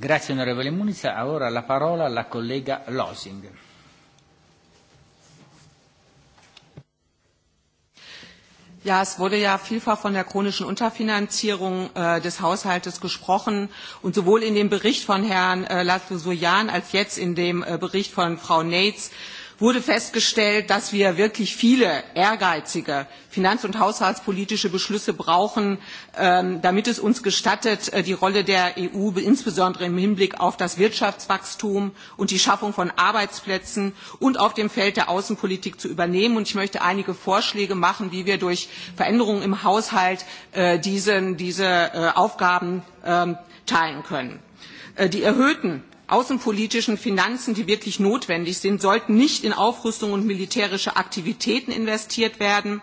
Grazie onorevole Ora la parola alla collega Losing. Ja, es wurde ja vielfach von der chronischen Unterfinanzierung äh, des Haushaltes gesprochen. Und sowohl in dem Bericht von Herrn äh, Laszlo Sojan als jetzt in dem äh, Bericht von Frau Nates äh, wurde festgestellt, dass wir wirklich viele ehrgeizige finanz- und haushaltspolitische Beschlüsse brauchen, ähm, damit es uns gestattet, äh, die Rolle der EU insbesondere im Hinblick auf das Wirtschaftswachstum und die Schaffung von Arbeitsplätzen und auf dem Feld der Außenpolitik zu übernehmen. Und ich möchte einige Vorschläge machen, wie wir durch Veränderungen im Haushalt äh, diesen, diese äh, Aufgaben ähm, teilen können. Die erhöhten außenpolitischen Finanzen, die wirklich notwendig sind, sollten nicht in Aufrüstung und militärische Aktivitäten investiert werden,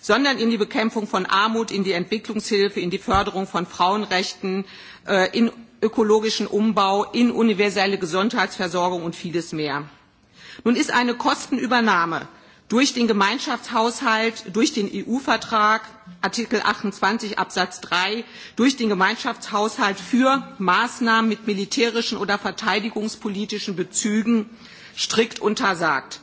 sondern in die Bekämpfung von Armut, in die Entwicklungshilfe, in die Förderung von Frauenrechten, äh, in ökologischen Umbau, in universelle Gesundheitsversorgung und vieles mehr. Nun ist eine Kostenübernahme durch den Gemeinschaftshaushalt, durch den EU-Vertrag, Artikel 28 Absatz 3, durch den Gemeinschaftshaushalt für Maßnahmen mit militärischen oder verteidigungspolitischen Bezügen strikt untersagt.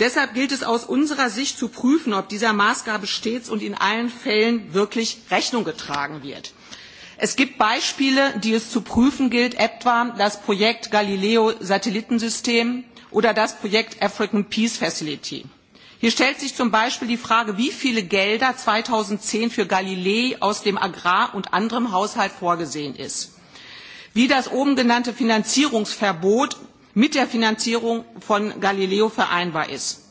Deshalb gilt es aus unserer Sicht zu prüfen, ob dieser Maßgabe stets und in allen Fällen wirklich Rechnung getragen wird. Es gibt Beispiele, die es zu prüfen gilt, etwa das Projekt Galileo Satellitensystem oder das Projekt African Peace Facility. Hier stellt sich zum Beispiel die Frage, wie viele Gelder 2010 für Galilei aus dem Agrar- und anderem Haushalt vorgesehen ist. Wie das oben genannte Finanzierungsverbot mit der Finanzierung von Galileo vereinbar ist.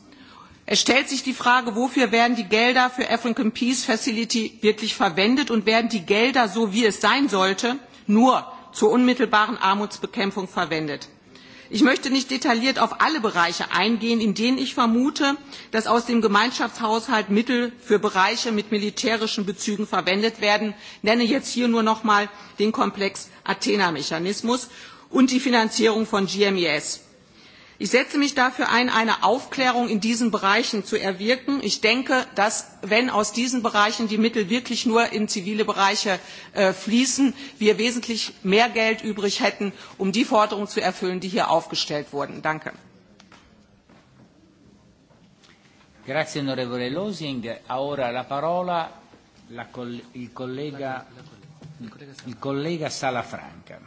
Es stellt sich die Frage, wofür werden die Gelder für African Peace Facility wirklich verwendet und werden die Gelder, so wie es sein sollte, nur zur unmittelbaren Armutsbekämpfung verwendet. Ich möchte nicht detailliert auf alle Bereiche eingehen, in denen ich vermute, dass aus dem Gemeinschaftshaushalt Mittel für Bereiche mit militärischen Bezügen verwendet werden. Ich nenne jetzt hier nur noch einmal den Komplex Athena-Mechanismus und die Finanzierung von GMES. Ich setze mich dafür ein, eine Aufklärung in diesen Bereichen zu erwirken. Ich denke, dass wenn aus diesen Bereichen die Mittel wirklich nur in zivile Bereiche äh, fließen, wir wesentlich mehr Geld übrig hätten, um die Forderungen zu erfüllen, die hier aufgestellt wurden. Danke. Grazie onorevole Losing. Ora la parola la coll il, collega, il collega Salafranca.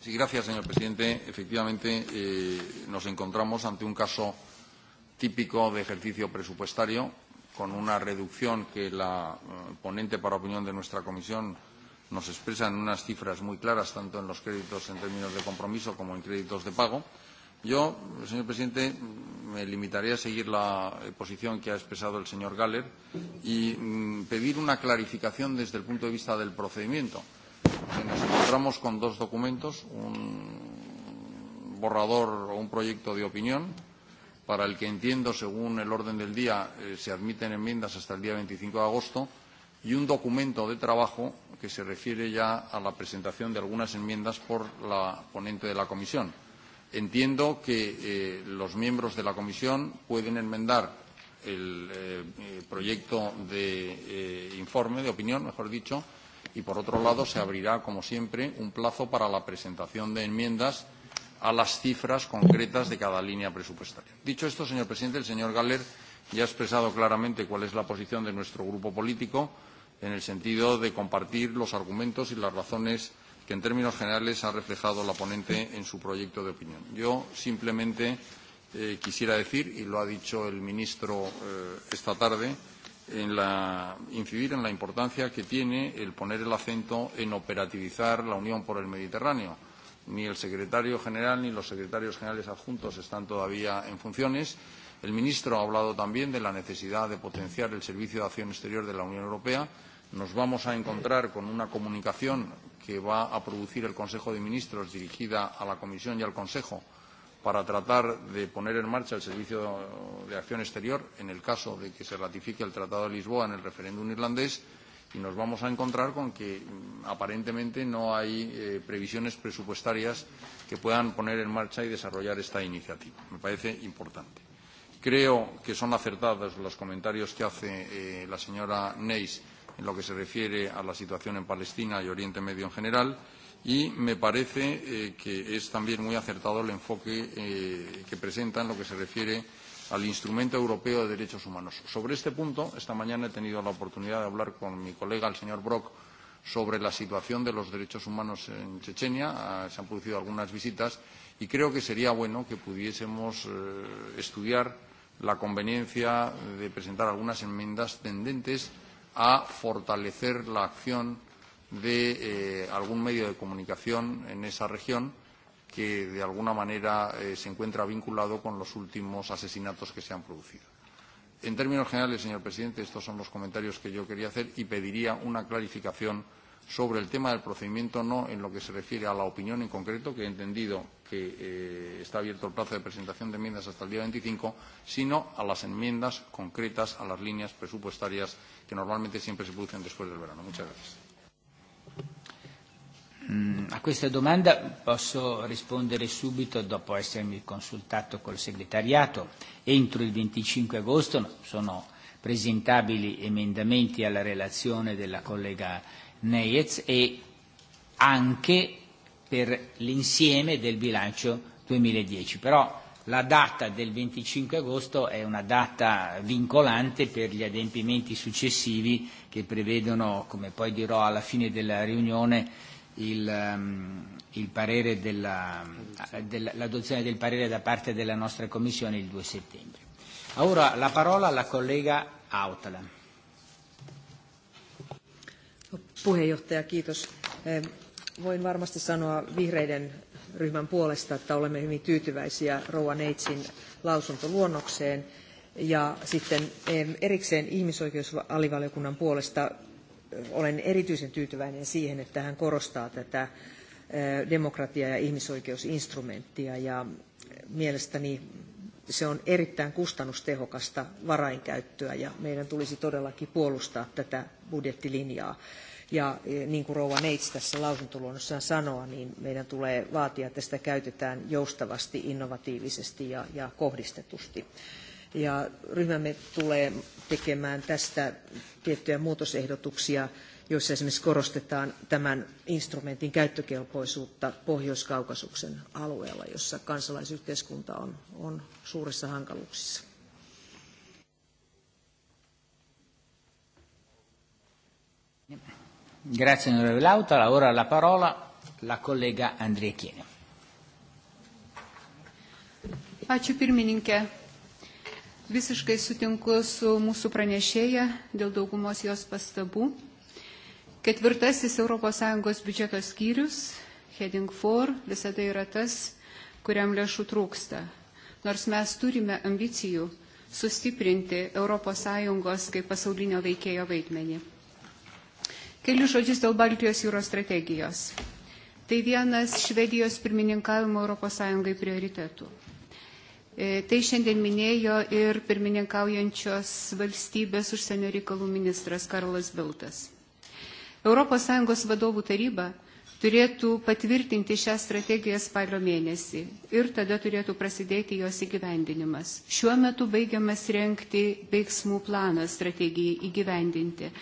Sí, gracias, señor presidente. Efectivamente, eh, nos encontramos ante un caso típico de ejercicio presupuestario, con una reducción que la eh, ponente para opinión de nuestra comisión nos expresa en unas cifras muy claras, tanto en los créditos en términos de compromiso como en créditos de pago. Yo, señor presidente, me limitaré a seguir la eh, posición que ha expresado el señor Galler y mm, pedir una clarificación desde el punto de vista del procedimiento nos encontramos con dos documentos, un borrador o un proyecto de opinión, para el que entiendo, según el orden del día, eh, se admiten enmiendas hasta el día 25 de agosto, y un documento de trabajo que se refiere ya a la presentación de algunas enmiendas por la ponente de la comisión. Entiendo que eh, los miembros de la comisión pueden enmendar el eh, eh proyecto de eh, informe, de opinión, mejor dicho, y, por otro lado, se abrirá, como siempre, un plazo para la presentación de enmiendas a las cifras concretas de cada línea presupuestaria. Dicho esto, señor presidente, el señor Galler ya ha expresado claramente cuál es la posición de nuestro grupo político en el sentido de compartir los argumentos y las razones que en términos generales ha reflejado la ponente en su proyecto de opinión. Yo simplemente eh, quisiera decir, y lo ha dicho el ministro eh, esta tarde, en la, incidir en la importancia que tiene el poner el acento en operativizar la Unión por el Mediterráneo. Ni el secretario general ni los secretarios generales adjuntos están todavía en funciones. El ministro ha hablado también de la necesidad de potenciar el Servicio de Acción Exterior de la Unión Europea. Nos vamos a encontrar con una comunicación que va a producir el Consejo de Ministros dirigida a la Comisión y al Consejo para tratar de poner en marcha el Servicio de Acción Exterior en el caso de que se ratifique el Tratado de Lisboa en el referéndum irlandés y nos vamos a encontrar con que mm, aparentemente no hay eh, previsiones presupuestarias que puedan poner en marcha y desarrollar esta iniciativa. Me parece importante. Creo que son acertados los comentarios que hace eh, la señora Neis en lo que se refiere a la situación en Palestina y Oriente Medio en general y me parece eh, que es también muy acertado el enfoque eh, que presenta en lo que se refiere al Instrumento Europeo de Derechos Humanos. Sobre este punto, esta mañana he tenido la oportunidad de hablar con mi colega, el señor Brock, sobre la situación de los derechos humanos en Chechenia. Eh, se han producido algunas visitas y creo que sería bueno que pudiésemos eh, estudiar la conveniencia de presentar algunas enmiendas tendentes a fortalecer la acción de eh, algún medio de comunicación en esa región que de alguna manera eh, se encuentra vinculado con los últimos asesinatos que se han producido. En términos generales, señor presidente, estos son los comentarios que yo quería hacer y pediría una clarificación sobre el tema del procedimiento, no en lo que se refiere a la opinión en concreto, que he entendido que eh, está abierto el plazo de presentación de enmiendas hasta el día 25, sino a las enmiendas concretas a las líneas presupuestarias que normalmente siempre se producen después del verano. Muchas gracias. Mm, a questa domanda posso rispondere subito dopo essermi consultato col segretariato. Entro il 25 agosto sono presentabili emendamenti alla relazione della collega Neyez e anche per l'insieme del bilancio 2010. Però la data del 25 agosto è una data vincolante per gli adempimenti successivi che prevedono, come poi dirò alla fine della riunione, il, um, il parere della, l'adozione del parere da parte della nostra Commissione il 2 settembre. Ora la parola alla collega Autala. Puheenjohtaja, kiitos. Voin varmasti sanoa vihreiden ryhmän puolesta, että olemme hyvin tyytyväisiä Rouva Neitsin lausuntoluonnokseen. Ja sitten erikseen ihmisoikeusalivaliokunnan puolesta olen erityisen tyytyväinen siihen, että hän korostaa tätä demokratia- ja ihmisoikeusinstrumenttia ja mielestäni se on erittäin kustannustehokasta varainkäyttöä ja meidän tulisi todellakin puolustaa tätä budjettilinjaa. Ja e, niin kuin Rouva Neits tässä lausuntoluonnossaan sanoo, niin meidän tulee vaatia, että sitä käytetään joustavasti, innovatiivisesti ja, ja kohdistetusti. Ja ryhmämme tulee tekemään tästä tiettyjä muutosehdotuksia, joissa esimerkiksi korostetaan tämän instrumentin käyttökelpoisuutta Pohjois-Kaukasuksen alueella, jossa kansalaisyhteiskunta on, on suurissa hankaluuksissa. Grazie onorevole Lautala. Ora la parola la collega Andriechiene. Ačiū pirmininkė. Visiškai sutinku su mūsų pranešėja dėl daugumos jos pastabų. Ketvirtasis ES biudžeto skyrius, Heading 4, visada yra tas, kuriam lėšų trūksta. Nors mes turime ambicijų sustiprinti ES kaip pasaulinio veikėjo vaidmenį. Keli žodžius dėl Baltijos jūros strategijos. Tai vienas Švedijos pirmininkavimo ES prioritetų. E, tai šiandien minėjo ir pirmininkaujančios valstybės užsienio reikalų ministras Karlas Biltas. ES vadovų taryba turėtų patvirtinti šią strategiją spalio mėnesį ir tada turėtų prasidėti jos įgyvendinimas. Šiuo metu baigiamas renkti veiksmų planą strategijai įgyvendinti.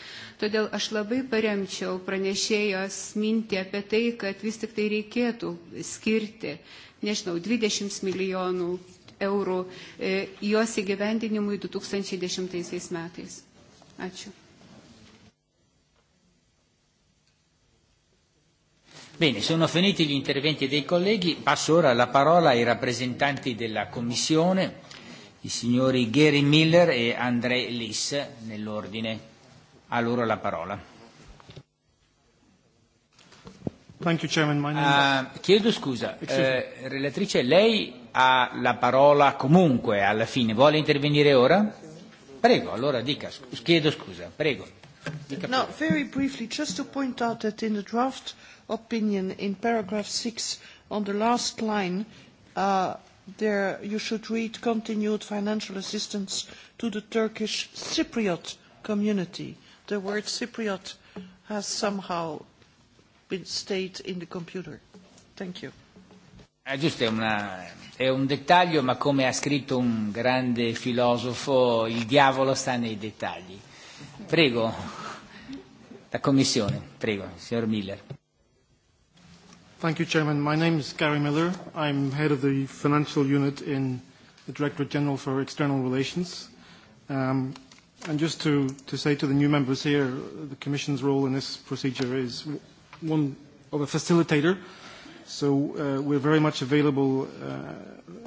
Todėl aš labai paremčiau pranešėjos mintį apie tai, kad vis tik tai reikėtų skirti, nežinau, 20 milijonų eurų e, jos įgyvendinimui 2010 metais. Ačiū. Bene, sono finiti gli interventi dei colleghi. Passo ora la parola ai rappresentanti della Commissione, i signori Gary Miller e André Liss, nell'ordine. A loro la parola. Thank you, Chairman. My name uh, chiedo scusa, uh, relatrice, lei ha la parola comunque alla fine. Vuole intervenire ora? Prego, allora dica, chiedo scusa, prego. Dica Now, very briefly, just to point out that in the draft opinion in paragraph 6 on the last line, uh, there you should read continued financial assistance to the Turkish Cypriot community. The word Cypriot has somehow been stayed in the computer. Thank you. Ah, giusto, è, una, è un dettaglio, ma come ha scritto un grande filosofo, il diavolo sta nei dettagli. Prego, la Commissione, prego, signor Miller. Thank you, Chairman. My name is Gary Miller. I'm head of the financial unit in the Directorate General for External Relations. Um, and just to, to say to the new members here, the Commission's role in this procedure is one of a facilitator, So uh, we're very much available uh,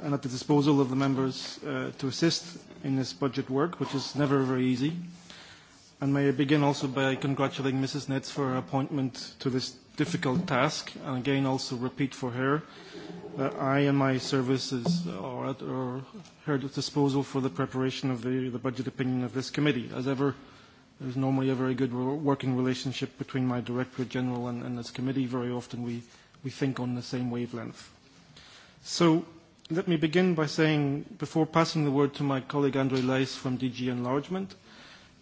and at the disposal of the members uh, to assist in this budget work, which is never very easy. And may I begin also by congratulating Mrs. Nets for her appointment to this difficult task, and again also repeat for her that I and my services are at or her disposal for the preparation of the, the budget opinion of this committee. As ever, there's normally a very good working relationship between my Directorate General and, and this committee. Very often we we think on the same wavelength. So let me begin by saying, before passing the word to my colleague Andre Leis from DG Enlargement,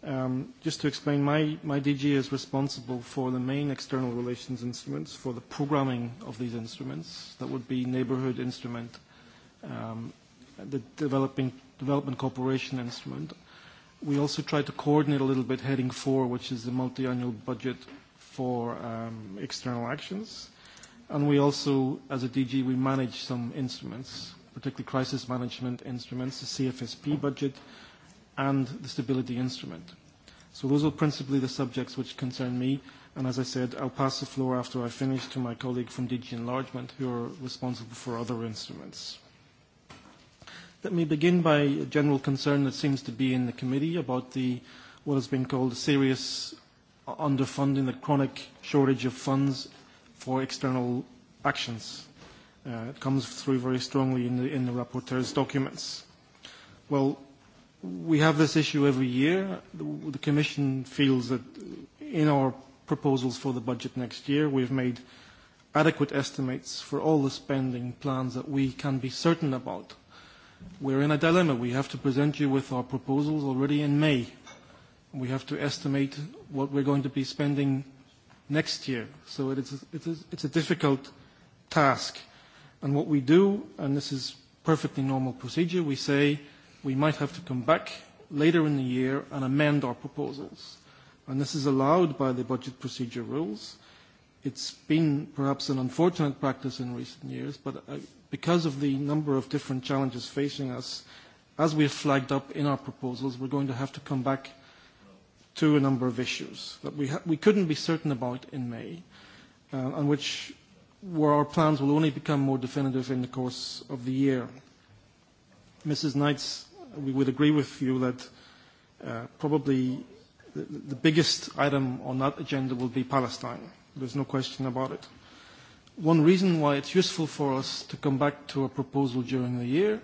um, just to explain, my, my DG is responsible for the main external relations instruments, for the programming of these instruments. That would be neighborhood instrument, um, the developing, development cooperation instrument. We also try to coordinate a little bit heading four, which is the multi-annual budget for um, external actions we also, as a DG, we manage some instruments, particularly crisis management instruments, the CFSP budget, and the stability instrument. So those are principally the subjects which concern me. And as I said, I'll pass the floor after I finish to my colleague from DG Enlargement, who are responsible for other instruments. Let me begin by a general concern that seems to be in the committee about the, what has been called a serious underfunding, the chronic shortage of funds for external actions. Uh, it comes through very strongly in the, in the rapporteur's documents. Well, we have this issue every year. The, the Commission feels that in our proposals for the budget next year, we've made adequate estimates for all the spending plans that we can be certain about. We're in a dilemma. We have to present you with our proposals already in May. We have to estimate what we're going to be spending next year. So it is, it is, it's a difficult task. And what we do, and this is perfectly normal procedure, we say we might have to come back later in the year and amend our proposals. And this is allowed by the budget procedure rules. It's been perhaps an unfortunate practice in recent years, but uh, because of the number of different challenges facing us, as we have flagged up in our proposals, we're going to have to come back to a number of issues that we, ha we couldn't be certain about in May, uh, and which where our plans will only become more definitive in the course of the year. Mrs. Knights, we would agree with you that uh, probably the, the biggest item on that agenda will be Palestine. There's no question about it. One reason why it's useful for us to come back to a proposal during the year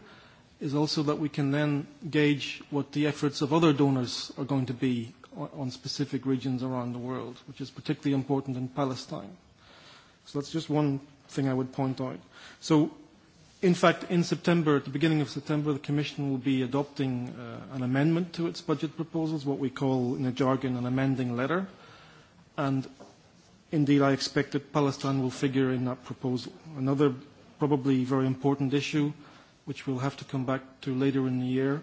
is also that we can then gauge what the efforts of other donors are going to be on specific regions around the world, which is particularly important in Palestine. So that's just one thing I would point out. So, in fact, in September, at the beginning of September, the Commission will be adopting uh, an amendment to its budget proposals, what we call in a jargon an amending letter. And indeed, I expect that Palestine will figure in that proposal. Another probably very important issue, which we'll have to come back to later in the year,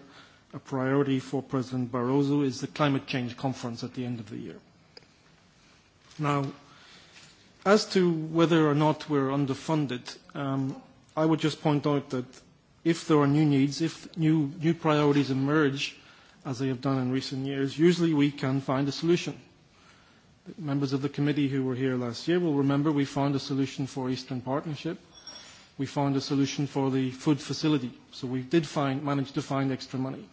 a priority for President Barroso is the climate change conference at the end of the year. Now, as to whether or not we're underfunded, um, I would just point out that if there are new needs, if new, new priorities emerge, as they have done in recent years, usually we can find a solution. Members of the committee who were here last year will remember we found a solution for Eastern Partnership. We found a solution for the food facility. So we did find, manage to find extra money.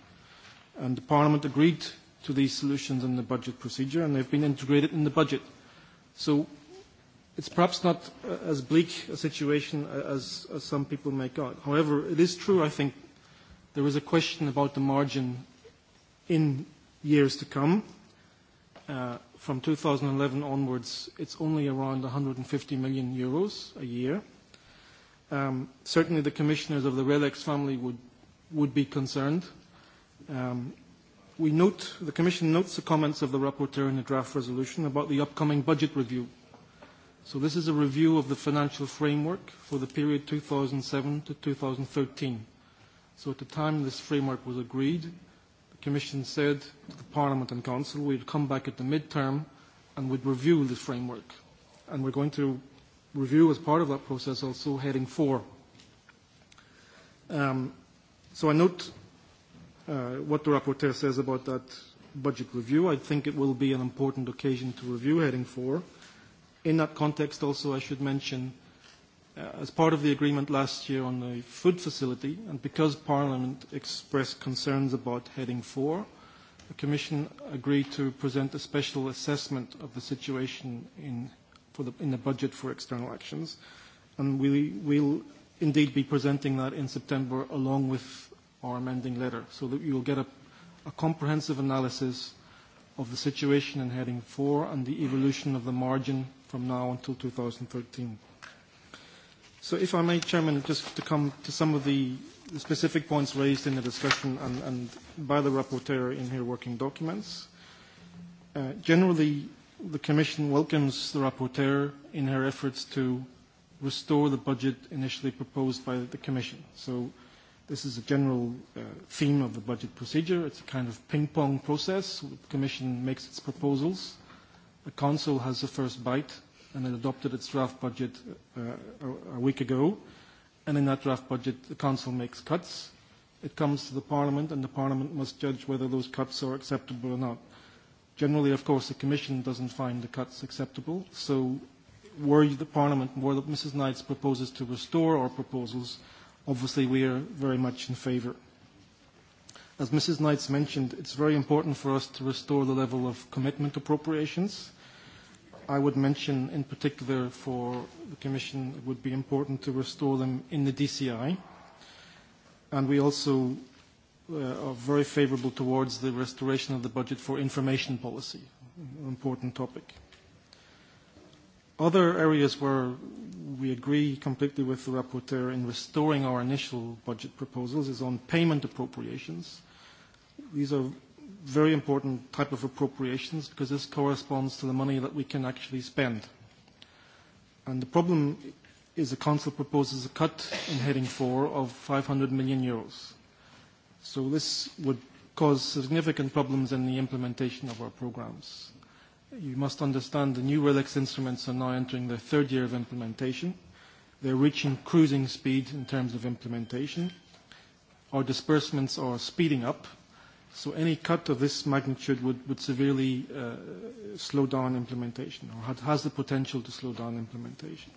And the Parliament agreed to these solutions in the budget procedure, and they've been integrated in the budget. So it's perhaps not uh, as bleak a situation uh, as, as some people make out. However, it is true, I think, there is a question about the margin in years to come. Uh, from 2011 onwards, it's only around 150 million euros a year. Um, certainly the commissioners of the RELEX family would, would be concerned Um, we note, the Commission notes the comments of the Rapporteur in the draft resolution about the upcoming budget review. So this is a review of the financial framework for the period 2007 to 2013. So at the time this framework was agreed, the Commission said to the Parliament and Council we'd come back at the midterm and would review the framework. And we're going to review as part of that process also heading four. Um, so I note Uh, what the rapporteur says about that budget review. I think it will be an important occasion to review heading four. In that context also I should mention uh, as part of the agreement last year on the food facility and because Parliament expressed concerns about heading four, the Commission agreed to present a special assessment of the situation in, for the, in the budget for external actions and we will indeed be presenting that in September along with or amending letter, so that you will get a, a comprehensive analysis of the situation in Heading 4 and the evolution of the margin from now until 2013. So if I may, Chairman, just to come to some of the specific points raised in the discussion and, and by the rapporteur in her working documents. Uh, generally, the Commission welcomes the rapporteur in her efforts to restore the budget initially proposed by the Commission. So This is a general uh, theme of the budget procedure. It's a kind of ping-pong process. The Commission makes its proposals. The Council has the first bite, and it adopted its draft budget uh, a, a week ago. And in that draft budget, the Council makes cuts. It comes to the Parliament, and the Parliament must judge whether those cuts are acceptable or not. Generally, of course, the Commission doesn't find the cuts acceptable, so were the Parliament, were Mrs. Knight's proposes to restore our proposals, obviously we are very much in favour. As Mrs. Knights mentioned, it's very important for us to restore the level of commitment appropriations. I would mention in particular for the Commission it would be important to restore them in the DCI. And we also uh, are very favourable towards the restoration of the budget for information policy, an important topic. Other areas where we agree completely with the rapporteur in restoring our initial budget proposals is on payment appropriations. These are very important type of appropriations because this corresponds to the money that we can actually spend. And the problem is the Council proposes a cut in heading 4 of 500 million euros. So this would cause significant problems in the implementation of our programs you must understand the new RELEX instruments are now entering their third year of implementation. They're reaching cruising speed in terms of implementation. Our disbursements are speeding up, so any cut of this magnitude would, would severely uh, slow down implementation or had, has the potential to slow down implementation.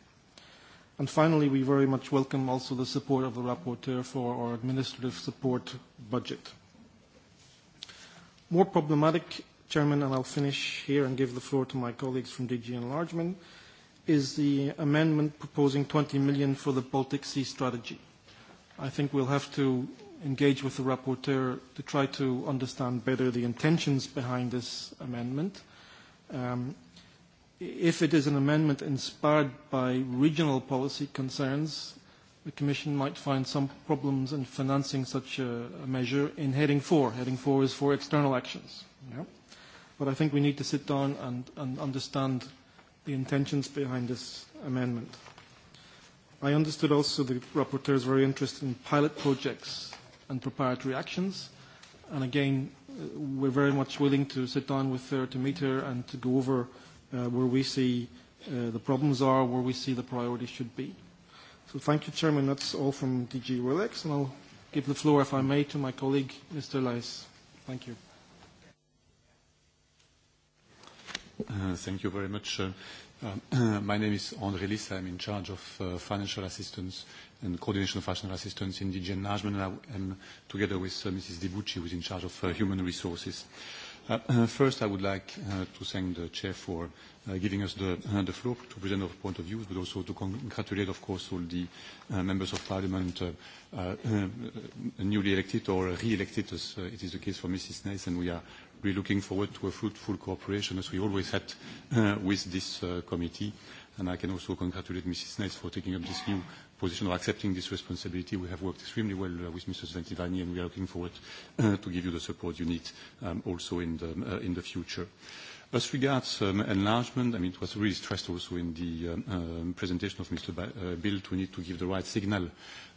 And finally, we very much welcome also the support of the rapporteur for our administrative support budget. More problematic Chairman, and I'll finish here and give the floor to my colleagues from DG Enlargement, is the amendment proposing 20 million for the Baltic Sea strategy. I think we'll have to engage with the rapporteur to try to understand better the intentions behind this amendment. Um, if it is an amendment inspired by regional policy concerns, the Commission might find some problems in financing such a, a measure in Heading 4. Heading 4 is for external actions. Yeah. But I think we need to sit down and, and understand the intentions behind this amendment. I understood also the rapporteur is very interested in pilot projects and preparatory actions. And again, uh, we're very much willing to sit down with her to meet her and to go over uh, where we see uh, the problems are, where we see the priorities should be. So thank you, Chairman. That's all from DG Rolex, and I'll give the floor, if I may, to my colleague, Mr. Lice. Thank you. Uh, thank you very much. Uh, uh, my name is André Lis. I'm in charge of uh, financial assistance and coordination of financial assistance in DG Enlargement, and I am together with uh, Mrs. Debucci, who is in charge of uh, human resources. Uh, uh, first, I would like uh, to thank the Chair for uh, giving us the, uh, the floor to present our point of view, but also to congratulate, of course, all the uh, members of Parliament uh, uh, uh, newly elected or re-elected, as uh, it is the case for Mrs. Nays, and we are really looking forward to a fruitful cooperation as we always had uh, with this uh, committee. And I can also congratulate Mrs. Ness for taking up this new position or accepting this responsibility. We have worked extremely well uh, with Mr. Ventivani and we are looking forward uh, to give you the support you need um, also in the, uh, in the future. Uh, As regards um, enlargement, I mean, it was really stressed also in the um, uh, presentation of Mr. Ba uh, Bilt. We need to give the right signal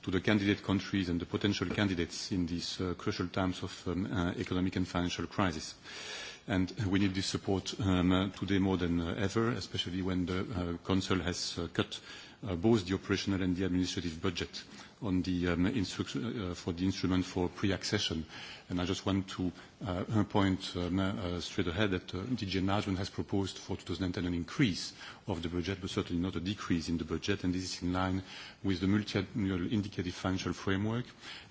to the candidate countries and the potential candidates in these uh, crucial times of um, uh, economic and financial crisis. And we need this support um, uh, today more than uh, ever, especially when the uh, Council has uh, cut uh, both the operational and the administrative budget on the um, instruction, uh, for the instrument for pre-accession. And I just want to uh, point um, uh, straight ahead that uh, DG Management has proposed for 2010 an increase of the budget, but certainly not a decrease in the budget, and this is in line with the multi-annual indicative financial framework,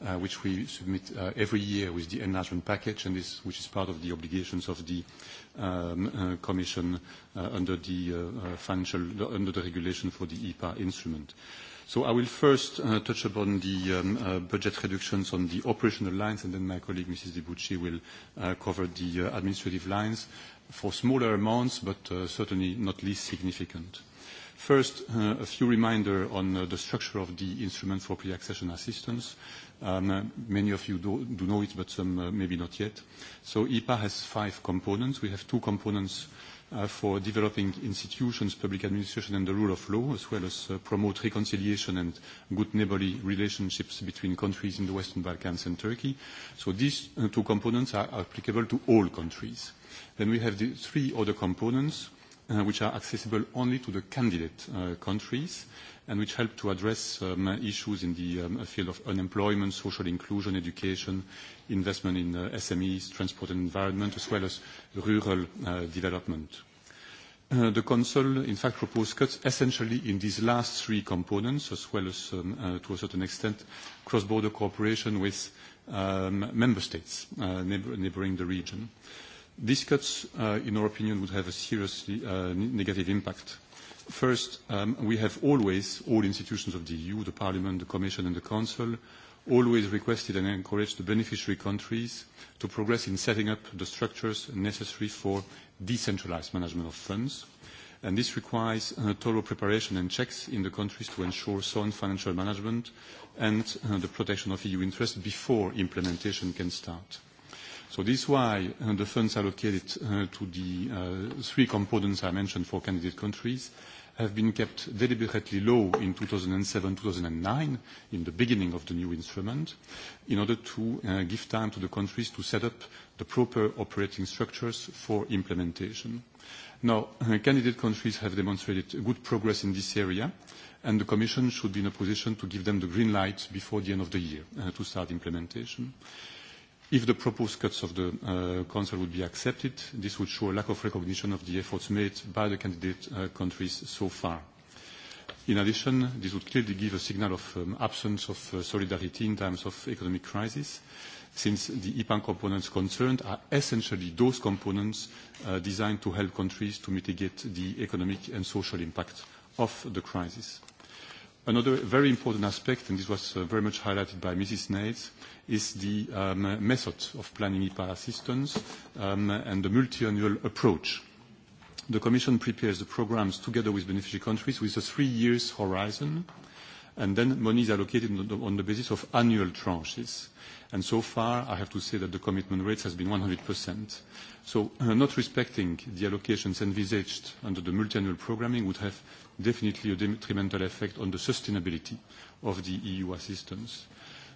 uh, which we submit uh, every year with the enlargement package, and this, which is part of the obligations of the um, uh, Commission uh, under the uh, uh financial, uh, under the regulation for the EPA instrument. So I will first uh, touch upon the um, uh, budget reductions on the operational lines, and then my colleague, Mrs. DiBucci, will uh, cover the uh, administrative lines for smaller amounts, but uh, certainly not least significant. First, uh, a few reminder on uh, the structure of the instrument for pre-accession assistance. Um, uh, many of you do, do know it, but some uh, maybe not yet. So EPA has five components. We have two components uh, Uh, for developing institutions, public administration and the rule of law, as well as uh, promote reconciliation and good neighborly relationships between countries in the Western Balkans and Turkey. So these uh, two components are applicable to all countries. Then we have the three other components uh, which are accessible only to the candidate uh, countries and which help to address um, issues in the um, field of unemployment, social inclusion, education, investment in uh, SMEs, transport and environment, as well as rural uh, development. Uh, the Council, in fact, proposed cuts essentially in these last three components, as well as, um, uh, to a certain extent, cross-border cooperation with um, member states uh, neighbor neighboring the region. These cuts, uh, in our opinion, would have a seriously uh, negative impact First, um, we have always, all institutions of the EU, the Parliament, the Commission and the Council, always requested and encouraged the beneficiary countries to progress in setting up the structures necessary for decentralized management of funds. And this requires uh, thorough preparation and checks in the countries to ensure sound financial management and uh, the protection of EU interests before implementation can start. So this is why uh, the funds allocated uh, to the uh, three components I mentioned for candidate countries have been kept deliberately low in 2007-2009, in the beginning of the new instrument, in order to uh, give time to the countries to set up the proper operating structures for implementation. Now, uh, candidate countries have demonstrated good progress in this area, and the Commission should be in a position to give them the green light before the end of the year uh, to start implementation. Uh, If the proposed cuts of the uh, Council would be accepted, this would show a lack of recognition of the efforts made by the candidate uh, countries so far. In addition, this would clearly give a signal of um, absence of uh, solidarity in times of economic crisis, since the IPAN components concerned are essentially those components uh, designed to help countries to mitigate the economic and social impact of the crisis. Another very important aspect, and this was uh, very much highlighted by Mrs. Nates, is the um, method of planning IPA assistance um, and the multi-annual approach. The Commission prepares the programs together with beneficiary countries with a three years horizon, uh, and then money is allocated on the, on the basis of annual tranches. And so far, I have to say that the commitment rate has been 100%. So uh, not respecting the allocations envisaged under the multi-annual programming would have definitely a detrimental effect on the sustainability of the EU assistance.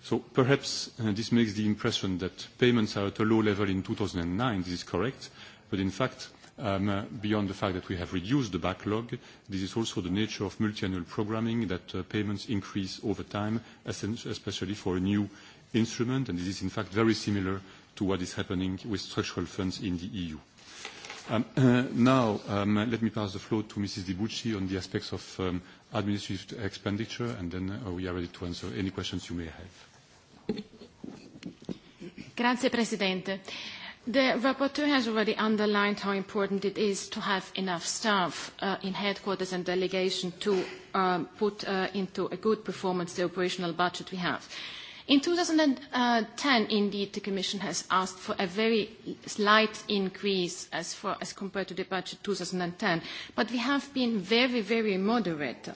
So perhaps uh, this makes the impression that payments are at a low level in 2009. This is correct. But in fact, um, beyond the fact that we have reduced the backlog, this is also the nature of multi-annual programming that uh, payments increase over time, especially for a new instrument, and this is in fact very similar to what is happening with structural funds in the EU. Um, uh, now, um, let me pass the floor to Mrs. DiBucci on the aspects of um, administrative expenditure, and then uh, we are ready to answer any questions you may have. Grazie Presidente. The rapporteur has already underlined how important it is to have enough staff uh, in headquarters and delegation to um, put uh, into a good performance the operational budget we have. In 2010, indeed, the Commission has asked for a very slight increase as, for, as compared to the budget 2010, but we have been very, very moderate.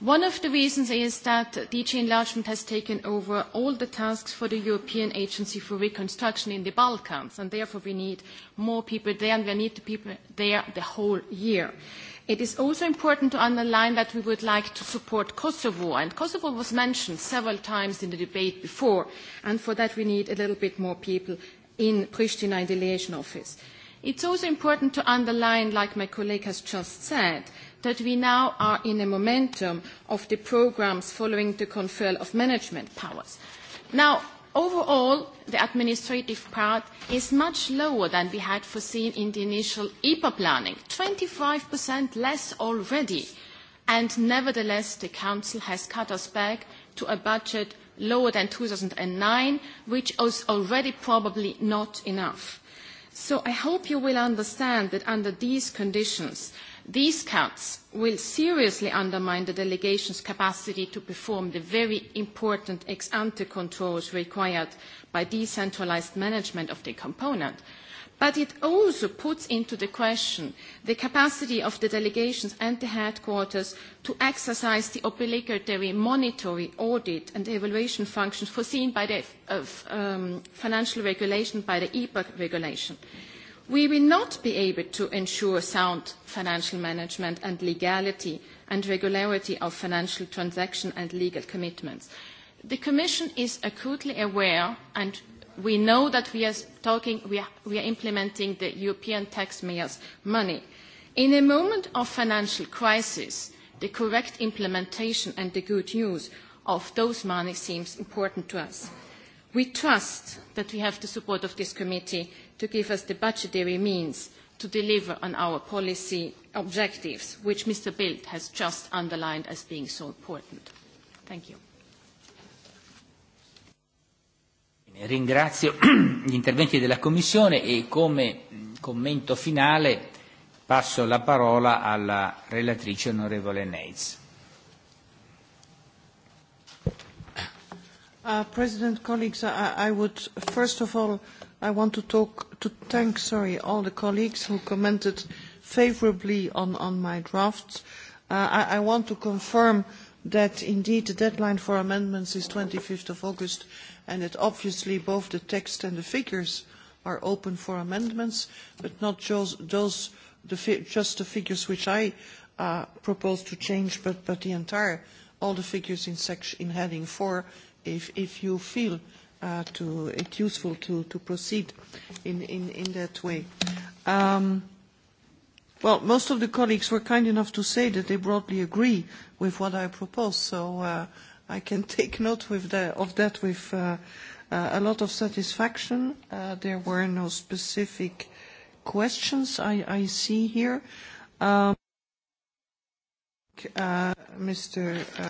One of the reasons is that DG Enlargement has taken over all the tasks for the European Agency for Reconstruction in the Balkans, and therefore we need more people there, and we need the people there the whole year. It is also important to underline that we would like to support Kosovo, and Kosovo was mentioned several times in the debate before, and for that we need a little bit more people in Pristina and the liaison office. It's also important to underline, like my colleague has just said, that we now are in a momentum of the programs following the conferral of management powers. Now, overall, the administrative part is much lower than we had foreseen in the initial EPA planning, 25% less already. And nevertheless, the Council has cut us back to a budget lower than 2009, which is already probably not enough. So I hope you will understand that under these conditions, These cuts will seriously undermine the delegation's capacity to perform the very important ex-ante controls required by decentralized management of the component. But it also puts into the question the capacity of the delegations and the headquarters to exercise the obligatory monitoring, audit and evaluation functions foreseen by the um, financial regulation, by the EPA regulation we will not be able to ensure sound financial management and legality and regularity of financial transactions and legal commitments. The Commission is acutely aware and we know that we are, talking, we are, we are implementing the European taxpayers' money. In a moment of financial crisis, the correct implementation and the good use of those money seems important to us. We trust that we have the support of this committee to give us the budgetary means to deliver on our policy objectives, which Mr. Bildt has just underlined as being so important. Thank you. Ringrazio gli interventi della Commissione e come commento finale passo la parola alla relatrice onorevole Neitz. Uh, President, colleagues, I, I would first of all I want to talk to thank sorry all the colleagues who commented favorably on, on my draft. Uh, I, I want to confirm that indeed the deadline for amendments is 25th of August and that obviously both the text and the figures are open for amendments, but not just those, the fi just the figures which I uh, propose to change, but, but the entire, all the figures in, section, in heading 4, if, if you feel uh, to, it's useful to, to proceed in, in, in that way. Um, well, most of the colleagues were kind enough to say that they broadly agree with what I propose, so uh, I can take note with the, of that with uh, uh, a lot of satisfaction. Uh, there were no specific questions I, I see here. Um, uh, Mr. Uh,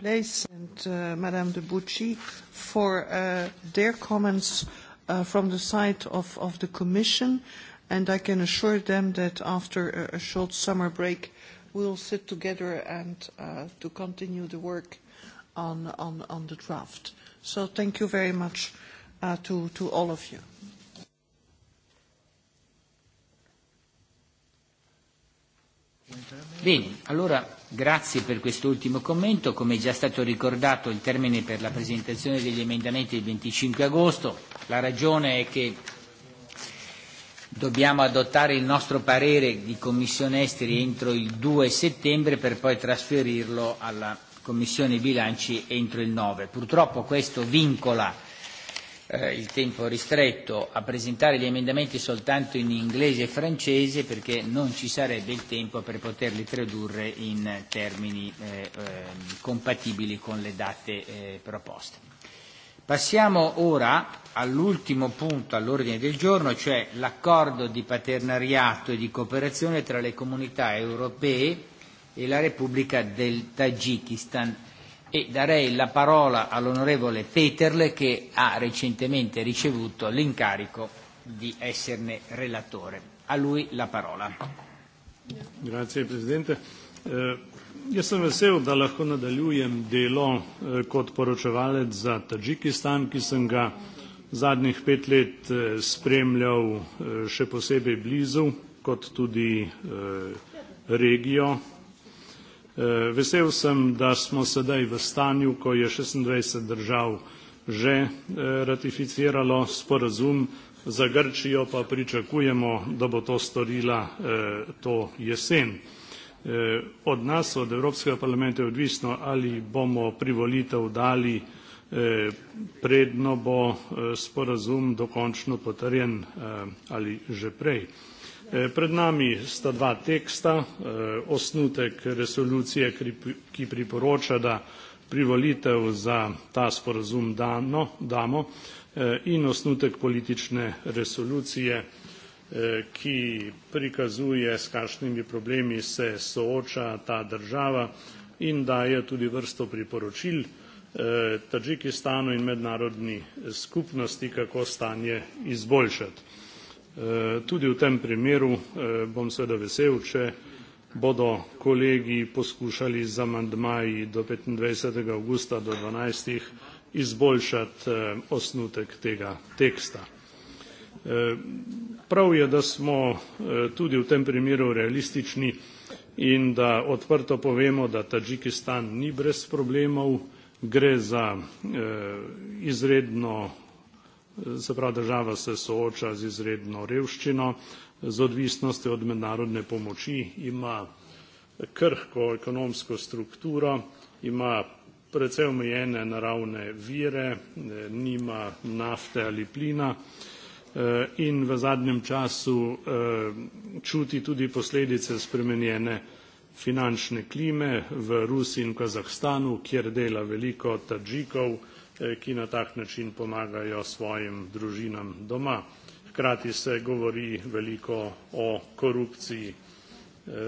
Lace and uh, Madame de Bucci for uh, their comments uh, from the side of, of the Commission, and I can assure them that after a, a short summer break, we'll sit together and uh, to continue the work on, on, on the draft. So thank you very much uh, to, to all of you. Bene, allora grazie per quest'ultimo commento. Come è già stato ricordato il termine per la presentazione degli emendamenti è il 25 agosto. La ragione è che dobbiamo adottare il nostro parere di Commissione Esteri entro il 2 settembre per poi trasferirlo alla Commissione Bilanci entro il 9. Purtroppo questo vincola eh, il tempo ristretto a presentare gli emendamenti soltanto in inglese e francese perché non ci sarebbe il tempo per poterli tradurre in termini eh, eh, compatibili con le date eh, proposte. Passiamo ora all'ultimo punto all'ordine del giorno, cioè l'accordo di paternariato e di cooperazione tra le comunità europee e la Repubblica del Tagikistan e darei la parola all'onorevole Peterle che ha recentemente ricevuto l'incarico di esserne relatore. A lui la parola. Grazie Presidente. Eh, io sono vesel, da lahko nadaljujem delo eh, kot poročevalec za Tadžikistan, ki sem ga zadnjih pet let eh, spremljal eh, še posebej blizu, kot tudi eh, regijo E, vesel sem, da smo sedaj v stanju, ko je 26 držav že e, ratificiralo sporazum, za Grčijo pa pričakujemo, da bo to storila e, to jesen. Od nas, od Evropskega parlamenta je odvisno, ali bomo privolitev dali predno bo sporazum dokončno potrjen ali že prej. E, pred nami sta dva teksta, e, osnutek resolucije, ki priporoča, da privolitev za ta sporazum dano, damo e, in osnutek politične resolucije, ki prikazuje, s kakšnimi problemi se sooča ta država in daje tudi vrsto priporočil Tadžikistanu in mednarodni skupnosti, kako stanje izboljšati. E, tudi v tem primeru e, bom seveda vesel, če bodo kolegi poskušali z amandmaji do 25. augusta do 12. izboljšati e, osnutek tega teksta. Prav je, da smo tudi v tem primeru realistični in da odprto povemo, da Tadžikistan ni brez problemov, gre za izredno se pravi država se sooča z izredno revščino, z odvisnosti od mednarodne pomoči, ima krhko ekonomsko strukturo, ima precej omejene naravne vire, nima nafte ali plina eh, in v zadnjem času eh, čuti tudi posledice spremenjene finančne klime v Rusiji in Kazahstanu, kjer dela veliko Tadžikov, E, ki na tak način pomagajo svojim družinam doma. Hkrati se govori veliko o korupciji e,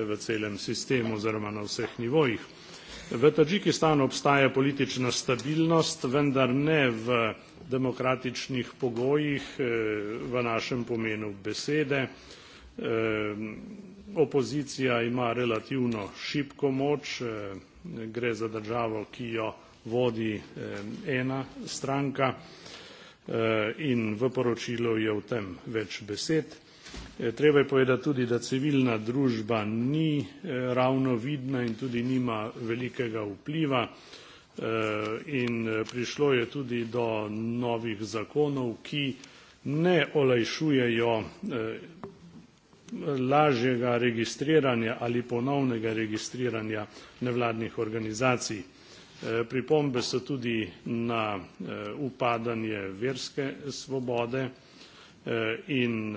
v celem sistemu oziroma na vseh nivojih. V Tadžikistanu obstaja politična stabilnost, vendar ne v demokratičnih pogojih e, v našem pomenu besede. Opozicija ima relativno šibko moč, gre za državo, ki jo vodi ehm, ena stranka eh, in v poročilu je v tem več besed. Eh, treba je povedati tudi, da civilna družba ni eh, ravno vidna in tudi nima velikega vpliva in prišlo je tudi do novih zakonov, ki ne olajšujejo lažjega registriranja ali ponovnega registriranja nevladnih organizacij. Eh, pripombe so tudi na eh, upadanje verske svobode eh, in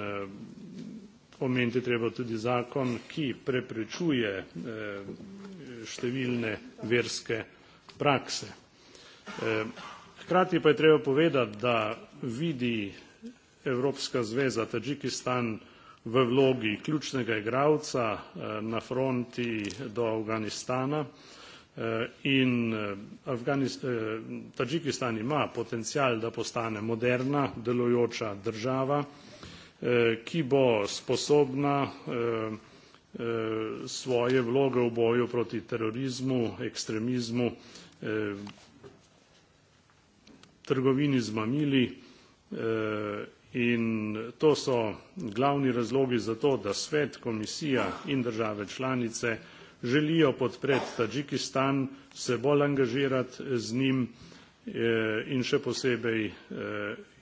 omeniti treba tudi zakon, ki preprečuje številne verske prakse. Hkrati pa je treba povedati, da vidi Evropska zveza Tadžikistan v vlogi ključnega igravca na fronti do Afganistana Eh, in eh, eh, Tadžikistan ima potencijal da postane moderna, delujoča država, ki bo sposobna svoje vloge v boju proti terorizmu, ekstremizmu, trgovini z mamili in to so glavni razlogi za to, da svet, komisija in države članice želijo podpreti Tadžikistan, se bolj angažirati z njim e, in še posebej e,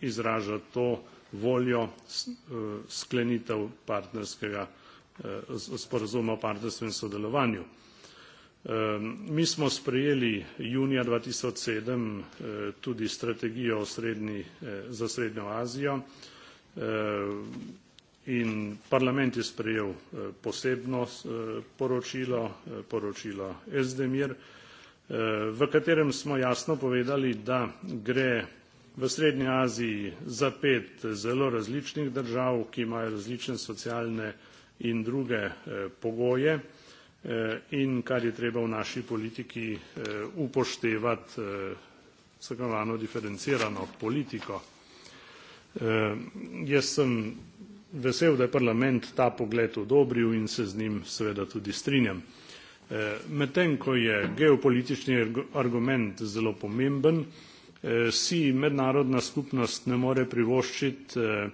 izražati to voljo e, sklenitev partnerskega sporazuma o partnerstvu in sodelovanju. Mi smo sprejeli junija 2007 tudi strategijo srednji, za Srednjo Azijo. In parlament je sprejel eh, posebno eh, poročilo, eh, poročilo Ezdemir, v katerem smo jasno povedali, da gre v Srednji Aziji za pet zelo različnih držav, ki imajo različne socialne in druge pogoje in kar je treba v naši politiki upoštevati vsakavano diferencirano politiko. Jaz sem vesel, da je parlament ta pogled odobril in se z njim seveda tudi strinjam. Eh, medtem ko je geopolitični argument zelo pomemben, eh, si mednarodna skupnost ne more privoščiti eh,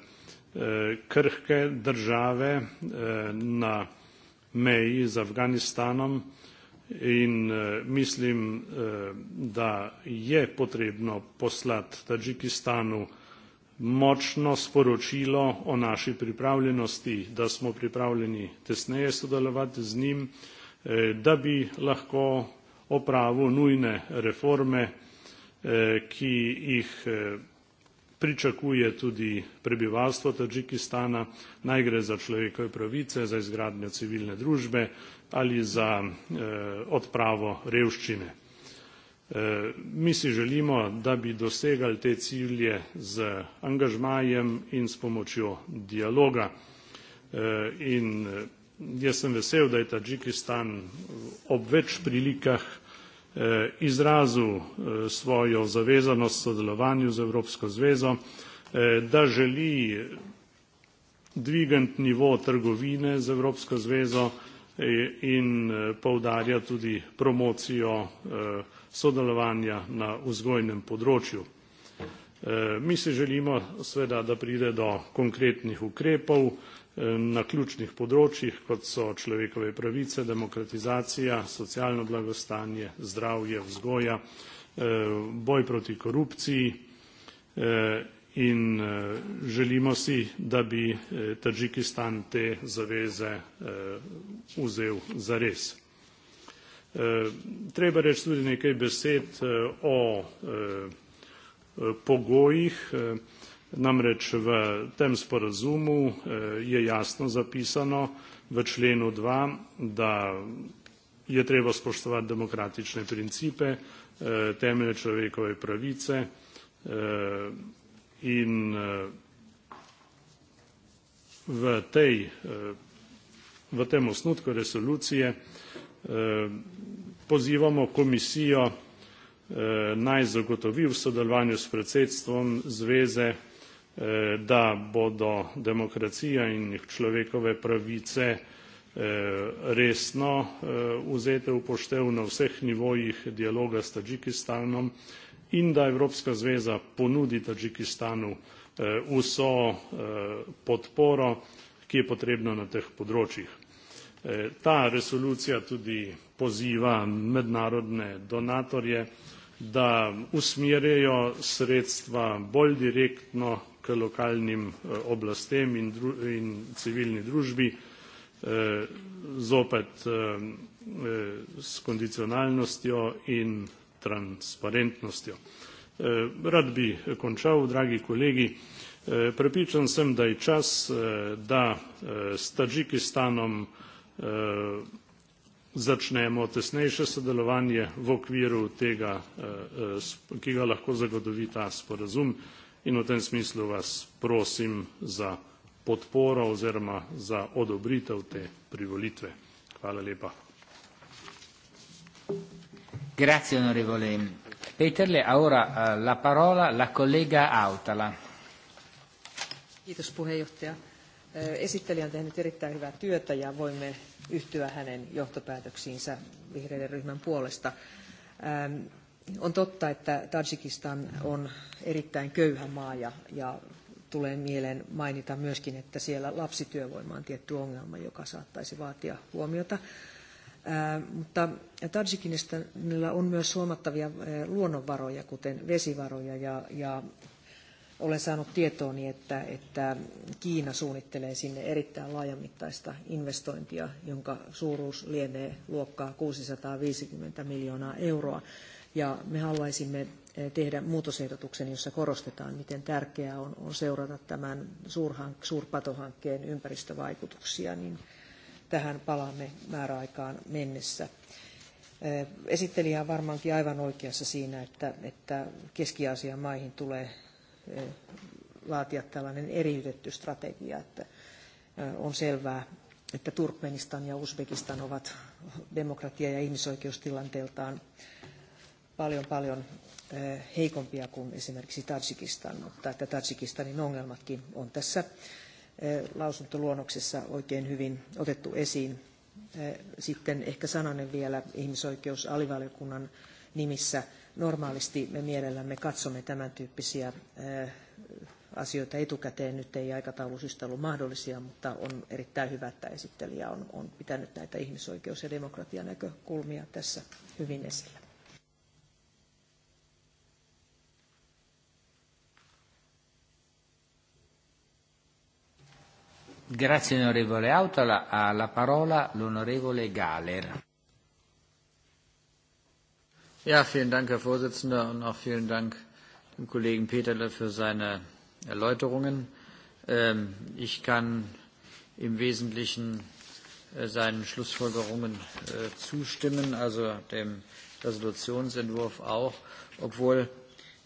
krhke države na meji z Afganistanom in mislim, da je potrebno poslati Tadžikistanu močno sporočilo o naši pripravljenosti, da smo pripravljeni tesneje sodelovati z njim, eh, da bi lahko opravil nujne reforme, eh, ki jih eh, pričakuje tudi prebivalstvo Tadžikistana, naj gre za človekove pravice, za izgradnjo civilne družbe ali za odpravo revščine. Eh, mi si želimo, da bi dosegali te cilje z angažmajem in s pomočjo dialoga. Eh, in eh, jaz sem vesel, da je Tadžikistan ob več prilikah izrazil svojo zavezanost sodelovanju z Evropsko zvezo, da želi dvigant nivo trgovine z Evropsko zvezo in poudarja tudi promocijo sodelovanja na vzgojnem področju. Eh, mi si želimo sveda, da pride do konkretnih ukrepov eh, na ključnih področjih, kot so človekove pravice, demokratizacija, socialno blagostanje, zdravje, vzgoja, eh, boj proti korupciji in želimo si, da bi Tadžikistan te zaveze vzel zares. Treba reći tudi nekaj besed o pogojih. Namreč v tem sporazumu je jasno zapisano v členu 2, da je treba spoštovati demokratične principe, temelje človekove pravice in v, tej, v tem osnutku resolucije Eh, pozivamo komisijo eh, naj zagotovi v sodelovanju s predsedstvom zveze, eh, da bodo demokracija in človekove pravice resno vzete upoštev na vseh nivojih dialoga s Tadžikistanom in da Evropska zveza ponudi Tadžikistanu vso podporo, ki je potrebna na teh področjih. E, ta resolucija tudi poziva mednarodne donatorje, da usmerjajo sredstva bolj direktno k lokalnim e, oblastem in, dru in civilni družbi, e, zopet s kondicionalnostjo in transparentnostjo. Rad bi končal, dragi kolegi. Prepričan sem, da je čas, da s Tadžikistanom Eh, začnemo tesnejše sodelovanje v okviru tega, eh, eh, ki ga lahko zagotovi ta sporazum in v tem smislu vas prosim za podporo oziroma za odobritev te privolitve. Hvala lepa. Grazie onorevole Peterle. Ora la parola la collega Autala. Kiitos puheenjohtaja. tehnyt erittäin hyvää työtä ja voimme yhtyä hänen johtopäätöksiinsä vihreiden ryhmän puolesta. Ähm, on totta, että Tajikistan on erittäin köyhä maa ja, ja tulee mieleen mainita myöskin, että siellä lapsityövoima on tietty ongelma, joka saattaisi vaatia huomiota. Ää, ähm, mutta Tajikistanilla on myös huomattavia äh, luonnonvaroja, kuten vesivaroja, ja, ja olen saanut tietooni, että, että Kiina suunnittelee sinne erittäin laajamittaista investointia, jonka suuruus lienee luokkaa 650 miljoonaa euroa. Ja me haluaisimme eh, tehdä muutosehdotuksen, jossa korostetaan, miten tärkeää on, on seurata tämän suurpatohankkeen ympäristövaikutuksia, niin tähän palaamme määräaikaan mennessä. Eh, esittelijä on varmaankin aivan oikeassa siinä, että, että Keski-Aasian maihin tulee laatia tällainen eriytetty strategia. Että on selvää, että Turkmenistan ja Uzbekistan ovat demokratia- ja ihmisoikeustilanteeltaan paljon paljon heikompia kuin esimerkiksi Tajikistan, mutta että Tajikistanin ongelmatkin on tässä lausuntoluonnoksessa oikein hyvin otettu esiin. Sitten ehkä sananen vielä ihmisoikeusalivaliokunnan alivaliokunnan nimissä. Normaalisti me mielellämme katsomme tämän tyyppisiä eh, asioita etukäteen. Nyt ei aikataulusystä ollut mahdollisia, mutta on erittäin hyvä, että esittelijä on, on pitänyt näitä ihmisoikeus- ja demokratianäkökulmia tässä hyvin esillä. Grazie onorevole Autola. Ha la parola l'onorevole Galer. Ja, vielen Dank, Herr Vorsitzender, und auch vielen Dank dem Kollegen Peterle für seine Erläuterungen. Ähm, ich kann im Wesentlichen äh, seinen Schlussfolgerungen äh, zustimmen, also dem Resolutionsentwurf auch, obwohl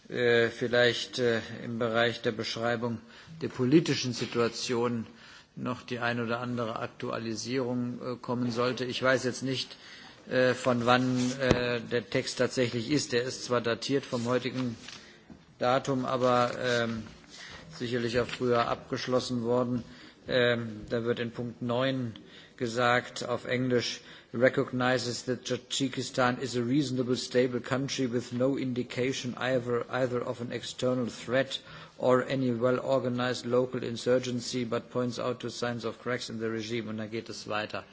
äh, vielleicht äh, im Bereich der Beschreibung der politischen Situation noch die ein oder andere Aktualisierung äh, kommen sollte. Ich weiß jetzt nicht, äh, von wann äh, der Text tatsächlich ist. Der ist zwar datiert vom heutigen Datum, aber ähm, sicherlich auch früher abgeschlossen worden. Ähm, da wird in Punkt 9 gesagt auf Englisch, recognizes that Tajikistan is a reasonable, stable country with no indication either, either of an external threat or any well-organized local insurgency, but points out to signs of cracks in the regime. Und dann geht es weiter.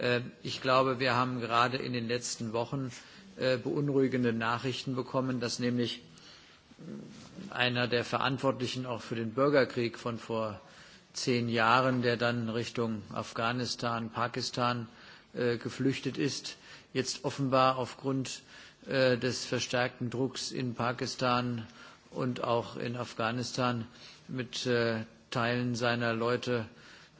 Ähm, ich glaube, wir haben gerade in den letzten Wochen äh, beunruhigende Nachrichten bekommen, dass nämlich äh, einer der Verantwortlichen auch für den Bürgerkrieg von vor zehn Jahren, der dann Richtung Afghanistan, Pakistan äh, geflüchtet ist, jetzt offenbar aufgrund des verstärkten Drucks in Pakistan und auch in Afghanistan mit Teilen seiner Leute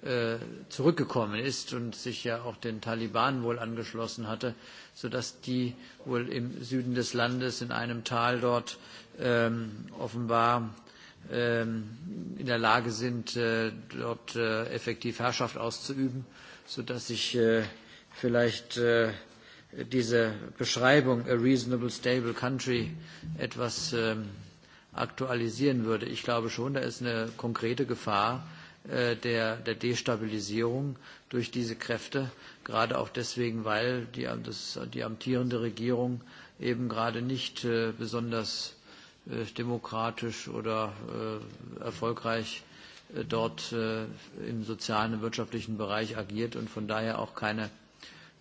Äh, zurückgekommen ist und sich ja auch den Taliban wohl angeschlossen hatte, sodass die wohl im Süden des Landes in einem Tal dort ähm, offenbar ähm, in der Lage sind, äh, dort äh, effektiv Herrschaft auszuüben, sodass sich äh, vielleicht äh, diese Beschreibung a reasonable stable country etwas ähm, aktualisieren würde. Ich glaube schon, da ist eine konkrete Gefahr, Äh, der, der Destabilisierung durch diese Kräfte, gerade auch deswegen, weil die, das, die amtierende Regierung eben gerade nicht äh, besonders äh, demokratisch oder äh, erfolgreich äh, dort äh, im sozialen und wirtschaftlichen Bereich agiert und von daher auch keine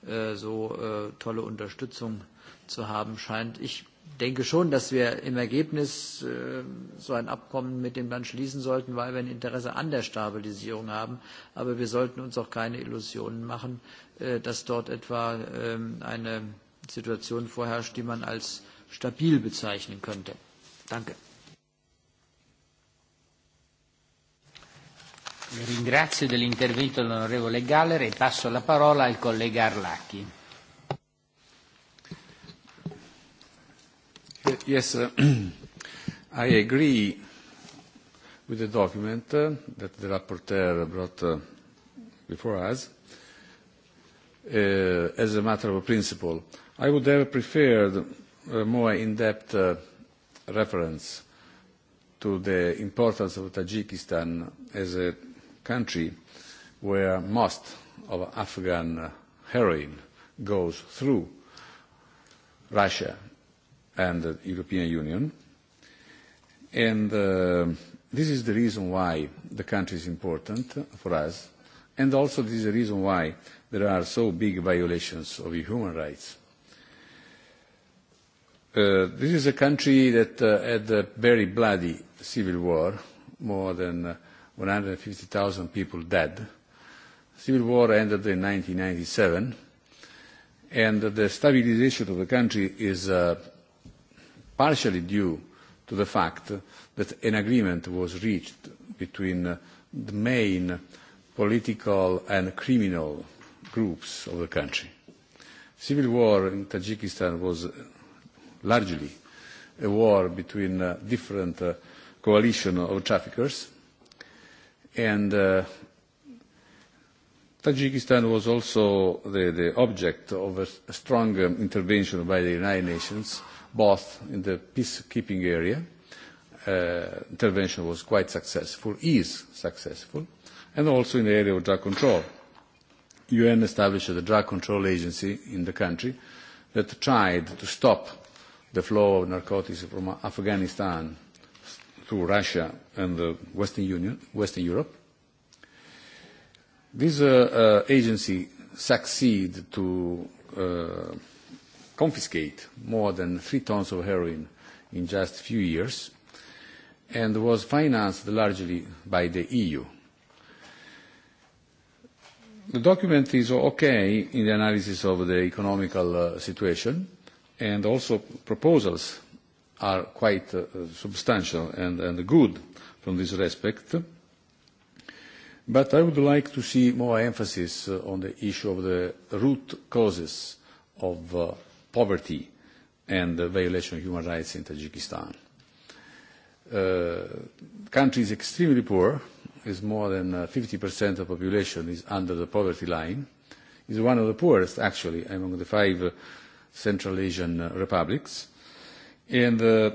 äh, so äh, tolle Unterstützung zu haben scheint. Ich denke schon, dass wir im Ergebnis äh, so ein Abkommen mit dem Land schließen sollten, weil wir ein Interesse an der Stabilisierung haben. Aber wir sollten uns auch keine Illusionen machen, äh, dass dort etwa äh, eine Situation vorherrscht, die man als stabil bezeichnen könnte. Danke. Ringrazio dell'intervento dell'onorevole Galler e passo la parola al collega Arlacchi. yes, uh, I agree with the document uh, that the rapporteur brought uh, before us uh, as a matter of principle. I would have preferred a more in-depth uh, reference to the importance of Tajikistan as a country where most of Afghan uh, heroin goes through Russia and the European Union. And uh, this is the reason why the country is important for us, and also this is the reason why there are so big violations of human rights. Uh, this is a country that uh, had a very bloody civil war, more than uh, 150,000 people dead. Civil war ended in 1997, and the stabilization of the country is uh, partially due to the fact that an agreement was reached between the main political and criminal groups of the country. Civil war in Tajikistan was largely a war between uh, different uh, coalition of traffickers and uh, Tajikistan was also the, the object of a, strong um, intervention by the United Nations both in the peacekeeping area, uh, intervention was quite successful, is successful, and also in the area of drug control. UN established a drug control agency in the country that tried to stop the flow of narcotics from Afghanistan through Russia and the Western Union, Western Europe. This uh, uh, agency succeeded to uh, confiscate more than three tons of heroin in just a few years and was financed largely by the EU. The document is okay in the analysis of the economical uh, situation and also proposals are quite uh, substantial and, and good from this respect. But I would like to see more emphasis uh, on the issue of the root causes of uh, poverty and the violation of human rights in Tajikistan. Uh, country is extremely poor, is more than uh, 50% of population is under the poverty line, is one of the poorest actually among the five uh, Central Asian uh, republics. And uh,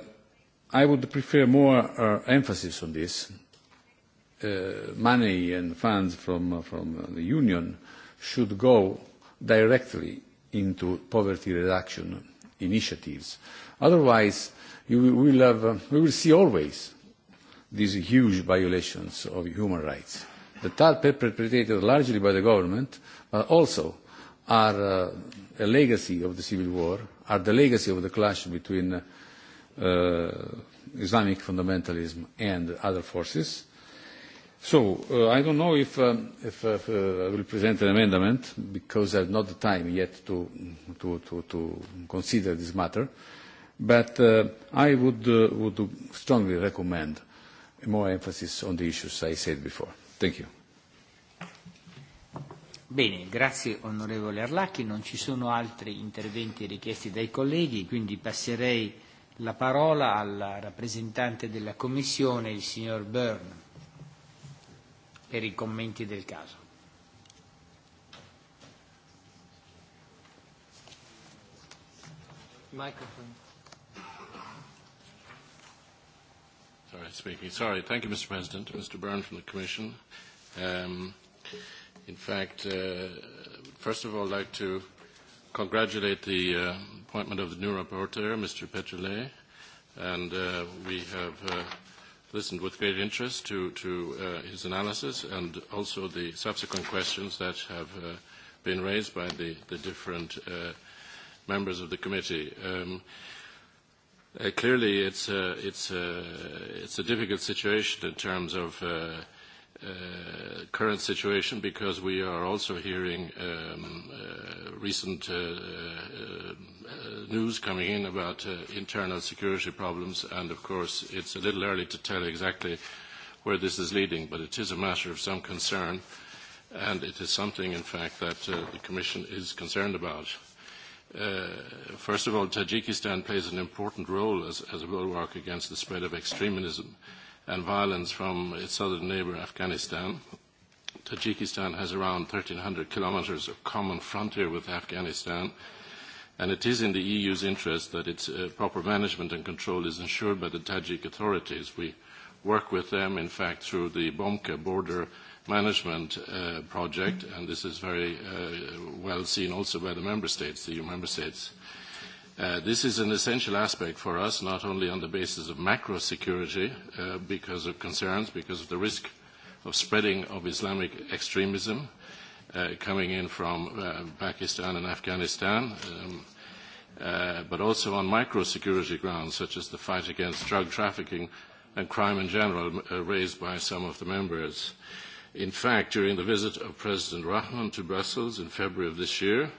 I would prefer more uh, emphasis on this. Uh, money and funds from, uh, from the Union should go directly into poverty reduction initiatives. Otherwise, you will have, uh, we will see always these huge violations of human rights that are perpetrated largely by the government, but also are uh, a legacy of the civil war, are the legacy of the clash between uh, uh Islamic fundamentalism and other forces, So, uh, I don't know if, um, if uh, uh, I will present an amendment, because I have not the time yet to, to, to, to consider this matter, but uh, I would, uh, would strongly recommend more emphasis on the issues I said before. Thank you. Bene, grazie onorevole Arlacchi, non ci sono altri interventi richiesti dai colleghi, quindi passerei la parola al rappresentante della Commissione, il signor Byrne per i commenti del caso. Microphone. Sorry, speaking. Sorry, thank you, Mr. President. Mr. Byrne from the Commission. Um, in fact, uh, first of all, I'd like to congratulate the uh, appointment of the new rapporteur, Mr. Petrolet, and uh, we have uh, listened with great interest to, to uh, his analysis and also the subsequent questions that have uh, been raised by the, the different uh, members of the committee. Um, uh, clearly, it's a, uh, it's, a, uh, it's a difficult situation in terms of uh, Uh, current situation because we are also hearing um, uh, recent uh, uh, uh, news coming in about uh, internal security problems and of course it's a little early to tell exactly where this is leading but it is a matter of some concern and it is something in fact that uh, the Commission is concerned about. Uh, first of all, Tajikistan plays an important role as, as a bulwark against the spread of extremism. Uh, and violence from its southern neighbor, Afghanistan. Tajikistan has around 1,300 kilometers of common frontier with Afghanistan, and it is in the EU's interest that its uh, proper management and control is ensured by the Tajik authorities. We work with them, in fact, through the BOMKA border management uh, project, and this is very uh, well seen also by the member states, the EU member states. Uh, Uh, this is an essential aspect for us, not only on the basis of macro security, uh, because of concerns, because of the risk of spreading of Islamic extremism uh, coming in from uh, Pakistan and Afghanistan, um, uh, but also on micro security grounds, such as the fight against drug trafficking and crime in general uh, raised by some of the members. In fact, during the visit of President Rahman to Brussels in February of this year,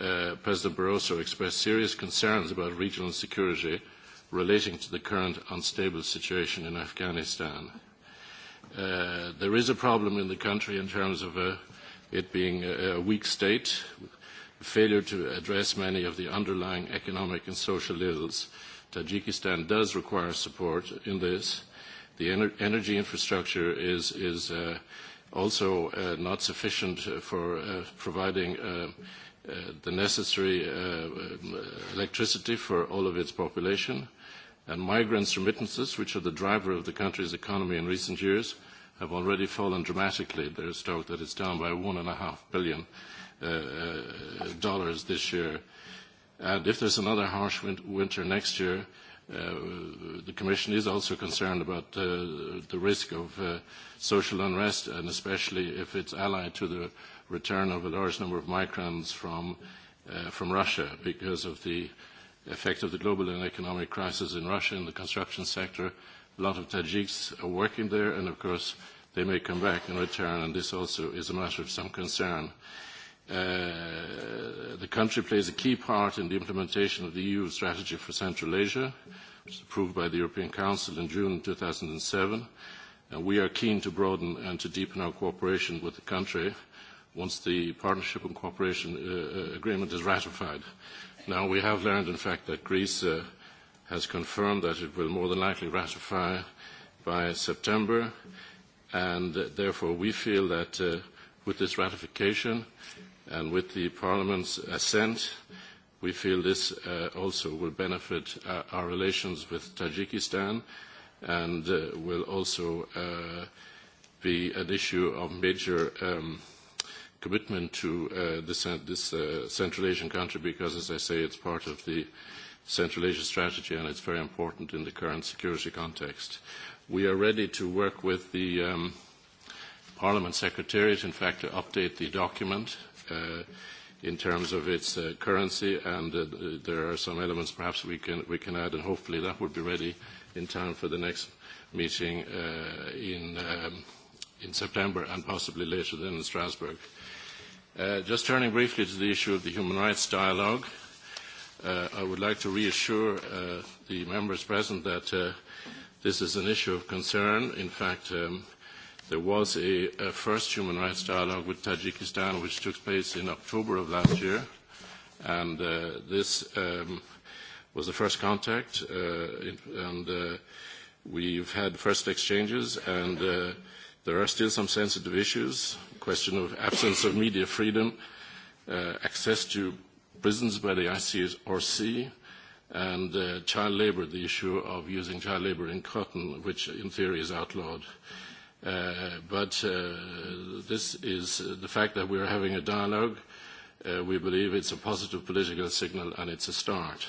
uh, President Barroso expressed serious concerns about regional security relating to the current unstable situation in Afghanistan. Uh, there is a problem in the country in terms of uh, it being a, a weak state, failure to address many of the underlying economic and social ills. Tajikistan does require support in this. The ener energy infrastructure is, is uh, also uh, not sufficient for uh, providing uh, uh, the necessary uh, um, electricity for all of its population, and migrants' remittances, which are the driver of the country's economy in recent years, have already fallen dramatically. There is talk that it's down by one and a half billion uh, uh, dollars this year. And if there's another harsh win winter next year, uh, the Commission is also concerned about uh, the risk of uh, social unrest, and especially if it's allied to the return of a large number of migrants from, uh, from Russia because of the effect of the global and economic crisis in Russia in the construction sector. A lot of Tajiks are working there, and of course, they may come back and return, and this also is a matter of some concern. Uh, the country plays a key part in the implementation of the EU strategy for Central Asia, which was approved by the European Council in June 2007. And we are keen to broaden and to deepen our cooperation with the country once the partnership and cooperation uh, uh, agreement is ratified. Now, we have learned, in fact, that Greece uh, has confirmed that it will more than likely ratify by September, and uh, therefore we feel that uh, with this ratification and with the Parliament's assent, we feel this uh, also will benefit uh, our relations with Tajikistan and uh, will also uh, be an issue of major um, – commitment to uh, this, uh, this uh, Central Asian country because, as I say, it's part of the Central Asia strategy and it's very important in the current security context. We are ready to work with the um, Parliament Secretariat, in fact, to update the document uh, in terms of its uh, currency, and uh, there are some elements perhaps we can, we can add, and hopefully that would be ready in time for the next meeting uh, in, um, in September and possibly later than in Strasbourg. Uh, just turning briefly to the issue of the human rights dialogue, uh, I would like to reassure uh, the members present that uh, this is an issue of concern. In fact, um, there was a, a first human rights dialogue with Tajikistan which took place in October of last year, and uh, this um, was the first contact, uh, in, and uh, we've had first exchanges, and uh, there are still some sensitive issues question of absence of media freedom, uh, access to prisons by the ICRC, and uh, child labor, the issue of using child labor in cotton, which in theory is outlawed. Uh, but uh, this is the fact that we are having a dialogue. Uh, we believe it's a positive political signal and it's a start.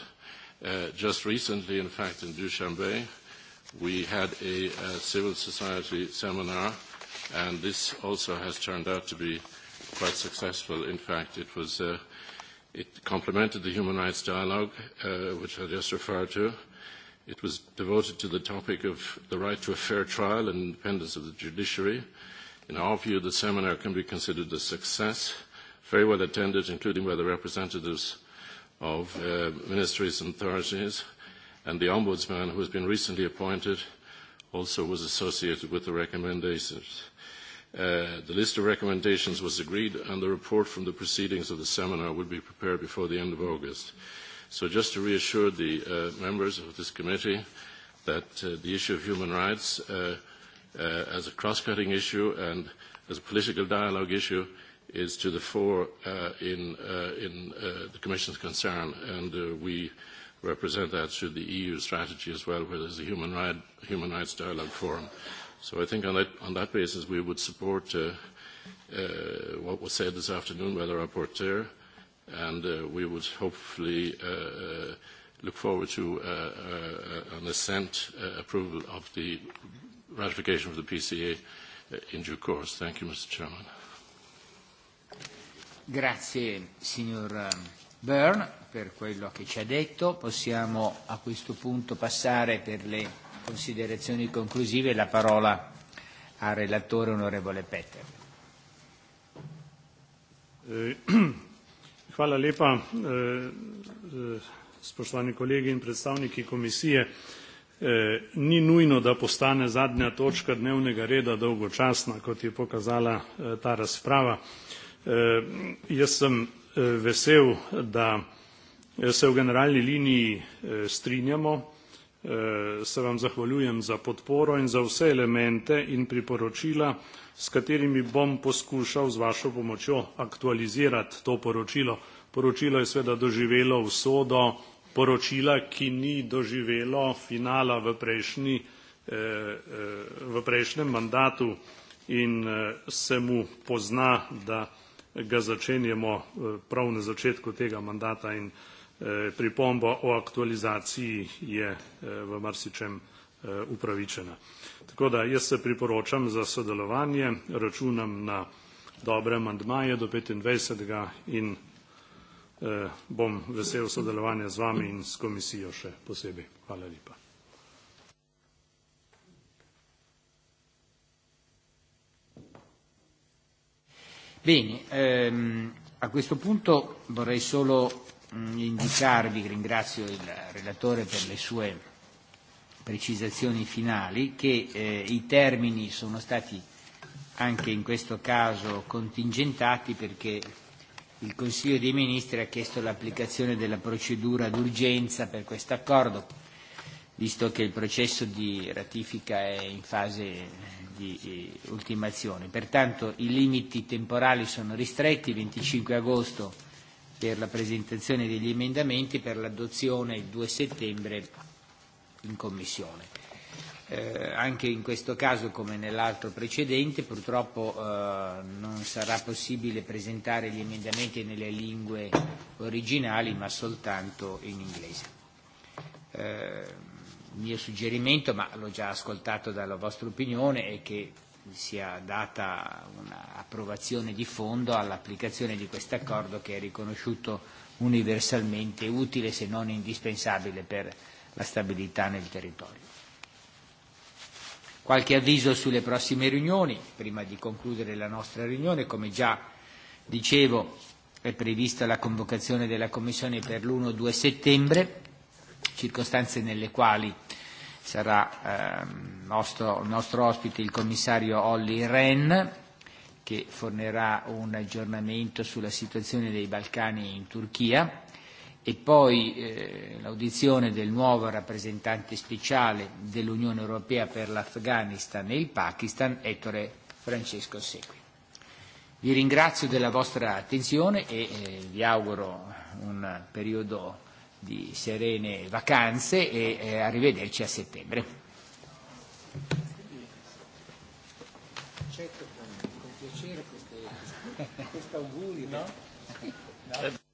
Uh, just recently, in fact, in Dushanbe, we had a, a civil society seminar And this also has turned out to be quite successful. In fact, it was uh, it complemented the human rights dialogue, uh, which I just referred to. It was devoted to the topic of the right to a fair trial and independence of the judiciary. In our view, the seminar can be considered a success, very well attended, including by the representatives of uh, ministries and authorities, and the Ombudsman, who has been recently appointed – also was associated with the recommendations. Uh, the list of recommendations was agreed and the report from the proceedings of the seminar would be prepared before the end of August. So just to reassure the uh, members of this committee that uh, the issue of human rights uh, uh, as a cross-cutting issue and as a political dialogue issue is to the fore uh, in, uh, in uh, the Commission's concern and uh, we represent that through the EU strategy as well, where there's a human, right, human rights dialogue forum. So I think on that, on that basis we would support uh, uh, what was said this afternoon by the rapporteur, and uh, we would hopefully uh, uh look forward to uh, uh, an assent uh, approval of the ratification of the PCA uh, in due course. Thank you, Mr. Chairman. Grazie, signor um, Byrne per quello che ci ha detto. Possiamo a questo punto passare per le considerazioni conclusive la parola al relatore onorevole Peter. Eh, hvala lepa, eh, eh, spoštovani kolegi in predstavniki komisije. Ni nujno, da postane zadnja točka dnevnega reda dolgočasna, kot je pokazala ta razprava. Jaz sem vesel, da Eh, se u generalni liniji eh, strinjamo. Eh, se vam zahvaljujem za podporo in za vse elemente in priporočila, s katerimi bom poskušal z vašo pomočjo aktualizirati to poročilo. Poročilo je sveda doživelo usodo poročila, ki ni doživelo finala v, prejšnji, v prejšnjem mandatu in se mu pozna, da ga začenjamo prav na začetku tega mandata in E, pripomba o aktualizaciji je e, v marsičem e, upravičena. Tako da jaz se priporočam za sodelovanje, računam na dobre mandmaje do 25. in bom vesel sodelovanja z vami in s komisijo še posebej. Hvala lepa. Bene, ehm, a questo punto vorrei solo Mm, indicarvi, ringrazio il relatore per le sue precisazioni finali, che eh, i termini sono stati anche in questo caso contingentati perché il Consiglio dei Ministri ha chiesto l'applicazione della procedura d'urgenza per questo accordo, visto che il processo di ratifica è in fase di eh, ultimazione. Pertanto i limiti temporali sono ristretti, 25 agosto per la presentazione degli emendamenti per l'adozione il 2 settembre in Commissione. Eh, anche in questo caso, come nell'altro precedente, purtroppo eh, non sarà possibile presentare gli emendamenti nelle lingue originali, ma soltanto in inglese. Eh, il mio suggerimento, ma l'ho già ascoltato dalla vostra opinione, è che sia data un'approvazione di fondo all'applicazione di questo accordo che è riconosciuto universalmente utile se non indispensabile per la stabilità nel territorio. Qualche avviso sulle prossime riunioni, prima di concludere la nostra riunione, come già dicevo è prevista la convocazione della Commissione per l'1-2 settembre, circostanze nelle quali sarà ehm, nostro, il nostro ospite, il commissario Olli Ren, che fornirà un aggiornamento sulla situazione dei Balcani in Turchia e poi eh, l'audizione del nuovo rappresentante speciale dell'Unione Europea per l'Afghanistan e il Pakistan, Ettore Francesco Segui. Vi ringrazio della vostra attenzione e eh, vi auguro un periodo di serene vacanze e eh, arrivederci a settembre. Certo, con, piacere questi auguri, no? Eh,